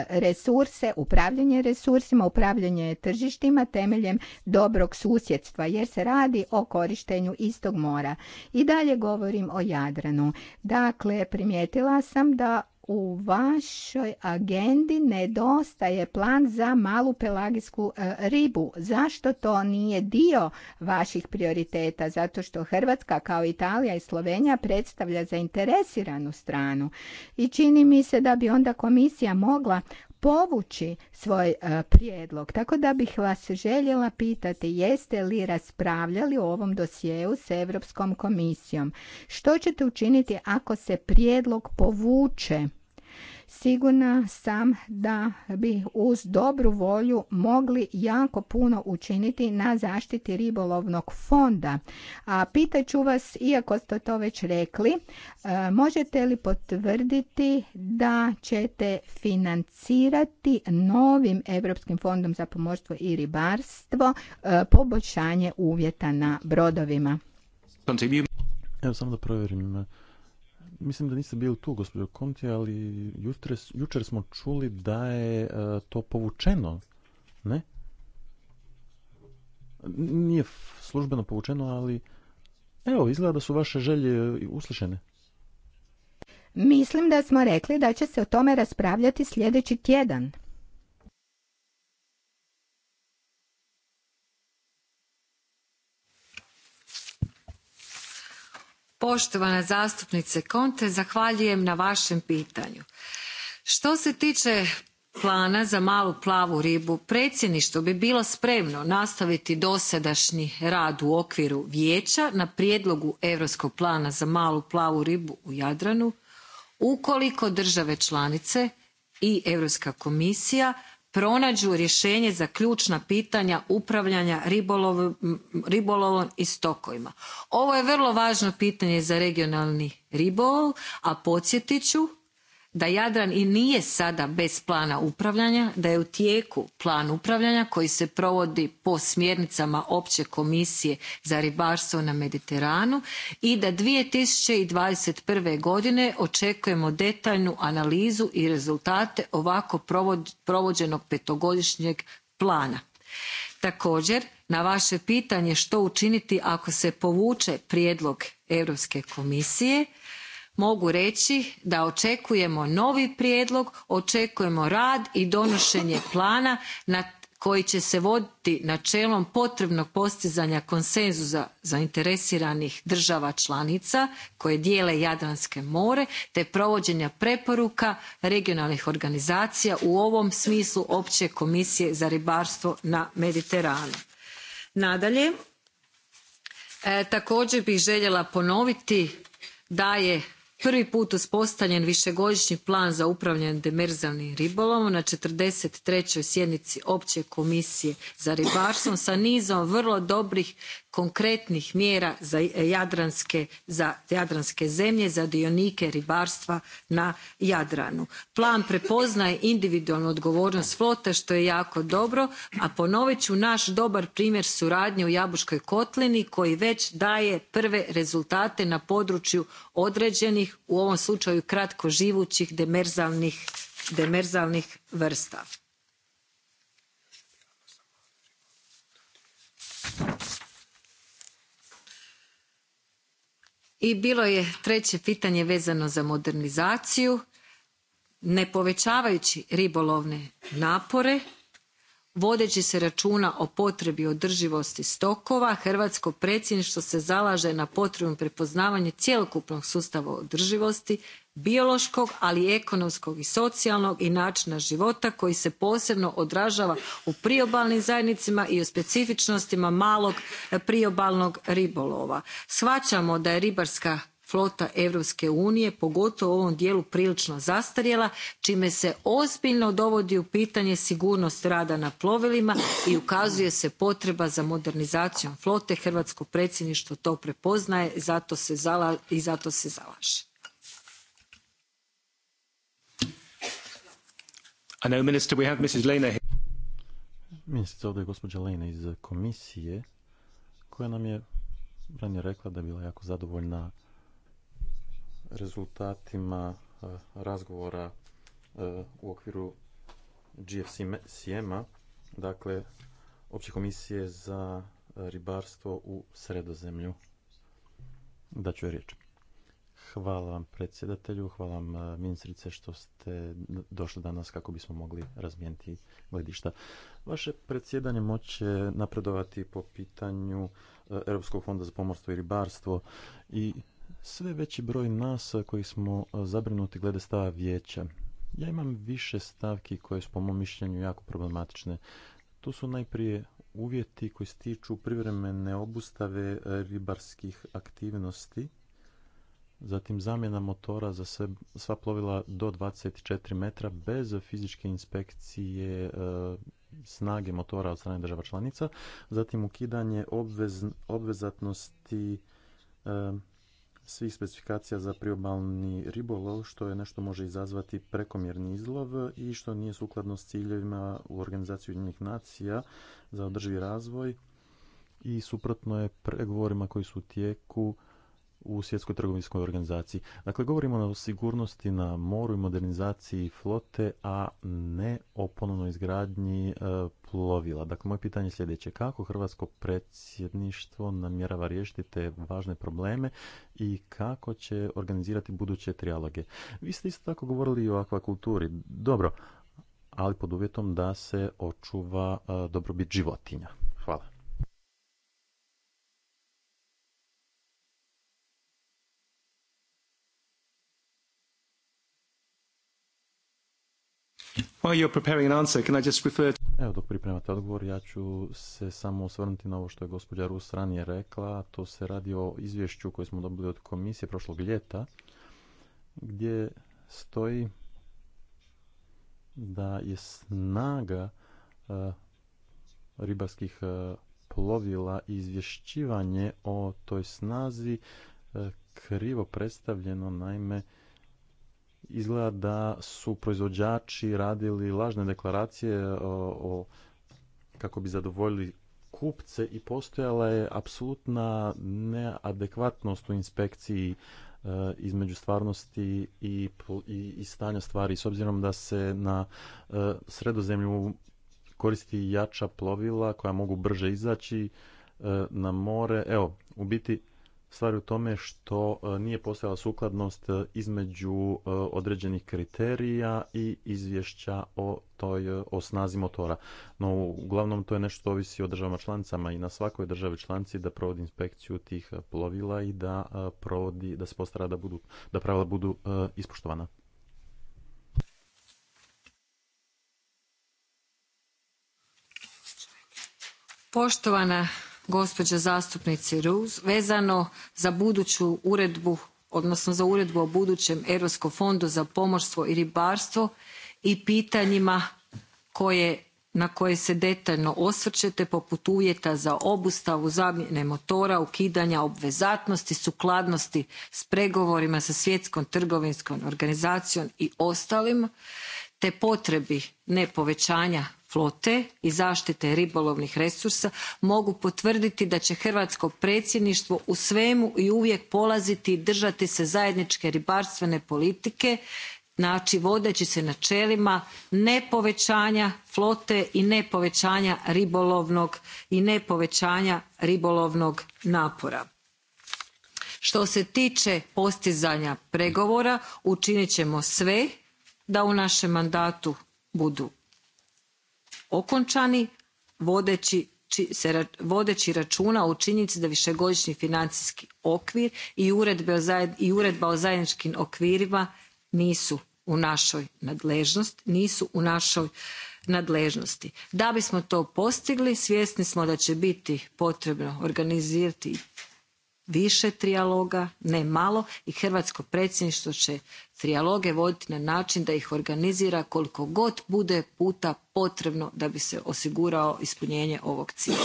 resurse, upravljanje resursima, upravljanje tržištima temeljem dobrog susjedstva jer se radi o korištenju istog mora. I dalje govorim o Jadranu. Dakle, primijetila sam da u vašoj agendi nedostaje plan za malu pelagijsku e, ribu. Zašto to nije dio vaših prioriteta? Zato što Hrvatska kao Italija i Slovenija predstavlja zainteresiranu stranu. I čini mi se da bi onda komisija mogla povući svoj e, prijedlog. Tako da bih vas željela pitati jeste li raspravljali o ovom dosjeu s Europskom komisijom. Što ćete učiniti ako se prijedlog povuče? Sigurna sam da bi uz dobru volju mogli jako puno učiniti na zaštiti ribolovnog fonda. A pitaću vas, iako ste to već rekli, e, možete li potvrditi da ćete financirati novim Europskim fondom za pomorstvo i ribarstvo e, poboljšanje uvjeta na brodovima? Evo samo da provjerim Mislim da niste bili tu, gospođo Konti, ali jučer smo čuli da je e, to povučeno, ne? Nije službeno povučeno, ali evo, izgleda da su vaše želje e, uslišene. Mislim da smo rekli da će se o tome raspravljati sljedeći tjedan. poštovana zastupnice Konte, zahvaljujem na vašem pitanju. Što se tiče plana za malu plavu ribu predsjedništvo bi bilo spremno nastaviti dosadašnji rad u okviru vijeća na prijedlogu europskog plana za malu plavu ribu u jadranu ukoliko države članice i europska komisija pronađu rješenje za ključna pitanja upravljanja ribolovom, i stokovima. ovo je vrlo važno pitanje za regionalni ribolov a podsjetit ću da Jadran i nije sada bez plana upravljanja, da je u tijeku plan upravljanja koji se provodi po smjernicama opće komisije za ribarstvo na Mediteranu i da 2021. godine očekujemo detaljnu analizu i rezultate ovako provođenog petogodišnjeg plana. Također, na vaše pitanje što učiniti ako se povuče prijedlog Europske komisije, mogu reći da očekujemo novi prijedlog očekujemo rad i donošenje plana koji će se voditi načelom potrebnog postizanja konsenzusa zainteresiranih država članica koje dijele jadransko more te provođenja preporuka regionalnih organizacija u ovom smislu opće komisije za ribarstvo na mediteranu. nadalje e, također bih željela ponoviti da je prvi put uspostavljen višegodišnji plan za upravljanje demerzalnim ribolovom na četrdeset tri sjednici opće komisije za ribarstvo sa nizom vrlo dobrih konkretnih mjera za jadranske, za jadranske zemlje za dionike ribarstva na jadranu. plan prepoznaje individualnu odgovornost flote što je jako dobro a ponovit ću naš dobar primjer suradnje u jabukoj kotlini koji već daje prve rezultate na području određenih u ovom slučaju kratko demerzalnih, demerzalnih vrsta. i bilo je treće pitanje vezano za modernizaciju ne povećavajući ribolovne napore vodeći se računa o potrebi održivosti stokova hrvatsko predsjedništvo se zalaže na potrebu prepoznavanja cjelokupnog sustava održivosti biološkog ali i ekonomskog i socijalnog i načina života koji se posebno odražava u priobalnim zajednicama i u specifičnostima malog priobalnog ribolova. shvaćamo da je ribarska flota europske unije pogotovo u ovom dijelu prilično zastarjela čime se ozbiljno dovodi u pitanje sigurnost rada na plovilima i ukazuje se potreba za modernizacijom flote hrvatsko predsjedništvo to prepoznaje i zato se, se zalaže I ovdje je gospođa Lena iz komisije koja nam je ranije rekla da je bila jako zadovoljna rezultatima e, razgovora e, u okviru gfc a dakle Opće komisije za ribarstvo u sredozemlju. Da ću riječ. Hvala vam predsjedatelju, hvala vam e, ministrice što ste došli danas kako bismo mogli razmijeniti gledišta. Vaše predsjedanje moće napredovati po pitanju Europskog fonda za pomorstvo i ribarstvo i sve veći broj nas koji smo zabrinuti glede stava vijeća. Ja imam više stavki koje su po mom mišljenju jako problematične. Tu su najprije uvjeti koji se tiču privremene obustave e, ribarskih aktivnosti, zatim zamjena motora za sva plovila do 24 metra bez fizičke inspekcije e, snage motora od strane država članica, zatim ukidanje obvezatnosti e, svih specifikacija za priobalni ribolov, što je nešto može izazvati prekomjerni izlov i što nije sukladno s ciljevima u organizaciji Ujedinjenih nacija za održivi razvoj i suprotno je pregovorima koji su u tijeku u svjetskoj trgovinskoj organizaciji. Dakle, govorimo o sigurnosti na moru i modernizaciji flote, a ne o ponovnoj izgradnji e, plovila. Dakle, moje pitanje je sljedeće. Kako Hrvatsko predsjedništvo namjerava riješiti te važne probleme i kako će organizirati buduće trijaloge? Vi ste isto tako govorili o akvakulturi. Dobro, ali pod uvjetom da se očuva e, dobrobit životinja. Hvala. While Evo, dok pripremate odgovor, ja ću se samo osvrnuti na ovo što je gospođa Rus ranije rekla. To se radi o izvješću koje smo dobili od komisije prošlog ljeta, gdje stoji da je snaga e, ribarskih e, plovila i izvješćivanje o toj snazi e, krivo predstavljeno, naime izgleda da su proizvođači radili lažne deklaracije e, o, kako bi zadovoljili kupce i postojala je apsolutna neadekvatnost u inspekciji e, između stvarnosti i, i, stanja stvari s obzirom da se na e, sredozemlju koristi jača plovila koja mogu brže izaći na more evo u biti Stvar u tome što e, nije postojala sukladnost e, između e, određenih kriterija i izvješća o toj o snazi motora. No, uglavnom to je nešto što ovisi o državama članicama i na svakoj državi članci da provodi inspekciju tih plovila i da provodi, da se postara da, budu, da pravila budu ispoštovana. Poštovana gospođo zastupnici Ruz, vezano za buduću uredbu, odnosno za uredbu o budućem Europskom fondu za pomorstvo i ribarstvo i pitanjima na koje se detaljno osvrćete poput uvjeta za obustavu zamjene motora, ukidanja obvezatnosti, sukladnosti s pregovorima sa Svjetskom trgovinskom organizacijom i ostalim, te potrebi ne flote i zaštite ribolovnih resursa mogu potvrditi da će hrvatsko predsjedništvo u svemu i uvijek polaziti i držati se zajedničke ribarstvene politike znači vodeći se načelima ne povećanja flote i ne ribolovnog i ne povećanja ribolovnog napora. što se tiče postizanja pregovora učinit ćemo sve da u našem mandatu budu okončani vodeći računa o činjenici da višegodišnji financijski okvir i, i uredba o zajedničkim okvirima nisu u našoj nadležnosti nisu u našoj nadležnosti. Da bismo to postigli svjesni smo da će biti potrebno organizirati više trijaloga ne malo i hrvatsko predsjedništvo će trijaloge voditi na način da ih organizira koliko god bude puta potrebno da bi se osigurao ispunjenje ovog cilja.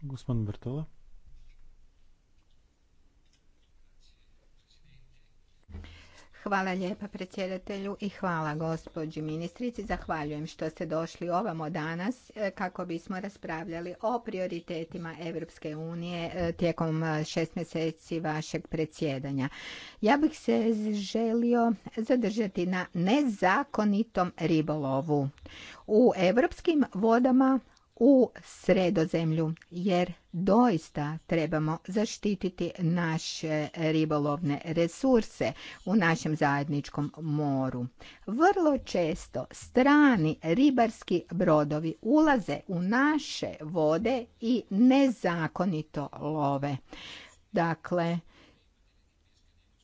Gospodin Hvala lijepa predsjedatelju i hvala gospođi ministrici. Zahvaljujem što ste došli ovamo danas e, kako bismo raspravljali o prioritetima Europske unije e, tijekom e, šest mjeseci vašeg predsjedanja. Ja bih se želio zadržati na nezakonitom ribolovu. U europskim vodama u sredozemlju jer doista trebamo zaštititi naše ribolovne resurse u našem zajedničkom moru. Vrlo često strani ribarski brodovi ulaze u naše vode i nezakonito love. Dakle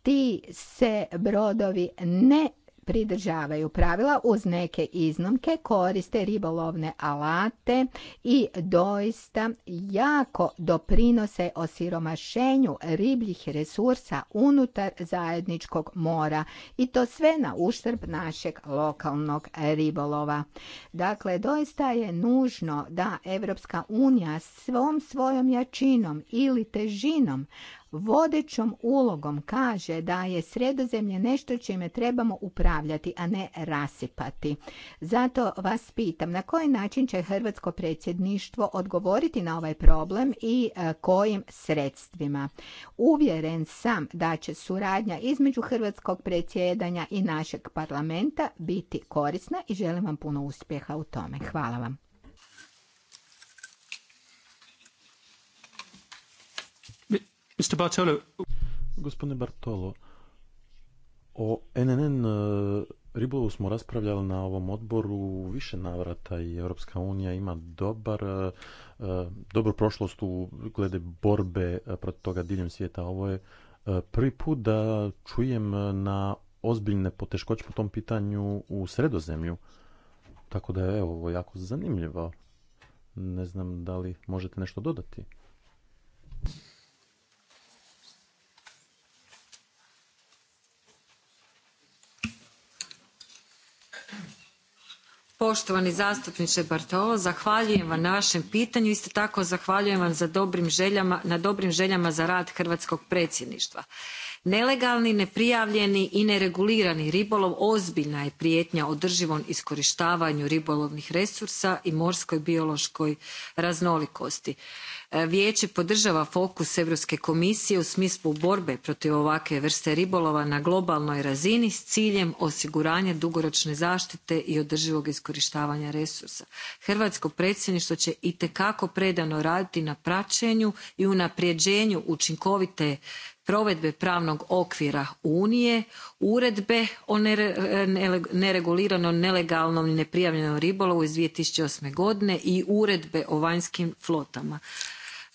ti se brodovi ne pridržavaju pravila uz neke iznomke, koriste ribolovne alate i doista jako doprinose osiromašenju ribljih resursa unutar zajedničkog mora i to sve na uštrb našeg lokalnog ribolova. Dakle, doista je nužno da Evropska unija svom svojom jačinom ili težinom, vodećom ulogom kaže da je sredozemlje nešto čime trebamo upravljati, a ne rasipati. Zato vas pitam na koji način će Hrvatsko predsjedništvo odgovoriti na ovaj problem i e, kojim sredstvima. Uvjeren sam da će suradnja između Hrvatskog predsjedanja i našeg parlamenta biti korisna i želim vam puno uspjeha u tome. Hvala vam. Gospodine Bartolo, o NNN e, ribolovu smo raspravljali na ovom odboru u više navrata i Europska unija ima dobar, e, e, dobru prošlost u glede borbe protiv toga diljem svijeta. Ovo je prvi put da čujem na ozbiljne poteškoće po tom pitanju u sredozemlju. Tako da je ovo jako zanimljivo. Ne znam da li možete nešto dodati. Poštovani zastupniče Bartolo, zahvaljujem vam na vašem pitanju, isto tako zahvaljujem vam za dobrim željama, na dobrim željama za rad hrvatskog predsjedništva nelegalni neprijavljeni i neregulirani ribolov ozbiljna je prijetnja održivom iskorištavanju ribolovnih resursa i morskoj biološkoj raznolikosti. E, vijeće podržava fokus europske komisije u smislu borbe protiv ovakve vrste ribolova na globalnoj razini s ciljem osiguranja dugoročne zaštite i održivog iskorištavanja resursa. hrvatsko predsjedništvo će itekako predano raditi na praćenju i unapređenju učinkovite provedbe pravnog okvira unije uredbe o nereguliranom nelegalnom i neprijavljenom ribolovu iz. two thousand and eight godine i uredbe o vanjskim flotama.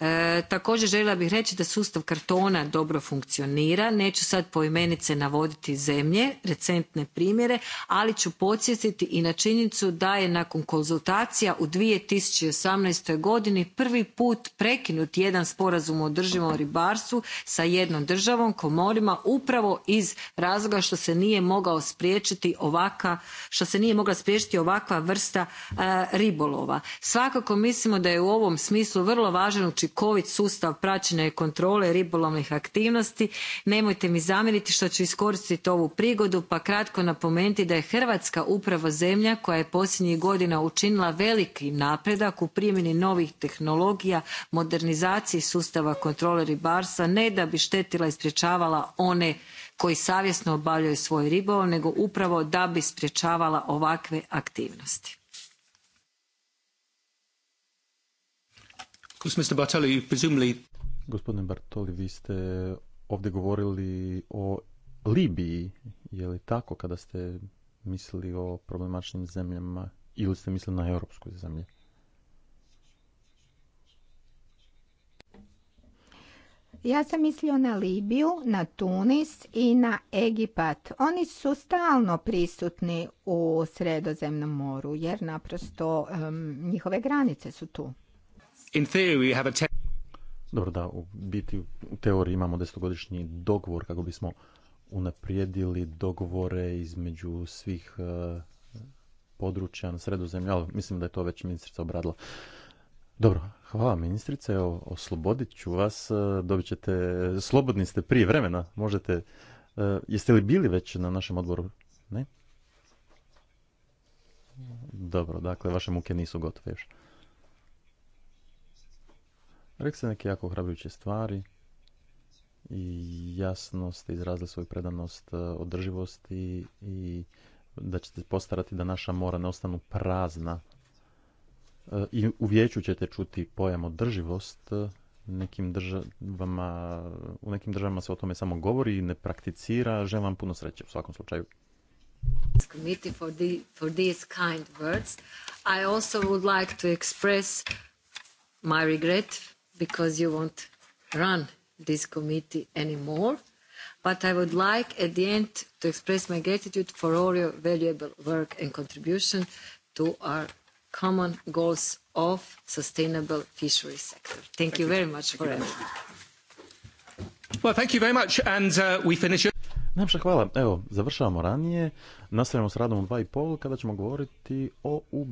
E, također željela bih reći da sustav kartona dobro funkcionira, neću sad poimenice navoditi zemlje, recentne primjere, ali ću podsjetiti i na činjenicu da je nakon konzultacija u 2018. godini prvi put prekinut jedan sporazum o održivom ribarstvu sa jednom državom komorima upravo iz razloga što se nije mogao spriječiti ovaka, što se nije mogla spriječiti ovakva vrsta e, ribolova. Svakako mislimo da je u ovom smislu vrlo važan učinkovit sustav praćenja i kontrole ribolovnih aktivnosti nemojte mi zamjeriti što ću iskoristiti ovu prigodu pa kratko napomenuti da je hrvatska upravo zemlja koja je posljednjih godina učinila veliki napredak u primjeni novih tehnologija modernizaciji sustava kontrole ribarstva ne da bi štetila i sprječavala one koji savjesno obavljaju svoj ribolov nego upravo da bi sprječavala ovakve aktivnosti. Mr. Gospodine Bartoli, vi ste ovdje govorili o Libiji, je li tako kada ste mislili o problematičnim zemljama ili ste mislili na europsku zemlju? Ja sam mislio na Libiju, na Tunis i na Egipat. Oni su stalno prisutni u Sredozemnom moru jer naprosto njihove granice su tu in theory dobro da u biti u teoriji imamo desetogodišnji dogovor kako bismo unaprijedili dogovore između svih e, područja na ali mislim da je to već ministrica obradila. Dobro, hvala ministrice, oslobodit ću vas, e, dobit ćete, slobodni ste prije vremena, možete, e, jeste li bili već na našem odboru? Ne? Dobro, dakle, vaše muke nisu gotove još. Rekli ste neke jako ohrabrujuće stvari i jasno ste izrazili svoju predanost e, održivosti i da ćete postarati da naša mora ne ostanu prazna. E, I u vijeću ćete čuti pojam održivost. E, nekim državama, u nekim državama se o tome samo govori i ne prakticira. Želim vam puno sreće u svakom slučaju. Committee for, the, for these kind like to because you won't run this committee anymore. But I would like at the end to express my gratitude for all your valuable work and contribution to our common goals of sustainable fisheries sector. Thank, thank you very much for everything. Well, thank you very much and uh, we finish Najpša hvala. Evo, završavamo ranije. Nastavljamo s radom u dva i pol kada ćemo govoriti o u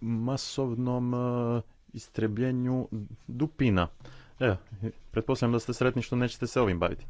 masovnom uh, istrebljenju dupina. Evo, pretpostavljam da ste sretni što nećete se ovim baviti.